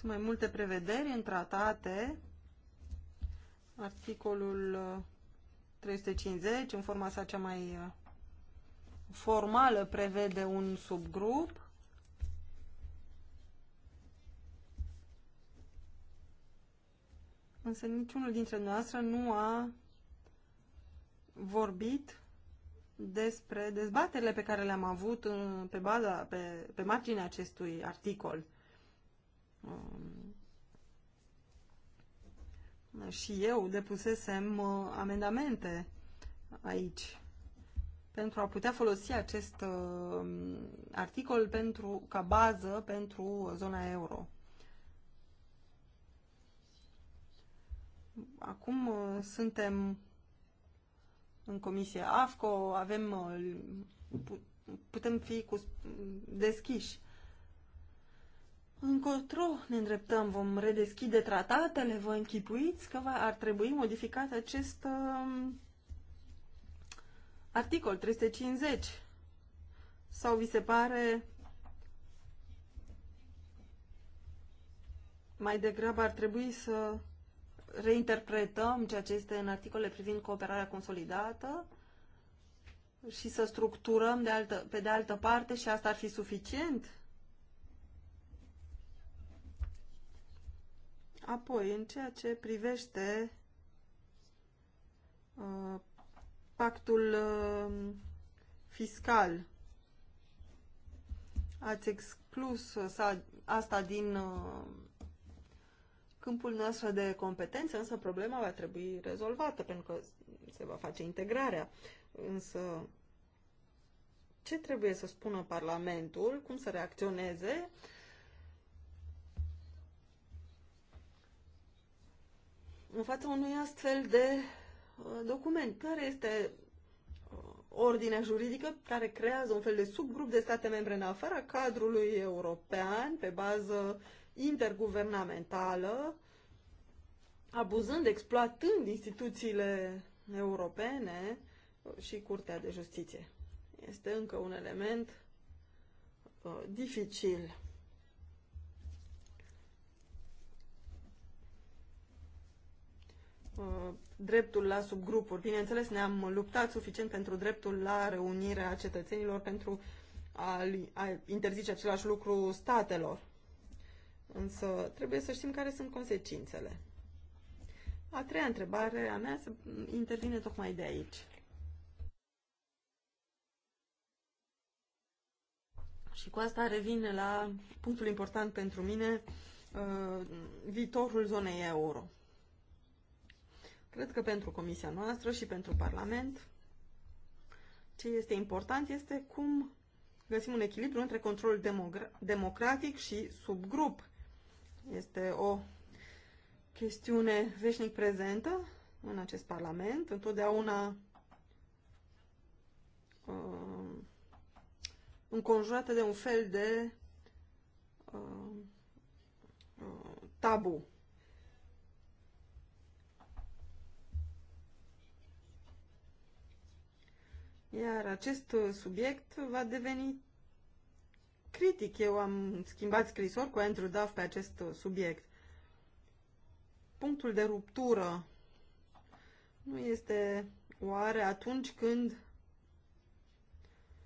Sunt mai multe prevederi în tratate, articolul 350, uh, în forma sa cea mai uh, formală, prevede un subgrup. Însă niciunul dintre noastre nu a vorbit despre dezbaterile pe care le-am avut în, uh, pe, baza, pe, pe marginea acestui articol. Um, și eu depusesem uh, amendamente aici pentru a putea folosi acest uh, articol pentru, ca bază pentru zona euro. Acum uh, suntem în comisie AFCO, avem, putem fi cu, deschiși încotro ne îndreptăm? Vom redeschide tratatele? Vă închipuiți că va, ar trebui modificat acest uh, articol 350? Sau vi se pare mai degrabă ar trebui să reinterpretăm ceea ce este în articole privind cooperarea consolidată și să structurăm de altă, pe de altă parte și asta ar fi suficient? Apoi, în ceea ce privește uh, pactul uh, fiscal, ați exclus uh, asta din uh, câmpul nostru de competențe, însă problema va trebui rezolvată, pentru că se va face integrarea. Însă, ce trebuie să spună Parlamentul, cum să reacționeze în fața unui astfel de uh, document. Care este uh, ordinea juridică care creează un fel de subgrup de state membre în afara cadrului european pe bază interguvernamentală, abuzând, exploatând instituțiile europene uh, și Curtea de Justiție. Este încă un element uh, dificil. Uh, dreptul la subgrupuri. Bineînțeles, ne-am luptat suficient pentru dreptul la a cetățenilor, pentru a, a interzice același lucru statelor. Însă trebuie să știm care sunt consecințele. A treia întrebare a mea intervine tocmai de aici. Și cu asta revine la punctul important pentru mine, uh, viitorul zonei euro. Cred că pentru comisia noastră și pentru Parlament ce este important este cum găsim un echilibru între controlul democratic și subgrup. Este o chestiune veșnic prezentă în acest Parlament. Întotdeauna uh, înconjurată de un fel de uh, uh, tabu. Iar acest uh, subiect va deveni critic. Eu am schimbat scrisori cu Andrew Duff pe acest uh, subiect. Punctul de ruptură nu este oare atunci când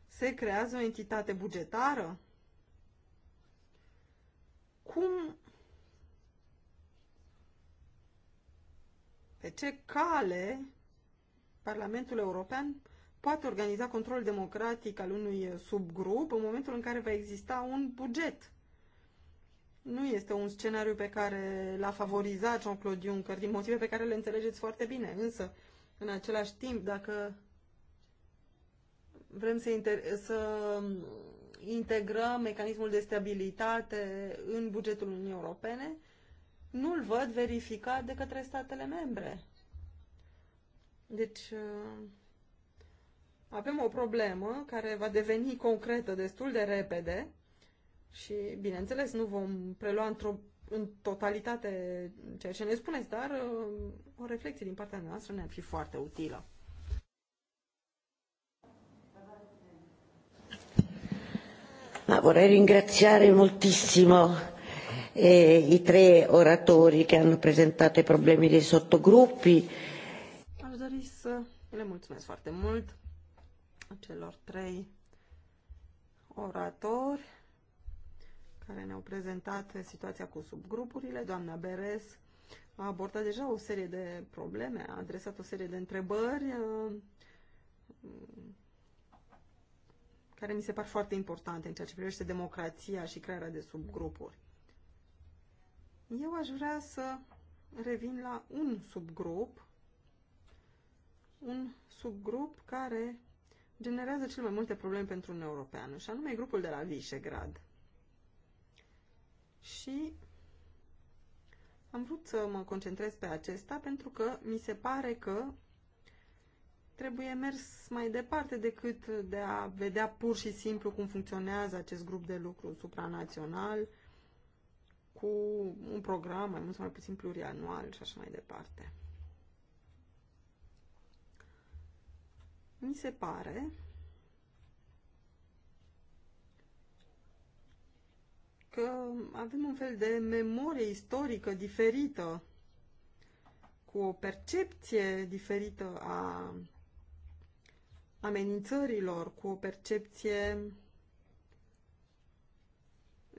se creează o entitate bugetară? Cum pe ce cale Parlamentul European poate organiza control democratic al unui uh, subgrup în momentul în care va exista un buget. Nu este un scenariu pe care l-a favorizat Jean-Claude Juncker, din motive pe care le înțelegeți foarte bine. Însă, în același timp, dacă vrem să, inter- să integrăm mecanismul de stabilitate în bugetul Uniunii Europene, nu-l văd verificat de către statele membre. Deci, uh, avem o problemă care va deveni concretă destul de repede și, bineînțeles, nu vom prelua într-o în totalitate ceea ce ne spuneți, dar uh, o reflexie din partea noastră ne-ar fi foarte utilă. Ma vorrei ringraziare moltissimo eh, i tre oratori che hanno presentato i problemi dei sottogruppi. Aș dori le mulțumesc foarte mult celor trei oratori care ne-au prezentat situația cu subgrupurile. Doamna Beres a abordat deja o serie de probleme, a adresat o serie de întrebări uh, care mi se par foarte importante în ceea ce privește democrația și crearea de subgrupuri. Eu aș vrea să revin la un subgrup, un subgrup care generează cel mai multe probleme pentru un european și anume grupul de la Visegrad. Și am vrut să mă concentrez pe acesta pentru că mi se pare că trebuie mers mai departe decât de a vedea pur și simplu cum funcționează acest grup de lucru supranațional cu un program mai mult sau mai puțin plurianual și așa mai departe. mi se pare că avem un fel de memorie istorică diferită, cu o percepție diferită a amenințărilor, cu o percepție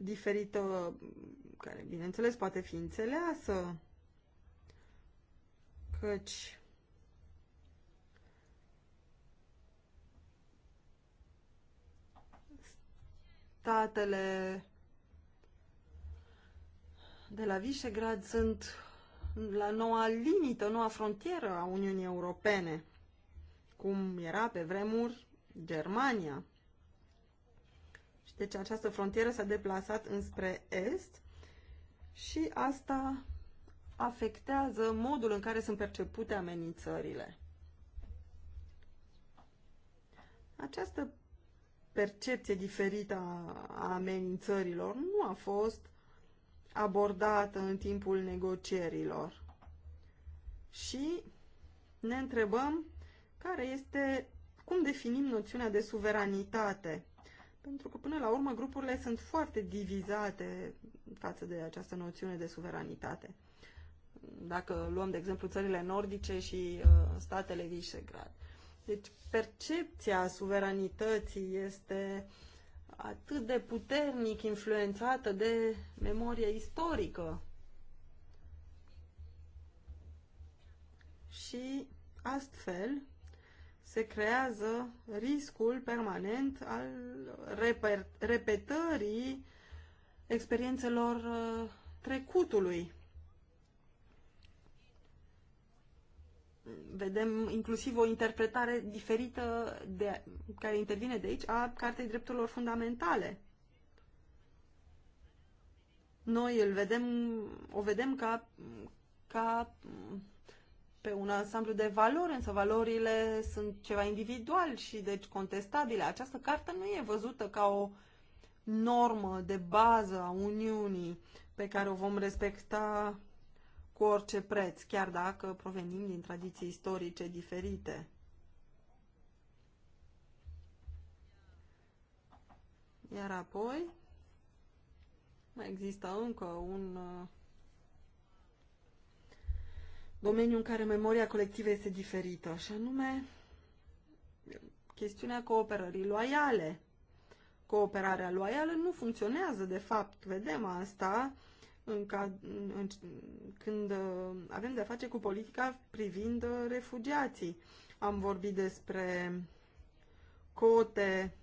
diferită, care, bineînțeles, poate fi înțeleasă, căci statele de la Visegrad sunt la noua limită, noua frontieră a Uniunii Europene, cum era pe vremuri Germania. Și deci această frontieră s-a deplasat înspre est și asta afectează modul în care sunt percepute amenințările. Această percepție diferită a amenințărilor nu a fost abordată în timpul negocierilor. Și ne întrebăm care este, cum definim noțiunea de suveranitate. Pentru că, până la urmă, grupurile sunt foarte divizate față de această noțiune de suveranitate. Dacă luăm, de exemplu, țările nordice și uh, statele Visegrad. Uh, deci percepția suveranității este atât de puternic influențată de memoria istorică. Și astfel se creează riscul permanent al repetării experiențelor uh, trecutului. vedem inclusiv o interpretare diferită de, care intervine de aici a Cartei Drepturilor Fundamentale. Noi îl vedem, o vedem ca, ca pe un ansamblu de valori, însă valorile sunt ceva individual și deci contestabile. Această carte nu e văzută ca o normă de bază a Uniunii pe care o vom respecta cu orice preț, chiar dacă provenim din tradiții istorice diferite. Iar apoi mai există încă un uh, domeniu în care memoria colectivă este diferită, și anume chestiunea cooperării loiale. Cooperarea loială nu funcționează, de fapt, vedem asta în ca, în, când uh, avem de-a face cu politica privind uh, refugiații. Am vorbit despre cote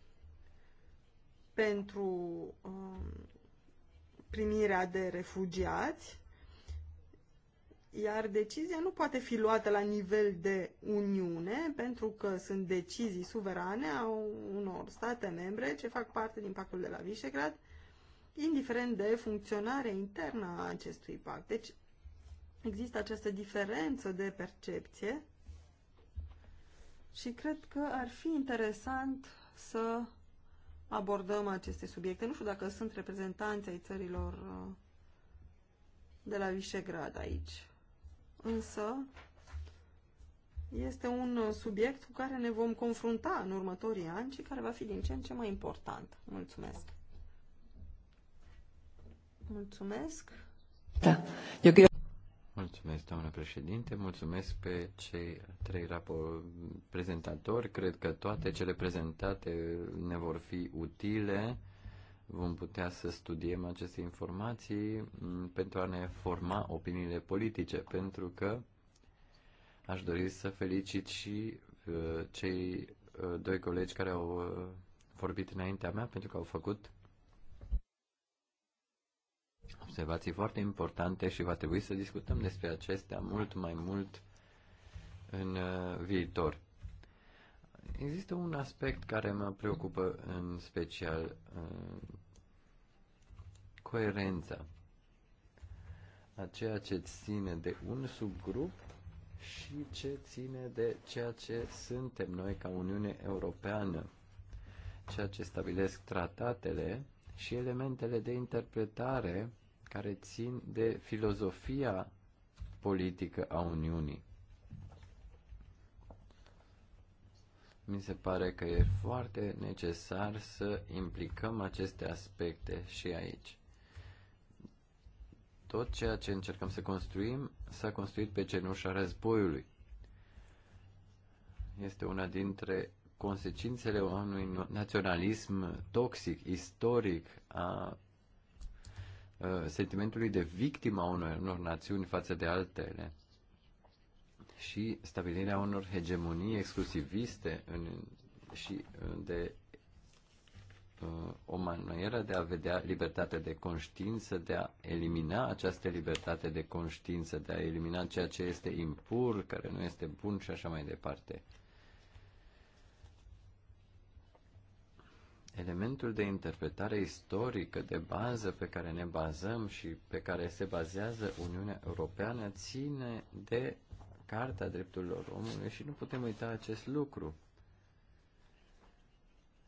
pentru um, primirea de refugiați, iar decizia nu poate fi luată la nivel de Uniune, pentru că sunt decizii suverane a unor state membre ce fac parte din pactul de la Visegrad indiferent de funcționarea internă a acestui pact. Deci există această diferență de percepție și cred că ar fi interesant să abordăm aceste subiecte. Nu știu dacă sunt reprezentanții ai țărilor uh, de la Visegrad aici. Însă este un uh, subiect cu care ne vom confrunta în următorii ani și care va fi din ce în ce mai important. Mulțumesc! Mulțumesc. Da. Eu cred... Mulțumesc, doamnă președinte, mulțumesc pe cei trei rapor prezentatori. Cred că toate cele prezentate ne vor fi utile. Vom putea să studiem aceste informații mm, pentru a ne forma opiniile politice, pentru că aș dori să felicit și uh, cei uh, doi colegi care au uh, vorbit înaintea mea, pentru că au făcut observații foarte importante și va trebui să discutăm despre acestea mult mai mult în uh, viitor. Există un aspect care mă preocupă în special uh, coerența a ceea ce ține de un subgrup și ce ține de ceea ce suntem noi ca Uniune Europeană, ceea ce stabilesc tratatele și elementele de interpretare care țin de filozofia politică a Uniunii. Mi se pare că e foarte necesar să implicăm aceste aspecte și aici. Tot ceea ce încercăm să construim s-a construit pe cenușa războiului. Este una dintre consecințele unui naționalism toxic, istoric, a Uh, sentimentului de victima unor, unor națiuni față de altele și stabilirea unor hegemonii exclusiviste în, și uh, de uh, o manieră de a vedea libertatea de conștiință, de a elimina această libertate de conștiință, de a elimina ceea ce este impur, care nu este bun și așa mai departe. Elementul de interpretare istorică de bază pe care ne bazăm și pe care se bazează Uniunea Europeană ține de Carta Drepturilor Omului și nu putem uita acest lucru.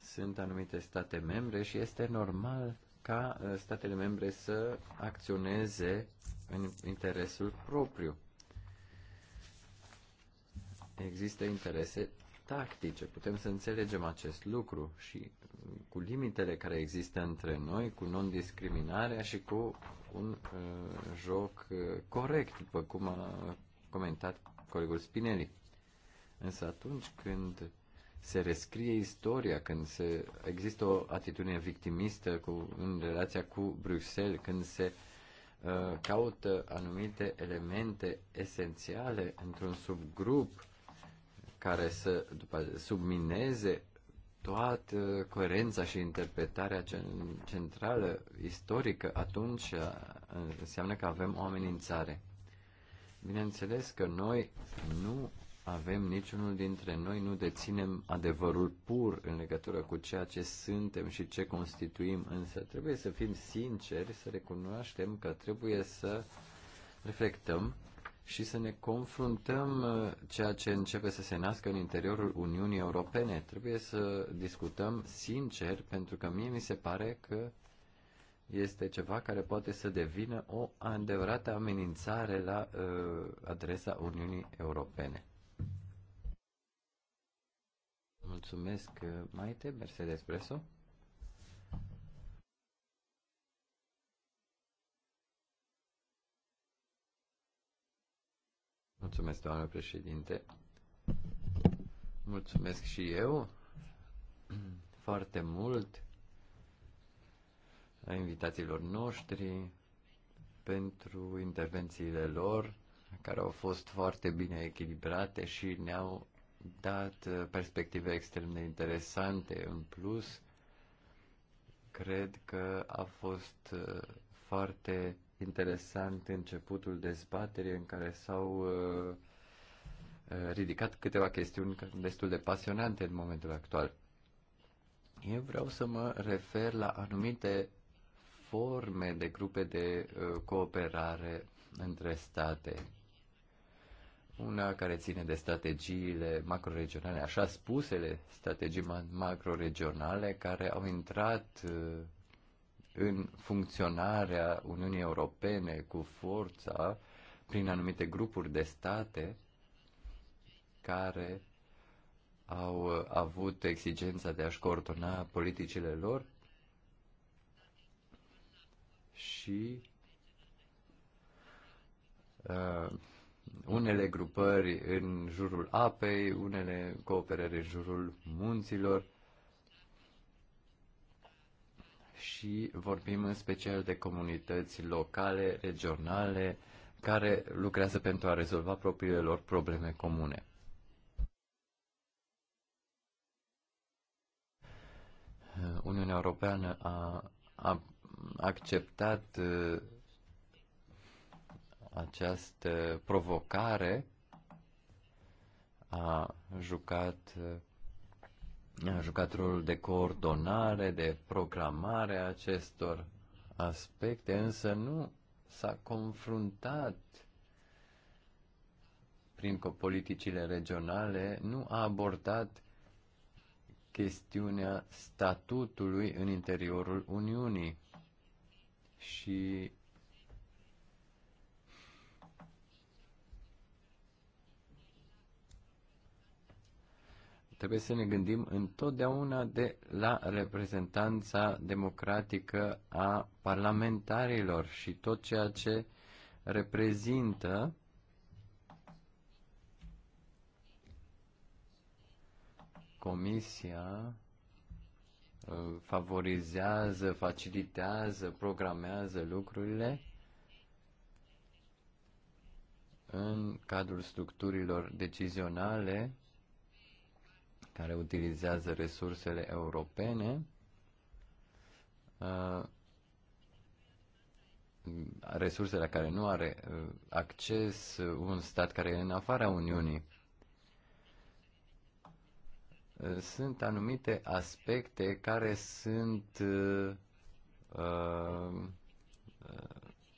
Sunt anumite state membre și este normal ca uh, statele membre să acționeze în interesul propriu. Există interese tactice. Putem să înțelegem acest lucru și cu limitele care există între noi, cu non-discriminarea și cu un uh, joc uh, corect, după cum a comentat colegul Spinelli. Însă atunci când se rescrie istoria, când se, există o atitudine victimistă cu, în relația cu Bruxelles, când se uh, caută anumite elemente esențiale într-un subgrup, care să după, submineze toată coerența și interpretarea centrală istorică, atunci uh, înseamnă că avem o amenințare. Bineînțeles că noi nu avem niciunul dintre noi, nu deținem adevărul pur în legătură cu ceea ce suntem și ce constituim, însă trebuie să fim sinceri, să recunoaștem că trebuie să reflectăm și să ne confruntăm uh, ceea ce începe să se nască în interiorul Uniunii Europene. Trebuie să discutăm sincer, pentru că mie mi se pare că este ceva care poate să devină o adevărată amenințare la uh, adresa Uniunii Europene. Mulțumesc, uh, Maite, Mercedes Preso. Mulțumesc, doamnă președinte. Mulțumesc și eu foarte mult a invitațiilor noștri pentru intervențiile lor, care au fost foarte bine echilibrate și ne-au dat perspective extrem de interesante în plus. Cred că a fost foarte interesant începutul dezbaterii în care s-au uh, uh, ridicat câteva chestiuni destul de pasionante în momentul actual. Eu vreau să mă refer la anumite forme de grupe de uh, cooperare între state. Una care ține de strategiile macroregionale, așa spusele strategii macroregionale care au intrat în funcționarea Uniunii Europene cu forța prin anumite grupuri de state care au avut exigența de a-și coordona politicile lor și uh, unele grupări în jurul apei, unele cooperări în jurul munților și vorbim în special de comunități locale, regionale, care lucrează pentru a rezolva propriile lor probleme comune. Uniunea Europeană a, a acceptat uh, această provocare, a jucat uh, a jucat rolul de coordonare, de programare a acestor aspecte, însă nu s-a confruntat prin politicile regionale, nu a abordat chestiunea statutului în interiorul Uniunii și trebuie să ne gândim întotdeauna de la reprezentanța democratică a parlamentarilor și tot ceea ce reprezintă Comisia uh, favorizează, facilitează, programează lucrurile în cadrul structurilor decizionale care utilizează resursele europene uh, resursele la care nu are uh, acces un stat care e în afara Uniunii. Uh, sunt anumite aspecte care sunt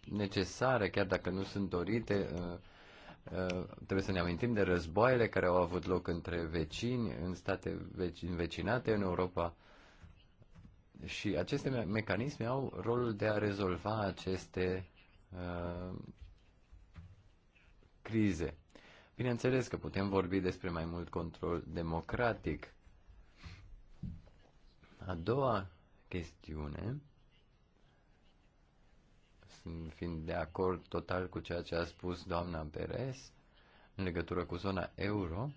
necesare, chiar dacă nu sunt dorite, Eh, trebuie să ne amintim de războaiele care au avut loc între vecini, în state învecinate, în Europa. Și aceste mecanisme au rolul de a rezolva aceste uh, crize. Bineînțeles că putem vorbi despre mai mult control democratic. A doua chestiune fiind de acord total cu ceea ce a spus doamna Perez în legătură cu zona euro,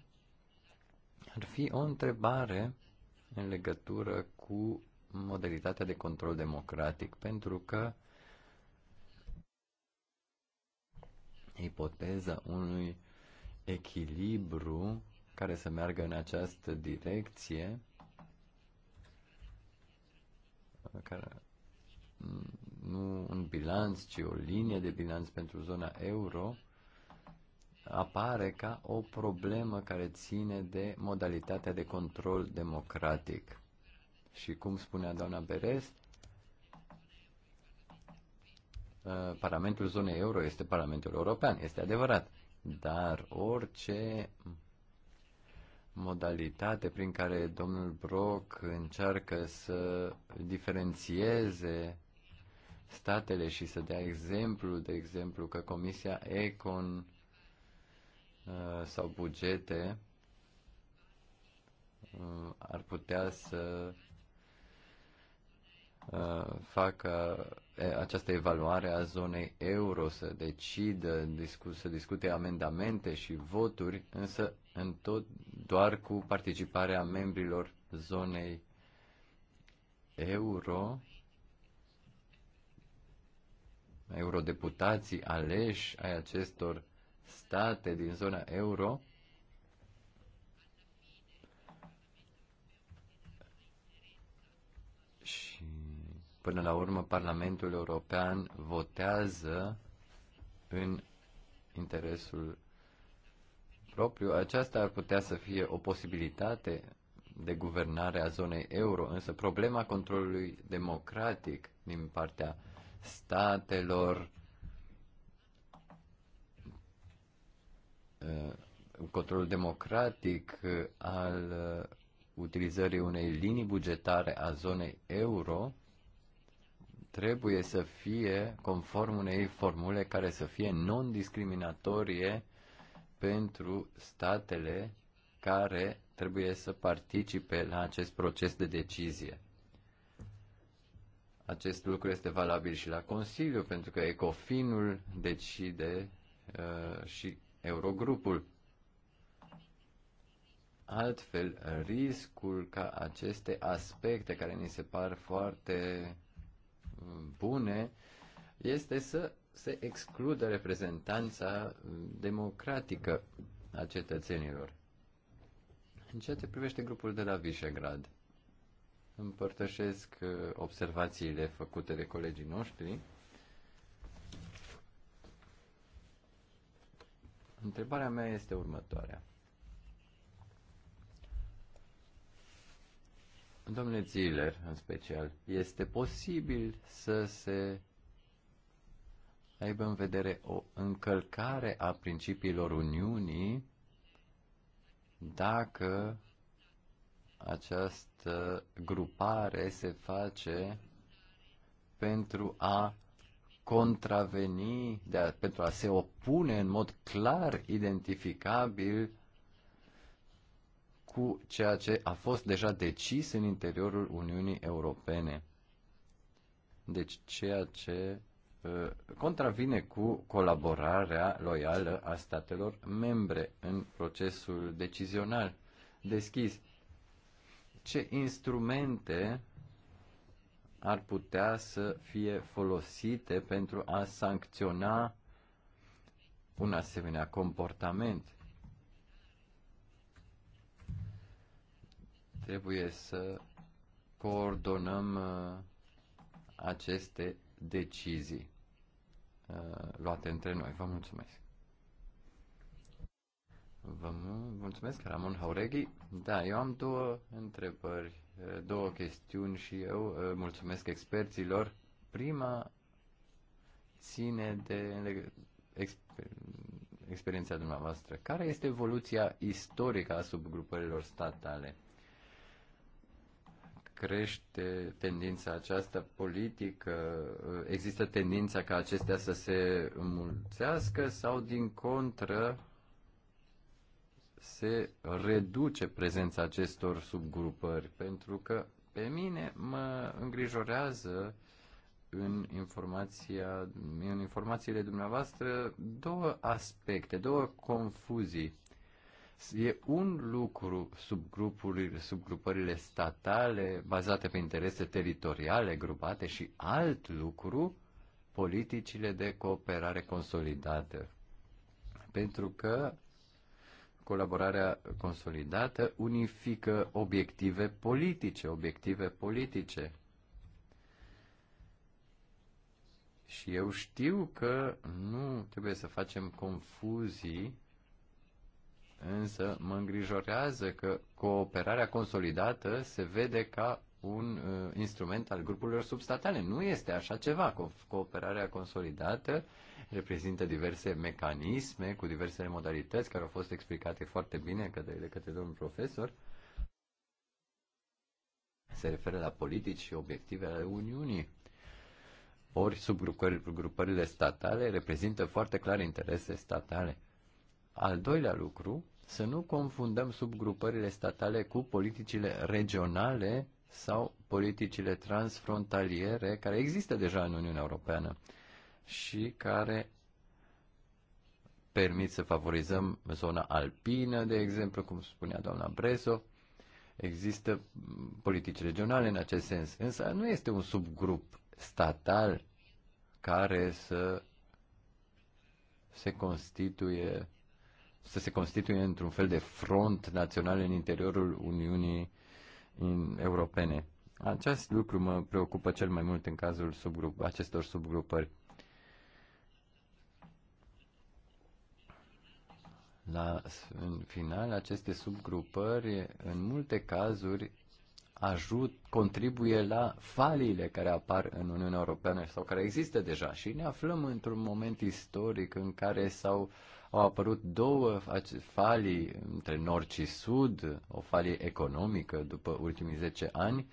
ar fi o întrebare în legătură cu modalitatea de control democratic, pentru că ipoteza unui echilibru care să meargă în această direcție, care nu un bilanț, ci o linie de bilanț pentru zona euro, apare ca o problemă care ține de modalitatea de control democratic. Și cum spunea doamna Beres, ă, Parlamentul zonei euro este Parlamentul European, este adevărat, dar orice modalitate prin care domnul Brock încearcă să diferențieze statele și să dea exemplu, de exemplu, că Comisia Econ uh, sau bugete uh, ar putea să uh, facă această evaluare a zonei euro, să decidă, să discute amendamente și voturi, însă în tot, doar cu participarea membrilor zonei euro eurodeputații aleși ai acestor state din zona euro și până la urmă Parlamentul European votează în interesul propriu. Aceasta ar putea să fie o posibilitate de guvernare a zonei euro, însă problema controlului democratic din partea uh, statelor, uh, controlul democratic uh, al uh, utilizării unei linii bugetare a zonei euro trebuie să fie conform unei formule care să fie non-discriminatorie pentru statele care trebuie să participe la acest proces de decizie. Acest lucru este valabil și la Consiliu, pentru că Ecofinul decide uh, și Eurogrupul. Altfel, riscul ca aceste aspecte care ni se par foarte uh, bune este să se excludă reprezentanța democratică a cetățenilor. În ceea ce privește grupul de la Visegrad, Împărtășesc uh, observațiile făcute de colegii noștri. Întrebarea mea este următoarea. Domnule Ziller, în special, este posibil să se aibă în vedere o încălcare a principiilor Uniunii dacă această grupare se face pentru a contraveni, de a, pentru a se opune în mod clar identificabil cu ceea ce a fost deja decis în interiorul Uniunii Europene. Deci ceea ce uh, contravine cu colaborarea loială a statelor membre în procesul decizional deschis ce instrumente ar putea să fie folosite pentru a sancționa un asemenea comportament. Trebuie să coordonăm uh, aceste decizii uh, luate între noi. Vă mulțumesc! Vă mulțumesc, Ramon Haureghi. Da, eu am două întrebări, două chestiuni și eu uh, mulțumesc experților. Prima ține de exper experiența dumneavoastră. Care este evoluția istorică a subgrupărilor statale? crește tendința aceasta politică? Există tendința ca acestea să se înmulțească sau din contră se reduce prezența acestor subgrupări, pentru că pe mine mă îngrijorează în, informația, în informațiile dumneavoastră două aspecte, două confuzii. E un lucru subgrupurile, subgrupările statale bazate pe interese teritoriale grupate și alt lucru politicile de cooperare consolidată. Pentru că colaborarea consolidată unifică obiective politice, obiective politice. Și eu știu că nu trebuie să facem confuzii, însă mă îngrijorează că cooperarea consolidată se vede ca un uh, instrument al grupurilor substatale. Nu este așa ceva. Cooperarea consolidată reprezintă diverse mecanisme cu diverse modalități care au fost explicate foarte bine către, de către domnul profesor. Se referă la politici și obiective ale Uniunii. Ori subgrupările statale reprezintă foarte clar interese statale. Al doilea lucru, să nu confundăm subgrupările statale cu politicile regionale sau politicile transfrontaliere care există deja în Uniunea Europeană și care permit să favorizăm zona alpină, de exemplu, cum spunea doamna Breso. Există politici regionale în acest sens, însă nu este un subgrup statal care să se constituie să se constituie într-un fel de front național în interiorul Uniunii europene. Acest lucru mă preocupă cel mai mult în cazul subgrup, acestor subgrupări. La, în final, aceste subgrupări, în multe cazuri, ajut, contribuie la faliile care apar în Uniunea Europeană sau care există deja. Și ne aflăm într-un moment istoric în care s-au au apărut două falii între nord și sud, o falie economică după ultimii 10 ani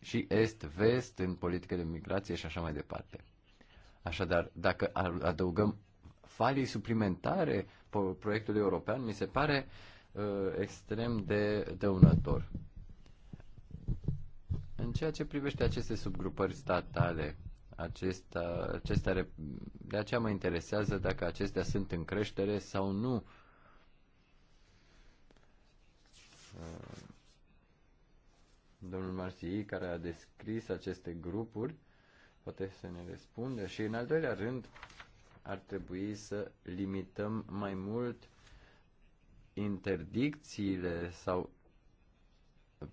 și est-vest în politică de migrație și așa mai departe. Așadar, dacă adăugăm falii suplimentare proiectului european, mi se pare uh, extrem de dăunător. În ceea ce privește aceste subgrupări statale, acesta, acestea, de aceea mă interesează dacă acestea sunt în creștere sau nu. Uh, domnul Marsii, care a descris aceste grupuri, poate să ne răspundă. Și în al doilea rând, ar trebui să limităm mai mult interdicțiile sau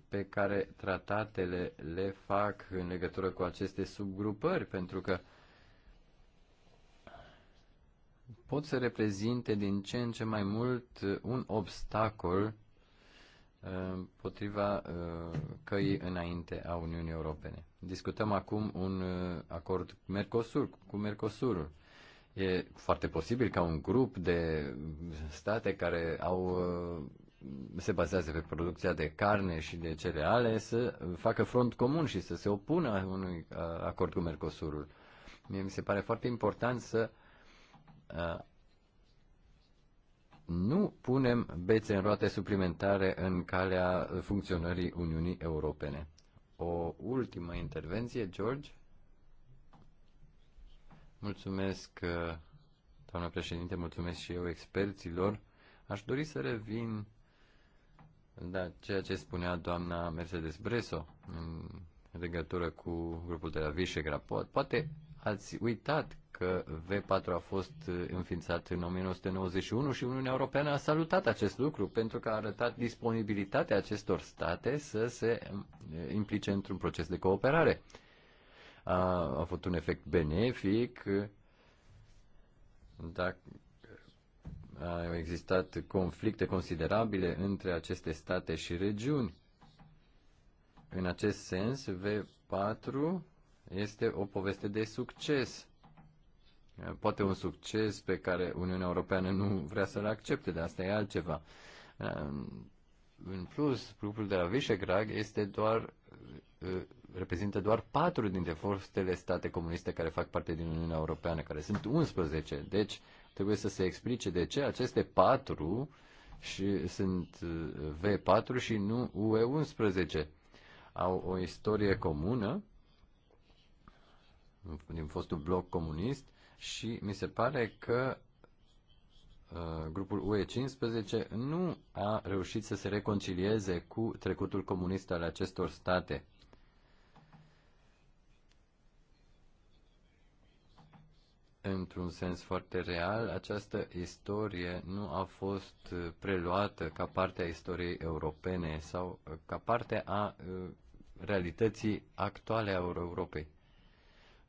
pe care tratatele le fac în legătură cu aceste subgrupări, pentru că pot să reprezinte din ce în ce mai mult un obstacol uh, potriva uh, căii înainte a Uniunii Europene. Discutăm acum un uh, acord Mercosur, cu Mercosur. E foarte posibil ca un grup de state care au se bazează pe producția de carne și de cereale să facă front comun și să se opună unui acord cu Mercosurul. Mie mi se pare foarte important să nu punem bețe în roate suplimentare în calea funcționării Uniunii Europene. O ultimă intervenție, George. Mulțumesc, doamnă președinte, mulțumesc și eu experților. Aș dori să revin da, ceea ce spunea doamna Mercedes Breso în legătură cu grupul de la Visegrad. Poate ați uitat că V4 a fost înființat în 1991 și Uniunea Europeană a salutat acest lucru pentru că a arătat disponibilitatea acestor state să se eh, implice într-un proces de cooperare. A, a avut un efect benefic eh, dacă au existat conflicte considerabile între aceste state și regiuni. În acest sens, V4 este o poveste de succes. Poate un succes pe care Uniunea Europeană nu vrea să-l accepte, dar asta e altceva. În plus, grupul de la Visegrad este doar reprezintă doar patru dintre forțele state comuniste care fac parte din Uniunea Europeană, care sunt 11. Deci, trebuie să se explice de ce aceste patru și sunt uh, V4 și nu UE11. Au o istorie comună din fostul bloc comunist și mi se pare că uh, grupul UE15 nu a reușit să se reconcilieze cu trecutul comunist al acestor state. Într-un sens foarte real, această istorie nu a fost uh, preluată ca parte a istoriei europene sau uh, ca parte a uh, realității actuale a Europei.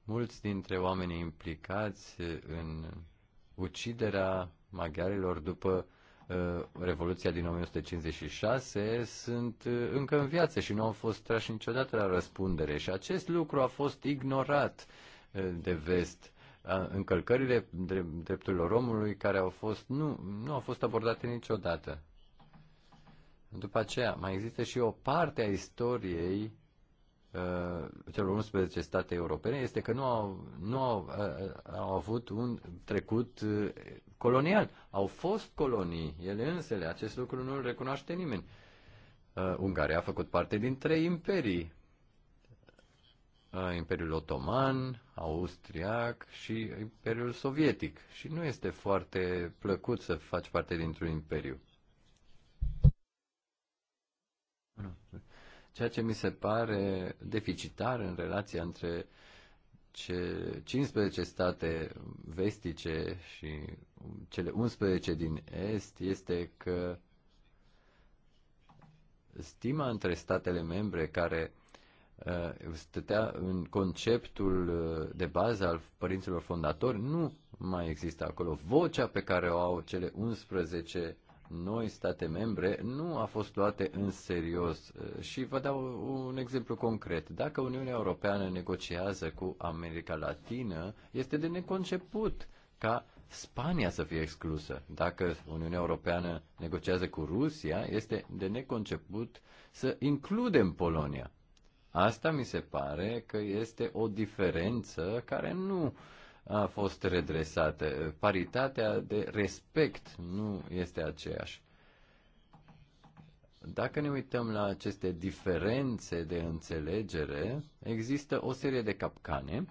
Mulți dintre oamenii implicați în uciderea maghiarilor după Revoluția din 1956 sunt încă în viață și nu au fost trași niciodată la răspundere și acest lucru a fost ignorat de vest încălcările drepturilor omului care au fost, nu, nu au fost abordate niciodată. După aceea, mai există și o parte a istoriei uh, celor 11 state europene, este că nu au, nu au, uh, au avut un trecut uh, colonial. Au fost colonii, ele însele. Acest lucru nu îl recunoaște nimeni. Uh, Ungaria a făcut parte din trei imperii. Imperiul Otoman, Austriac și Imperiul Sovietic. Și nu este foarte plăcut să faci parte dintr-un imperiu. Ceea ce mi se pare deficitar în relația între ce 15 state vestice și cele 11 din Est este că stima între statele membre care Uh, stătea în conceptul uh, de bază al părinților fondatori, nu mai există acolo. Vocea pe care o au cele 11 noi state membre nu a fost luate în serios. Uh, și vă dau un exemplu concret. Dacă Uniunea Europeană negociază cu America Latină, este de neconceput ca Spania să fie exclusă. Dacă Uniunea Europeană negociază cu Rusia, este de neconceput să includem Polonia. Asta mi se pare că este o diferență care nu a fost redresată. Paritatea de respect nu este aceeași. Dacă ne uităm la aceste diferențe de înțelegere, există o serie de capcane,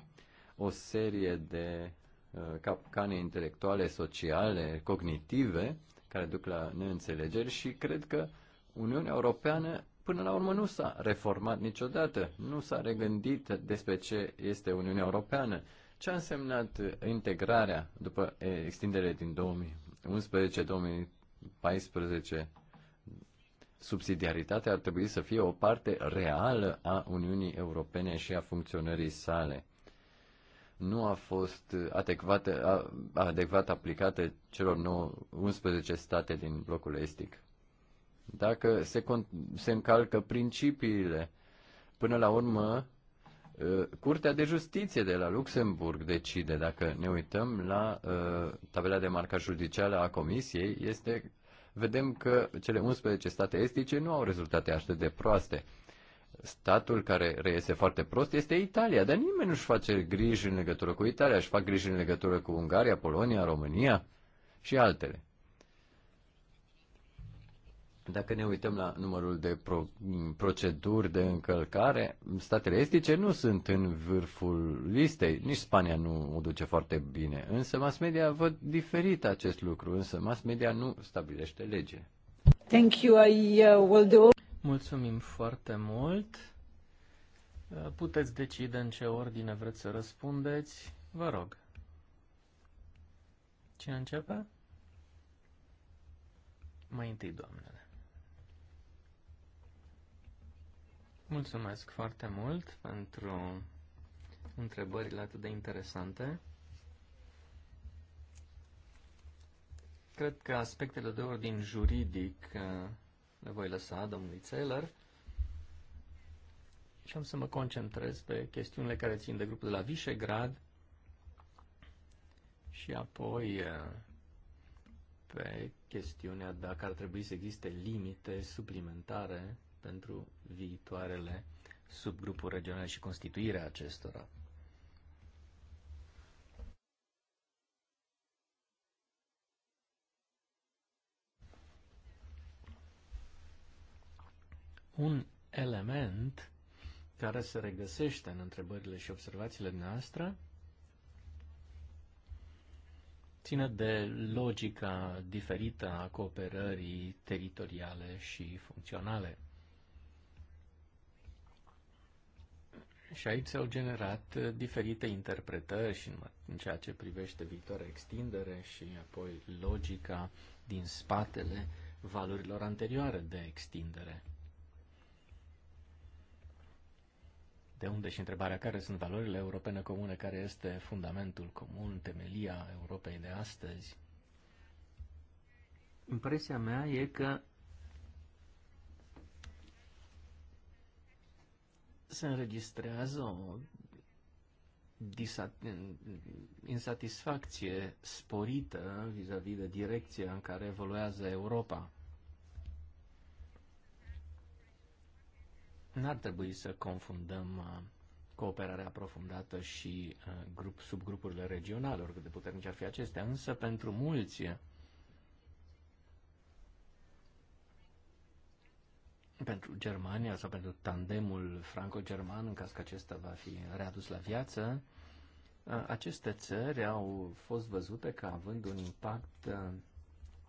o serie de uh, capcane intelectuale, sociale, cognitive, care duc la neînțelegeri și cred că Uniunea Europeană până la urmă nu s-a reformat niciodată, nu s-a regândit despre ce este Uniunea Europeană, ce a însemnat integrarea după extindere din 2011-2014. Subsidiaritatea ar trebui să fie o parte reală a Uniunii Europene și a funcționării sale. Nu a fost adecvat, adecvat aplicată celor 9, 11 state din blocul estic dacă se, se încalcă principiile. Până la urmă, uh, Curtea de Justiție de la Luxemburg decide, dacă ne uităm la uh, tabela de marca judiciară a Comisiei, este, vedem că cele 11 state estice nu au rezultate așa de proaste. Statul care reiese foarte prost este Italia, dar nimeni nu-și face griji în legătură cu Italia, își fac griji în legătură cu Ungaria, Polonia, România și altele. Dacă ne uităm la numărul de pro, proceduri de încălcare, statele estice nu sunt în vârful listei, nici Spania nu o duce foarte bine, însă mass media văd diferit acest lucru, însă mass media nu stabilește lege. Thank you, I uh, will do... Mulțumim foarte mult. Uh, puteți decide în ce ordine vreți să răspundeți. Vă rog. Cine începe? Mai întâi, doamnele. Mulțumesc foarte mult pentru întrebările atât de interesante. Cred că aspectele de ordin juridic uh, le voi lăsa domnului Taylor și am să mă concentrez pe chestiunile care țin de grupul de la Visegrad și apoi uh, pe chestiunea dacă ar trebui să existe limite suplimentare pentru viitoarele subgrupuri regionale și constituirea acestora. Un element care se regăsește în întrebările și observațiile noastre ține de logica diferită a cooperării teritoriale și funcționale. Și aici s-au generat uh, diferite interpretări și în ceea ce privește viitoarea extindere și apoi logica din spatele valorilor anterioare de extindere. De unde și întrebarea care sunt valorile europene comune, care este fundamentul comun, temelia Europei de astăzi. Impresia mea e că se înregistrează o insatisfacție sporită vis-a-vis -vis de direcția în care evoluează Europa. N-ar trebui să confundăm uh, cooperarea aprofundată și uh, grup, subgrupurile regionale, oricât de puternice ar fi acestea, însă pentru mulți pentru Germania sau pentru tandemul franco-german, în caz că acesta va fi readus la viață, aceste țări au fost văzute ca având un impact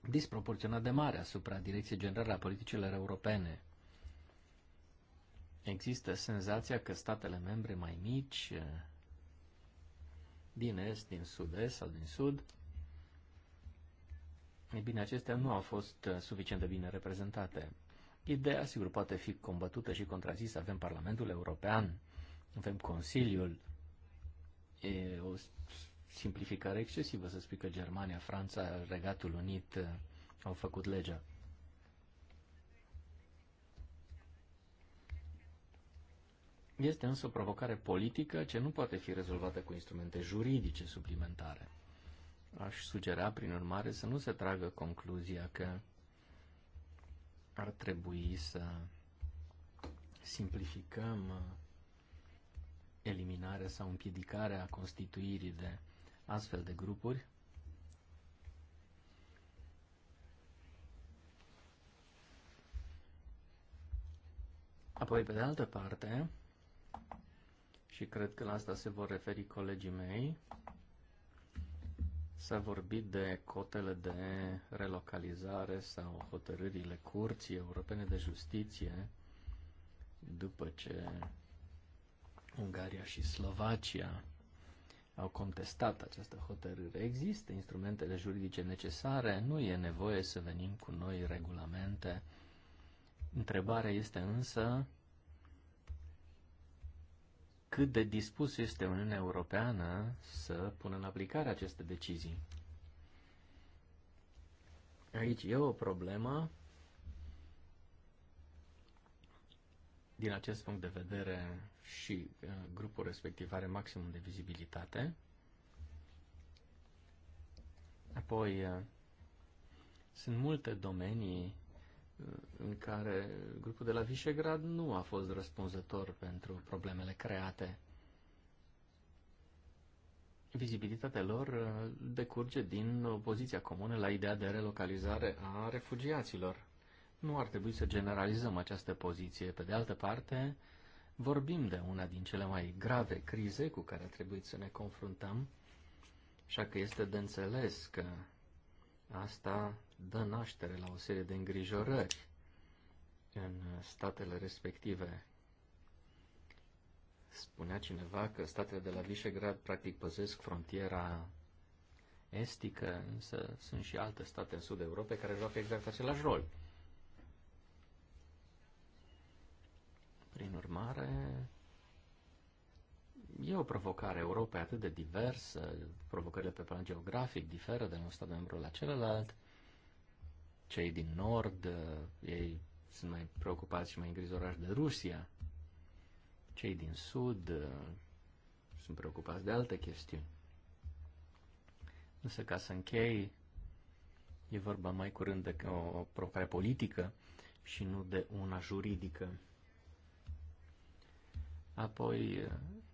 disproporționat de mare asupra Direcției Generale a Politicilor Europene. Există senzația că statele membre mai mici, din est, din sud-est sau din sud, ei bine, acestea nu au fost suficient de bine reprezentate. Ideea, sigur, poate fi combătută și contrazisă. Avem Parlamentul European, avem Consiliul. E o simplificare excesivă să spui că Germania, Franța, Regatul Unit uh, au făcut legea. Este însă o provocare politică ce nu poate fi rezolvată cu instrumente juridice suplimentare. Aș sugera, prin urmare, să nu se tragă concluzia că ar trebui să simplificăm uh, eliminarea sau împiedicarea constituirii de astfel de grupuri. Apoi, pe de altă parte, și cred că la asta se vor referi colegii mei, S-a vorbit de cotele de relocalizare sau hotărârile Curții Europene de Justiție după ce Ungaria și Slovacia au contestat această hotărâre. Există instrumentele juridice necesare, nu e nevoie să venim cu noi regulamente. Întrebarea este însă cât de dispus este Uniunea Europeană să pună în aplicare aceste decizii. Aici e o problemă. Din acest punct de vedere și uh, grupul respectiv are maximum de vizibilitate. Apoi, uh, sunt multe domenii în care grupul de la Visegrad nu a fost răspunzător pentru problemele create. Vizibilitatea lor uh, decurge din opoziția comună la ideea de relocalizare a refugiaților. Nu ar trebui să generalizăm această poziție. Pe de altă parte, vorbim de una din cele mai grave crize cu care a trebuit să ne confruntăm, așa că este de înțeles că asta dă naștere la o serie de îngrijorări în statele respective. Spunea cineva că statele de la Visegrad practic păzesc frontiera estică, însă sunt și alte state în sud Europei care joacă exact același rol. Prin urmare, e o provocare. Europei atât de diversă, provocările pe plan geografic diferă de la un stat membru la celălalt cei din nord, uh, ei sunt mai preocupați și mai îngrijorați de Rusia. Cei din sud uh, sunt preocupați de alte chestiuni. Însă, ca să închei, e vorba mai curând de o, o provocare politică și nu de una juridică. Apoi, uh,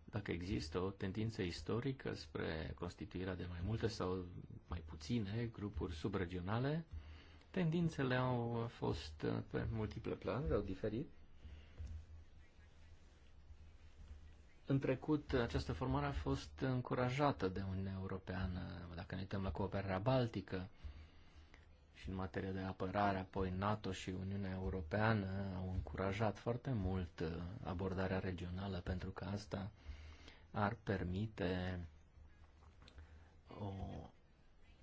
dacă există o tendință istorică spre constituirea de mai multe sau mai puține grupuri subregionale, Tendințele au fost uh, pe multiple planuri, au diferit. În trecut, această formare a fost încurajată de Uniunea Europeană, dacă ne uităm la cooperarea baltică și în materie de apărare, apoi NATO și Uniunea Europeană au încurajat foarte mult uh, abordarea regională pentru că asta ar permite o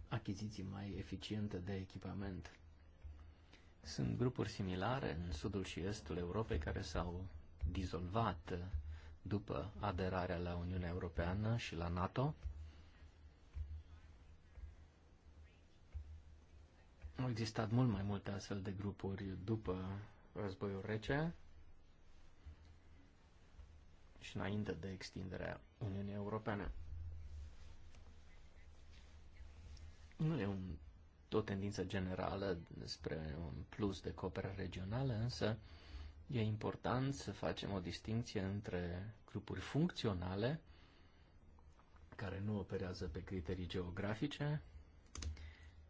achiziție mai eficientă de echipament. Sunt grupuri similare în sudul și estul Europei care s-au dizolvat după aderarea la Uniunea Europeană și la NATO. Au existat mult mai multe astfel de grupuri după războiul rece și înainte de extinderea Uniunii Europene. Nu e un o tendință generală spre un plus de cooperare regională, însă e important să facem o distinție între grupuri funcționale, care nu operează pe criterii geografice,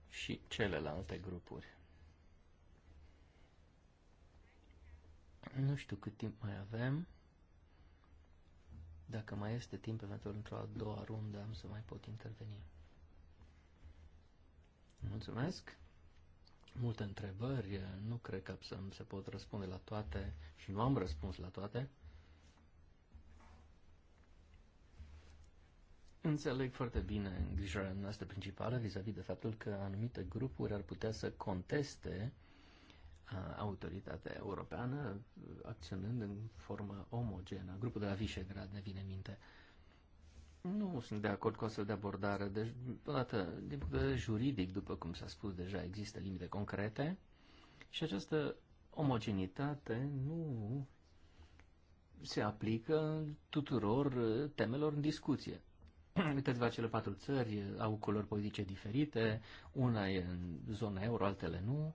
și celelalte grupuri. Nu știu cât timp mai avem. Dacă mai este timp, eventual într-o a doua rundă am să mai pot interveni. Mulțumesc. Multe întrebări. Nu cred că se pot răspunde la toate și nu am răspuns la toate. Înțeleg foarte bine îngrijorarea noastră principală vis-a-vis -vis de faptul că anumite grupuri ar putea să conteste autoritatea europeană acționând în formă omogenă. Grupul de la Visegrad ne vine în minte. Uh, nu sunt de acord cu astfel de abordare. Deci, odată, din punct de vedere juridic, după cum s-a spus deja, există limite concrete și această omogenitate nu se aplică tuturor temelor în discuție. Câteva cele patru țări au culori politice diferite, una e în zona euro, altele nu.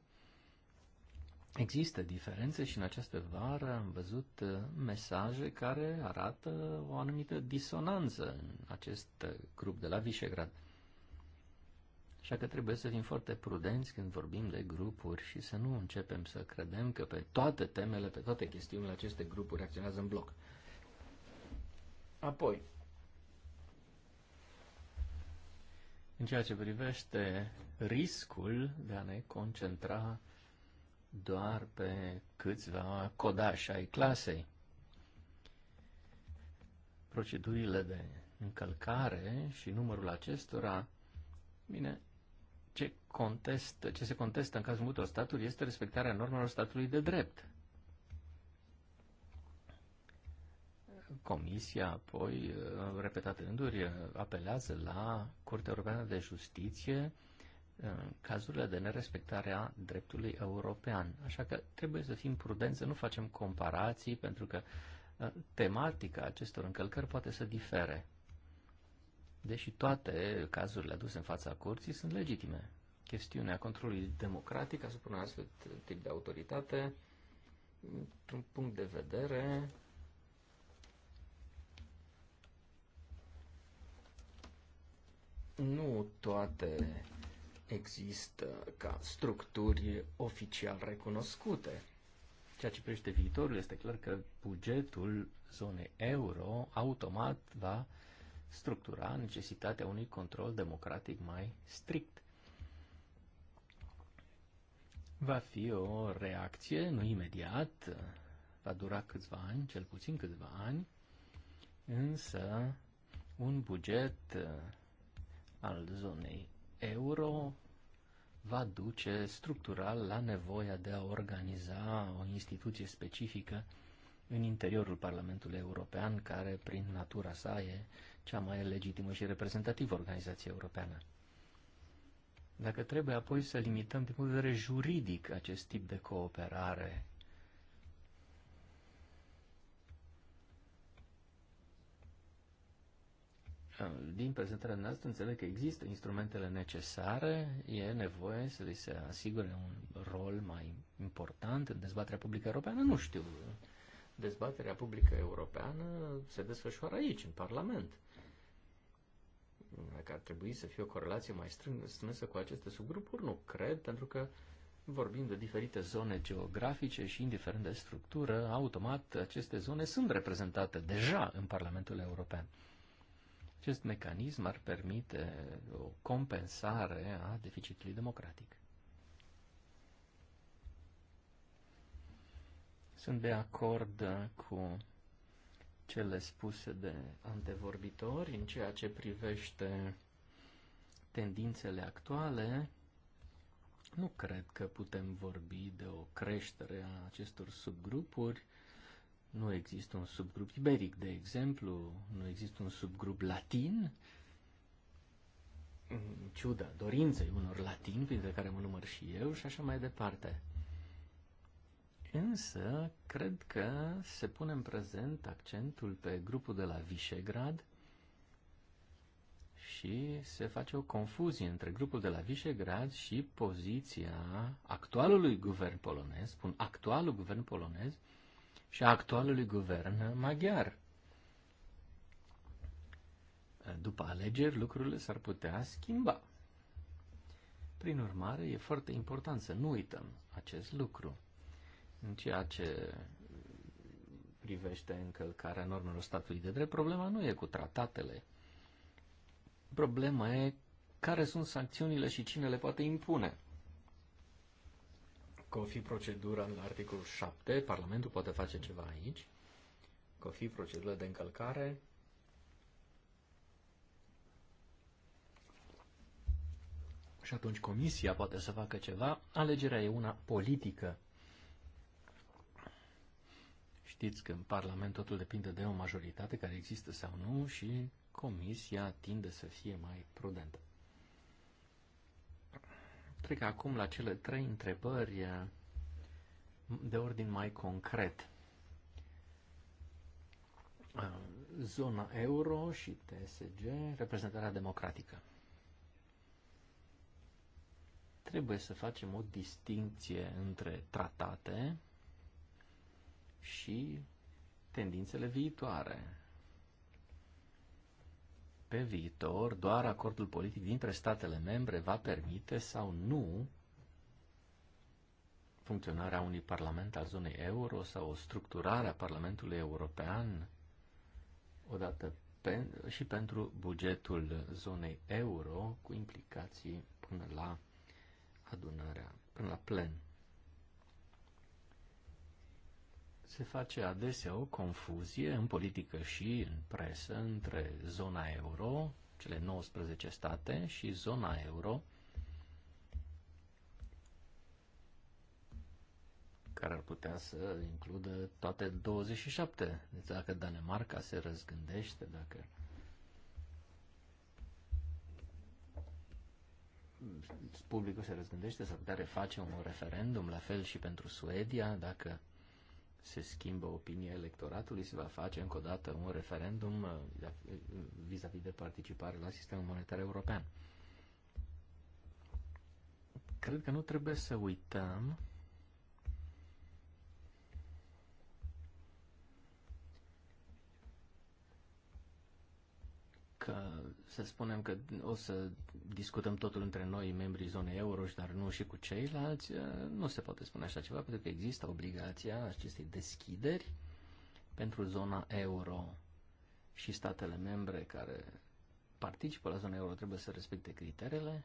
Există diferențe și în această vară am văzut uh, mesaje care arată o anumită disonanță în acest uh, grup de la Visegrad. Așa că trebuie să fim foarte prudenți când vorbim de grupuri și să nu începem să credem că pe toate temele, pe toate chestiunile aceste grupuri acționează în bloc. Apoi, în ceea ce privește riscul de a ne concentra doar pe câțiva codași ai clasei. Procedurile de încălcare și numărul acestora, bine, ce, contest, ce se contestă în cazul multor staturi este respectarea normelor statului de drept. Comisia, apoi, repetate rânduri, apelează la Curtea Europeană de Justiție Uh, cazurile de nerespectare a dreptului european. Așa că trebuie să fim prudenți, să nu facem comparații, pentru că uh, tematica acestor încălcări poate să difere. Deși toate cazurile aduse în fața curții sunt legitime. Chestiunea controlului democratic asupra unui astfel tip de autoritate, într-un punct de vedere, nu toate există ca structuri oficial recunoscute. Ceea ce privește viitorul este clar că bugetul zonei euro automat va structura necesitatea unui control democratic mai strict. Va fi o reacție, nu imediat, va dura câțiva ani, cel puțin câțiva ani, însă un buget uh, al zonei euro va duce structural la nevoia de a organiza o instituție specifică în interiorul Parlamentului European, care prin natura sa e cea mai legitimă și reprezentativă organizație europeană. Dacă trebuie apoi să limităm din punct de vedere juridic acest tip de cooperare din prezentarea noastră înțeleg că există instrumentele necesare, e nevoie să li se asigure un rol mai important în dezbaterea publică europeană, nu știu. Dezbaterea publică europeană se desfășoară aici, în Parlament. Dacă ar trebui să fie o corelație mai strânsă cu aceste subgrupuri, nu cred, pentru că vorbim de diferite zone geografice și indiferent de structură, automat aceste zone sunt reprezentate deja în Parlamentul European. Acest mecanism ar permite o compensare a deficitului democratic. Sunt de acord cu cele spuse de antevorbitori în ceea ce privește tendințele actuale. Nu cred că putem vorbi de o creștere a acestor subgrupuri. Nu există un subgrup iberic, de exemplu, nu există un subgrup latin, în ciuda dorinței unor latini, printre care mă număr și eu, și așa mai departe. Însă, cred că se pune în prezent accentul pe grupul de la Visegrad și se face o confuzie între grupul de la Visegrad și poziția actualului guvern polonez, spun actualul guvern polonez, și a actualului guvern maghiar. După alegeri, lucrurile s-ar putea schimba. Prin urmare, e foarte important să nu uităm acest lucru. În ceea ce privește încălcarea normelor statului de drept, problema nu e cu tratatele. Problema e care sunt sancțiunile și cine le poate impune fi procedura în articolul 7, Parlamentul poate face ceva aici, fi procedură de încălcare, și atunci comisia poate să facă ceva, alegerea e una politică. Știți că în Parlament totul depinde de o majoritate care există sau nu și comisia tinde să fie mai prudentă. Trec acum la cele trei întrebări eh, de ordin mai concret. Eh, zona euro și TSG, reprezentarea democratică. Trebuie să facem o distinție între tratate și tendințele viitoare pe viitor doar acordul politic dintre statele membre va permite sau nu funcționarea unui parlament al zonei euro sau o structurare a Parlamentului European odată pe, și pentru bugetul zonei euro cu implicații până la adunarea, până la plen. se face adesea o confuzie în politică și în presă între zona euro, cele 19 state, și zona euro, care ar putea să includă toate 27. Deci dacă Danemarca se răzgândește, dacă publicul se răzgândește, s-ar putea reface un referendum, la fel și pentru Suedia, dacă se schimbă opinia electoratului, se va face încă o dată un referendum uh, uh, vis-a-vis -vis de participare la sistemul monetar european. Cred că nu trebuie să uităm că să spunem că o să discutăm totul între noi, membrii zonei euro, dar nu și cu ceilalți, eh, nu se poate spune așa ceva, pentru că există obligația acestei deschideri pentru zona euro și statele membre care participă la zona euro trebuie să respecte criteriile.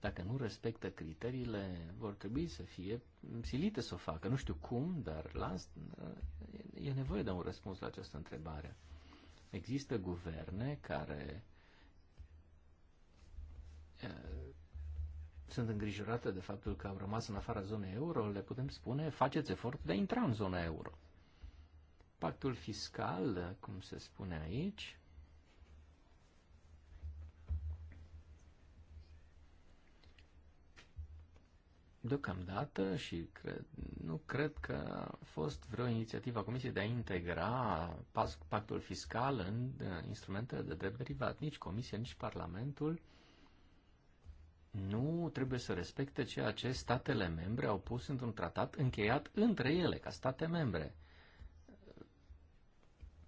Dacă nu respectă criteriile, vor trebui să fie silite să o facă. Nu știu cum, dar las, eh, e nevoie de un răspuns la această întrebare. Există guverne care sunt îngrijorate de faptul că au rămas în afara zonei euro, le putem spune, faceți efort de a intra în zona euro. Pactul fiscal, cum se spune aici, Deocamdată și cred, nu cred că a fost vreo inițiativă a Comisiei de a integra pactul fiscal în instrumentele de drept derivat. Nici Comisia, nici Parlamentul nu trebuie să respecte ceea ce statele membre au pus într-un tratat încheiat între ele, ca state membre.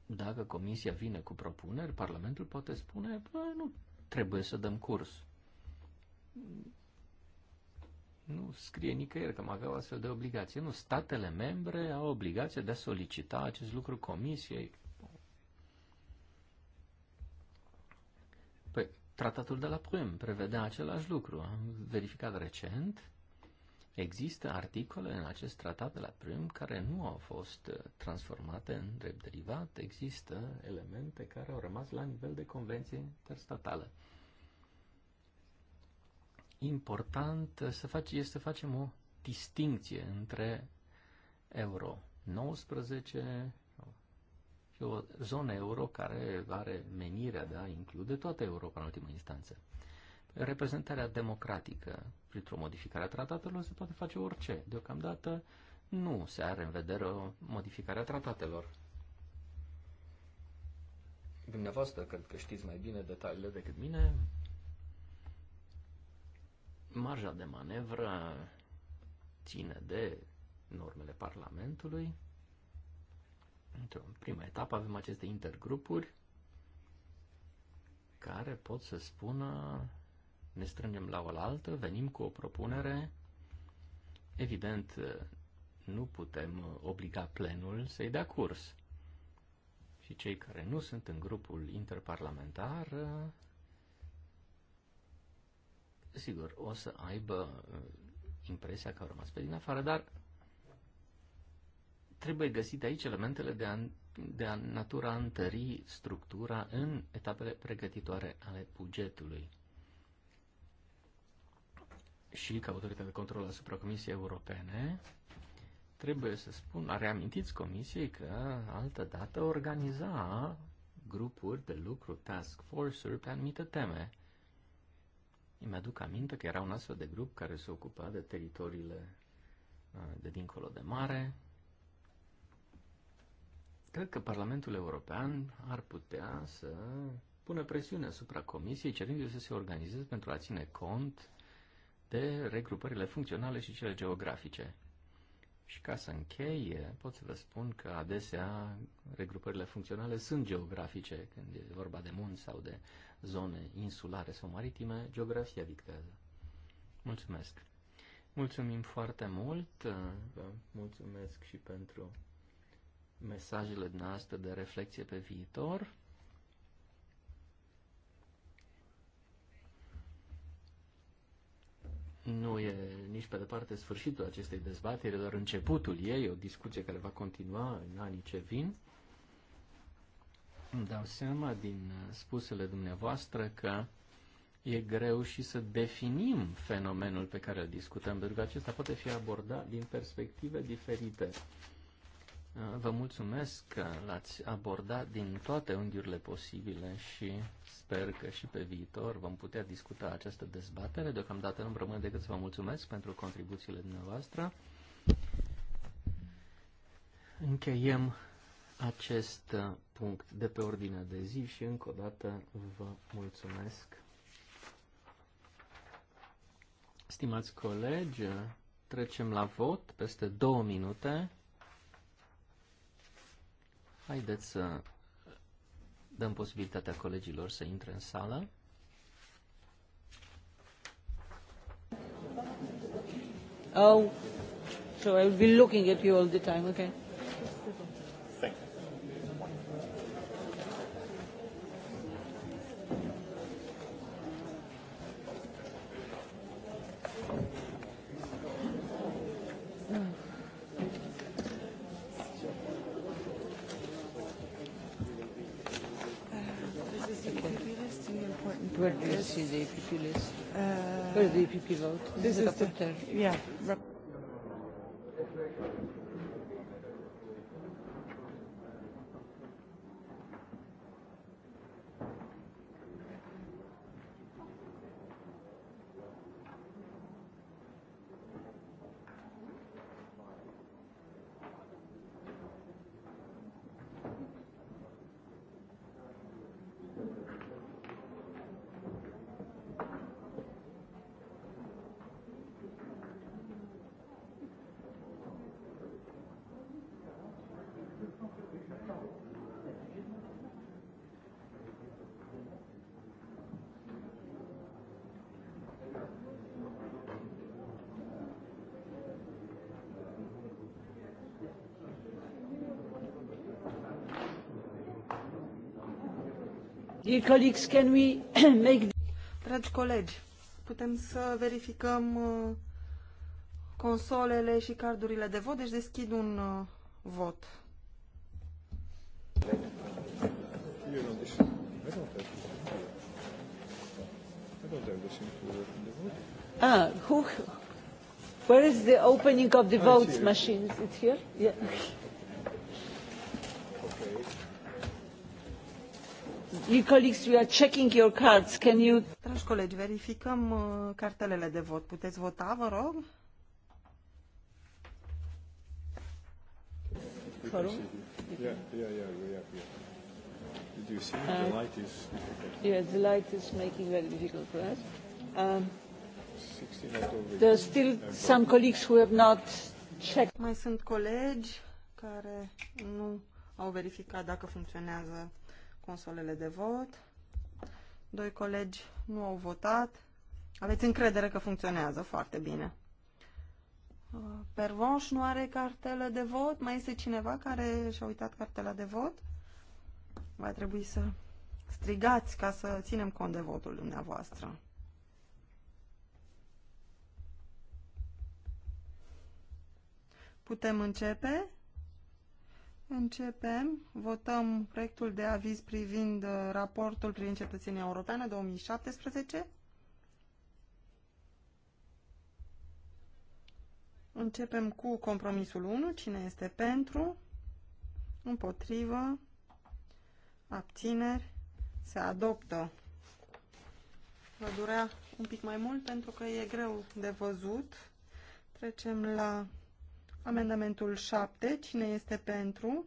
Dacă Comisia vine cu propuneri, Parlamentul poate spune, bă, nu trebuie să dăm curs nu scrie nicăieri că mă aveau o astfel de obligație. Nu, statele membre au obligația de a solicita acest lucru comisiei. Păi, tratatul de la Prim prevedea același lucru. Am verificat recent. Există articole în acest tratat de la Prim care nu au fost uh, transformate în drept derivat. Există elemente care au rămas la nivel de convenție interstatală important să faci, este să facem o distinție între euro 19 și o zonă euro care are menirea de a include toată Europa în ultimă instanță. Reprezentarea democratică printr-o modificare a tratatelor se poate face orice. Deocamdată nu se are în vedere o modificare a tratatelor. Dumneavoastră cred că știți mai bine detaliile decât mine. Marja de manevră ține de normele Parlamentului. Într-o prima etapă avem aceste intergrupuri care pot să spună ne strângem la oaltă, venim cu o propunere. Evident, nu putem obliga plenul să-i dea curs. Și cei care nu sunt în grupul interparlamentar sigur, o să aibă uh, impresia că au rămas pe din afară, dar trebuie găsite aici elementele de a, de a natura întări structura în etapele pregătitoare ale bugetului. Și ca autoritate de control asupra Comisiei Europene, trebuie să spun, a reamintiți Comisiei că altă dată organiza grupuri de lucru, task force-uri pe anumite teme. Îmi aduc aminte că era un astfel de grup care se ocupa de teritoriile uh, de dincolo de mare. Cred că Parlamentul European ar putea să pună presiune asupra Comisiei, cerându-i să se organizeze pentru a ține cont de regrupările funcționale și cele geografice. Și ca să încheie, pot să vă spun că adesea regrupările funcționale sunt geografice, când e vorba de munți sau de zone insulare sau maritime, geografia dictează. Mulțumesc! Mulțumim foarte mult, uh, vă mulțumesc și pentru mesajele noastre de reflexie pe viitor. Nu e nici pe departe sfârșitul acestei dezbateri, doar începutul ei, o discuție care va continua în anii ce vin. Îmi dau seama din uh, spusele dumneavoastră că e greu și să definim fenomenul pe care îl discutăm, pentru că acesta poate fi abordat din perspective diferite. Uh, vă mulțumesc că l-ați abordat din toate unghiurile posibile și sper că și pe viitor vom putea discuta această dezbatere. Deocamdată nu rămâne decât să vă mulțumesc pentru contribuțiile dumneavoastră. Încheiem acest uh, punct de pe ordinea de zi și încă o dată vă mulțumesc. Stimați colegi, trecem la vot peste două minute. Haideți să dăm posibilitatea colegilor să intre în sală. Oh, so I will be looking at you all the time, okay? list? Uh, Where the EPP vote? This, this is the, the yeah. Dragi colegi, putem să verificăm uh, consolele și cardurile de vot, deci deschid un uh, vot. Ah, who, where is the opening of the ah, votes machines? It's here? Yeah. Dear colleagues, we are checking your cards. Can you... Dragi colegi, verificăm uh, cartelele de vot. Puteți vota, vă rog? Mai sunt colegi care nu au verificat dacă funcționează consolele de vot. Doi colegi nu au votat. Aveți încredere că funcționează foarte bine. Uh, Pervonș nu are cartelă de vot. Mai este cineva care și-a uitat cartela de vot? Va trebui să strigați ca să ținem cont de votul dumneavoastră. Putem începe? Începem. Votăm proiectul de aviz privind uh, raportul privind cetățenia europeană 2017. Începem cu compromisul 1. Cine este pentru? Împotrivă? Abțineri? Se adoptă. Vă durea un pic mai mult pentru că e greu de văzut. Trecem la Amendamentul 7. Cine este pentru?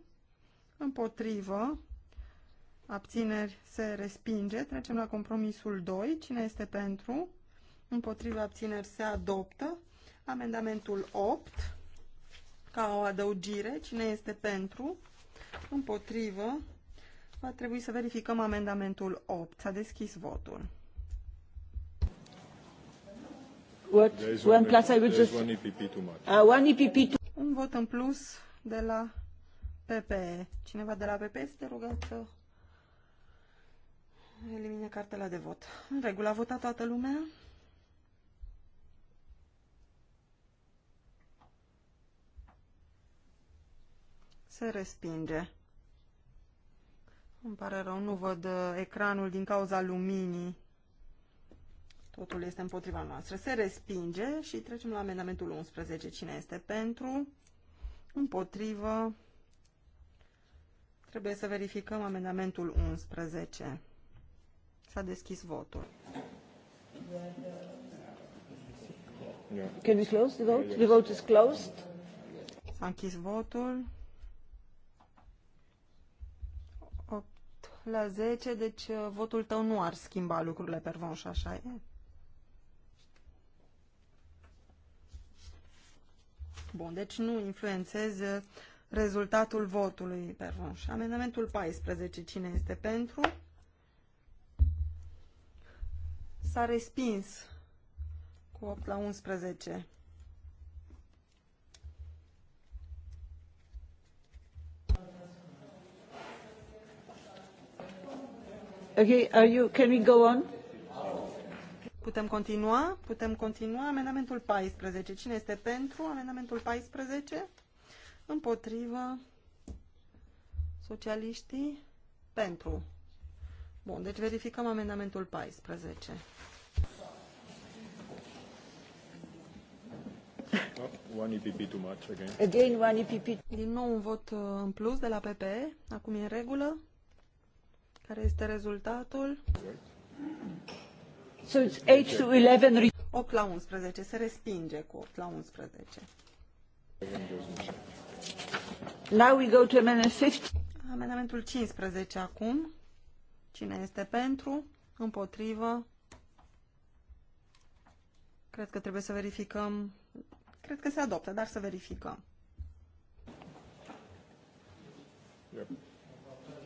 Împotrivă. Abțineri se respinge. Trecem la compromisul 2. Cine este pentru? Împotrivă abțineri se adoptă. Amendamentul 8. Ca o adăugire. Cine este pentru? Împotrivă. Va trebui să verificăm amendamentul 8. S-a deschis votul. What? One, one plus I would just... One EPP too much. Uh, one EPP too un vot în plus de la PPE. Cineva de la PPE este rugat să elimine cartela de vot. În regulă, a votat toată lumea? Se respinge. Îmi pare rău, nu văd uh, ecranul din cauza luminii. Totul este împotriva noastră. Se respinge și trecem la amendamentul 11. Cine este pentru? Împotrivă. Trebuie să verificăm amendamentul 11. S-a deschis votul. Can we close the vote? The vote is closed. S-a închis votul. 8 la 10, deci uh, votul tău nu ar schimba lucrurile, Pervonș, așa e? Bun, deci nu influențez rezultatul votului, Pervonș. Amendamentul 14, cine este pentru? S-a respins cu 8 la 11. Okay, are you, can we go on? Putem continua? Putem continua. Amendamentul 14. Cine este pentru amendamentul 14? Împotrivă. Socialiștii? Pentru. Bun, deci verificăm amendamentul 14. One EPP too much again. Again one EPP. Din nou un vot uh, în plus de la PP. Acum e în regulă. Care este rezultatul? Right. So it's 8 to 11. 8 la 11, se respinge cu 8 la 11. Now we go to amendment 15. Amendamentul 15 acum. Cine este pentru? Împotrivă? Cred că trebuie să verificăm. Cred că se adoptă, dar să verificăm.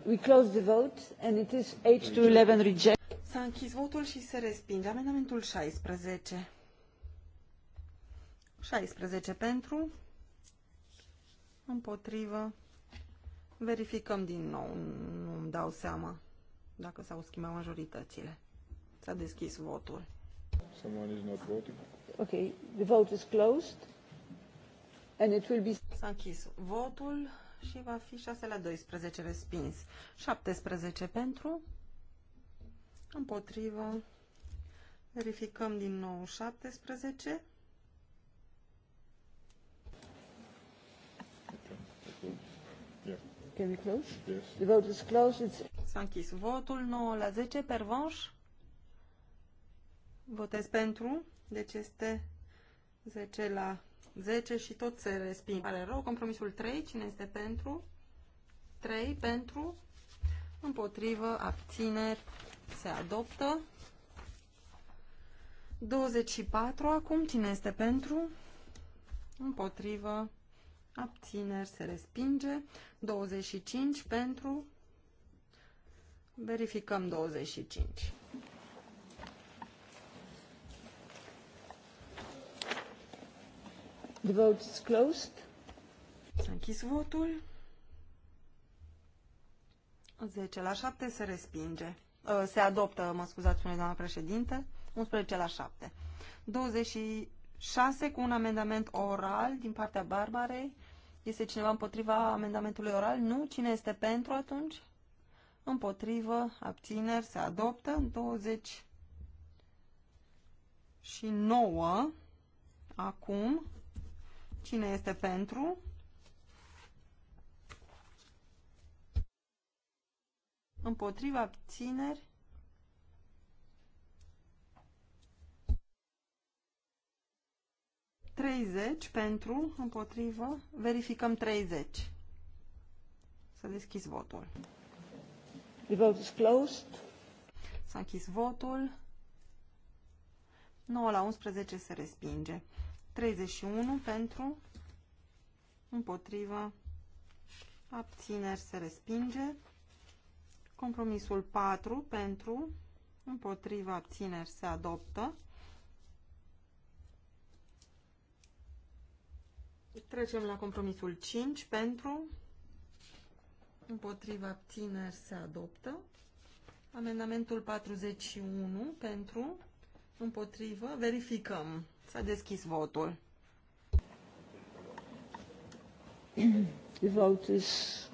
We close the vote and it is 8 to 11 reject. S-a închis votul și se respinge. Amendamentul 16. 16 pentru. Împotrivă. Verificăm din nou. Nu îmi dau seama dacă s-au schimbat majoritățile. S-a deschis votul. Someone is not voting. Okay, the vote is closed. And it will be... S-a închis votul și va fi 6 la 12 respins. 17 pentru împotrivă, verificăm din nou 17. Can we close? Yes. The vote is closed. It's... S-a închis votul 9 la 10 per vanș. Votez pentru, deci este 10 la 10 și tot se resping. Pare rău, compromisul 3, cine este pentru? 3 pentru, împotrivă, abțineri, se adoptă. 24 acum, cine este pentru? Împotrivă, abțineri, se respinge. 25 pentru, verificăm 25. The vote is closed. S-a închis votul. 10 la 7 se respinge. Uh, se adoptă, mă scuzați, spune doamna președinte, 11 la 7. 26 cu un amendament oral din partea Barbarei. Este cineva împotriva amendamentului oral? Nu. Cine este pentru atunci? Împotrivă, abțineri, se adoptă. 20 și 9. Acum, cine este pentru? împotriva țineri Treizeci pentru, împotrivă, verificăm 30. Să deschis votul. The vote is closed. S-a închis votul. 9 la 11 se respinge. 31 pentru, împotrivă, abțineri se respinge. Compromisul 4 pentru, împotriva abțineri se adoptă. Trecem la compromisul 5 pentru, împotriva abțineri se adoptă. Amendamentul 41 pentru, împotrivă, verificăm. S-a deschis votul. The vote is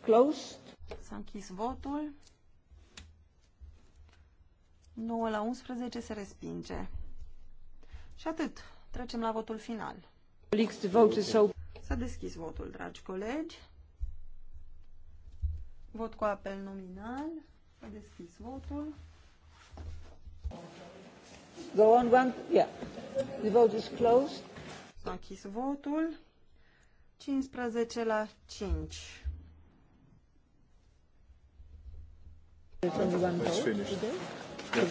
closed. S-a închis votul. 9 la 11 se respinge. Și atât. Trecem la votul final. S-a deschis votul, dragi colegi. Vot cu apel nominal. S-a deschis votul. Go on one, yeah. The vote is closed. S-a închis votul. 15 la 5. It's finished. Yeah.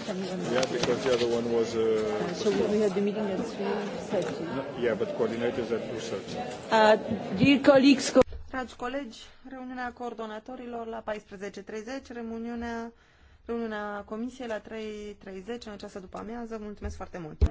yeah, because the other one was. Uh, uh, so we had the meeting at 3:30. No, yeah, but coordinators at 2:30. Uh, dear colleagues. Co Dragi colegi, reuniunea coordonatorilor la 14.30, reuniunea, reuniunea comisiei la 3.30 în această după amiază. Mulțumesc foarte mult!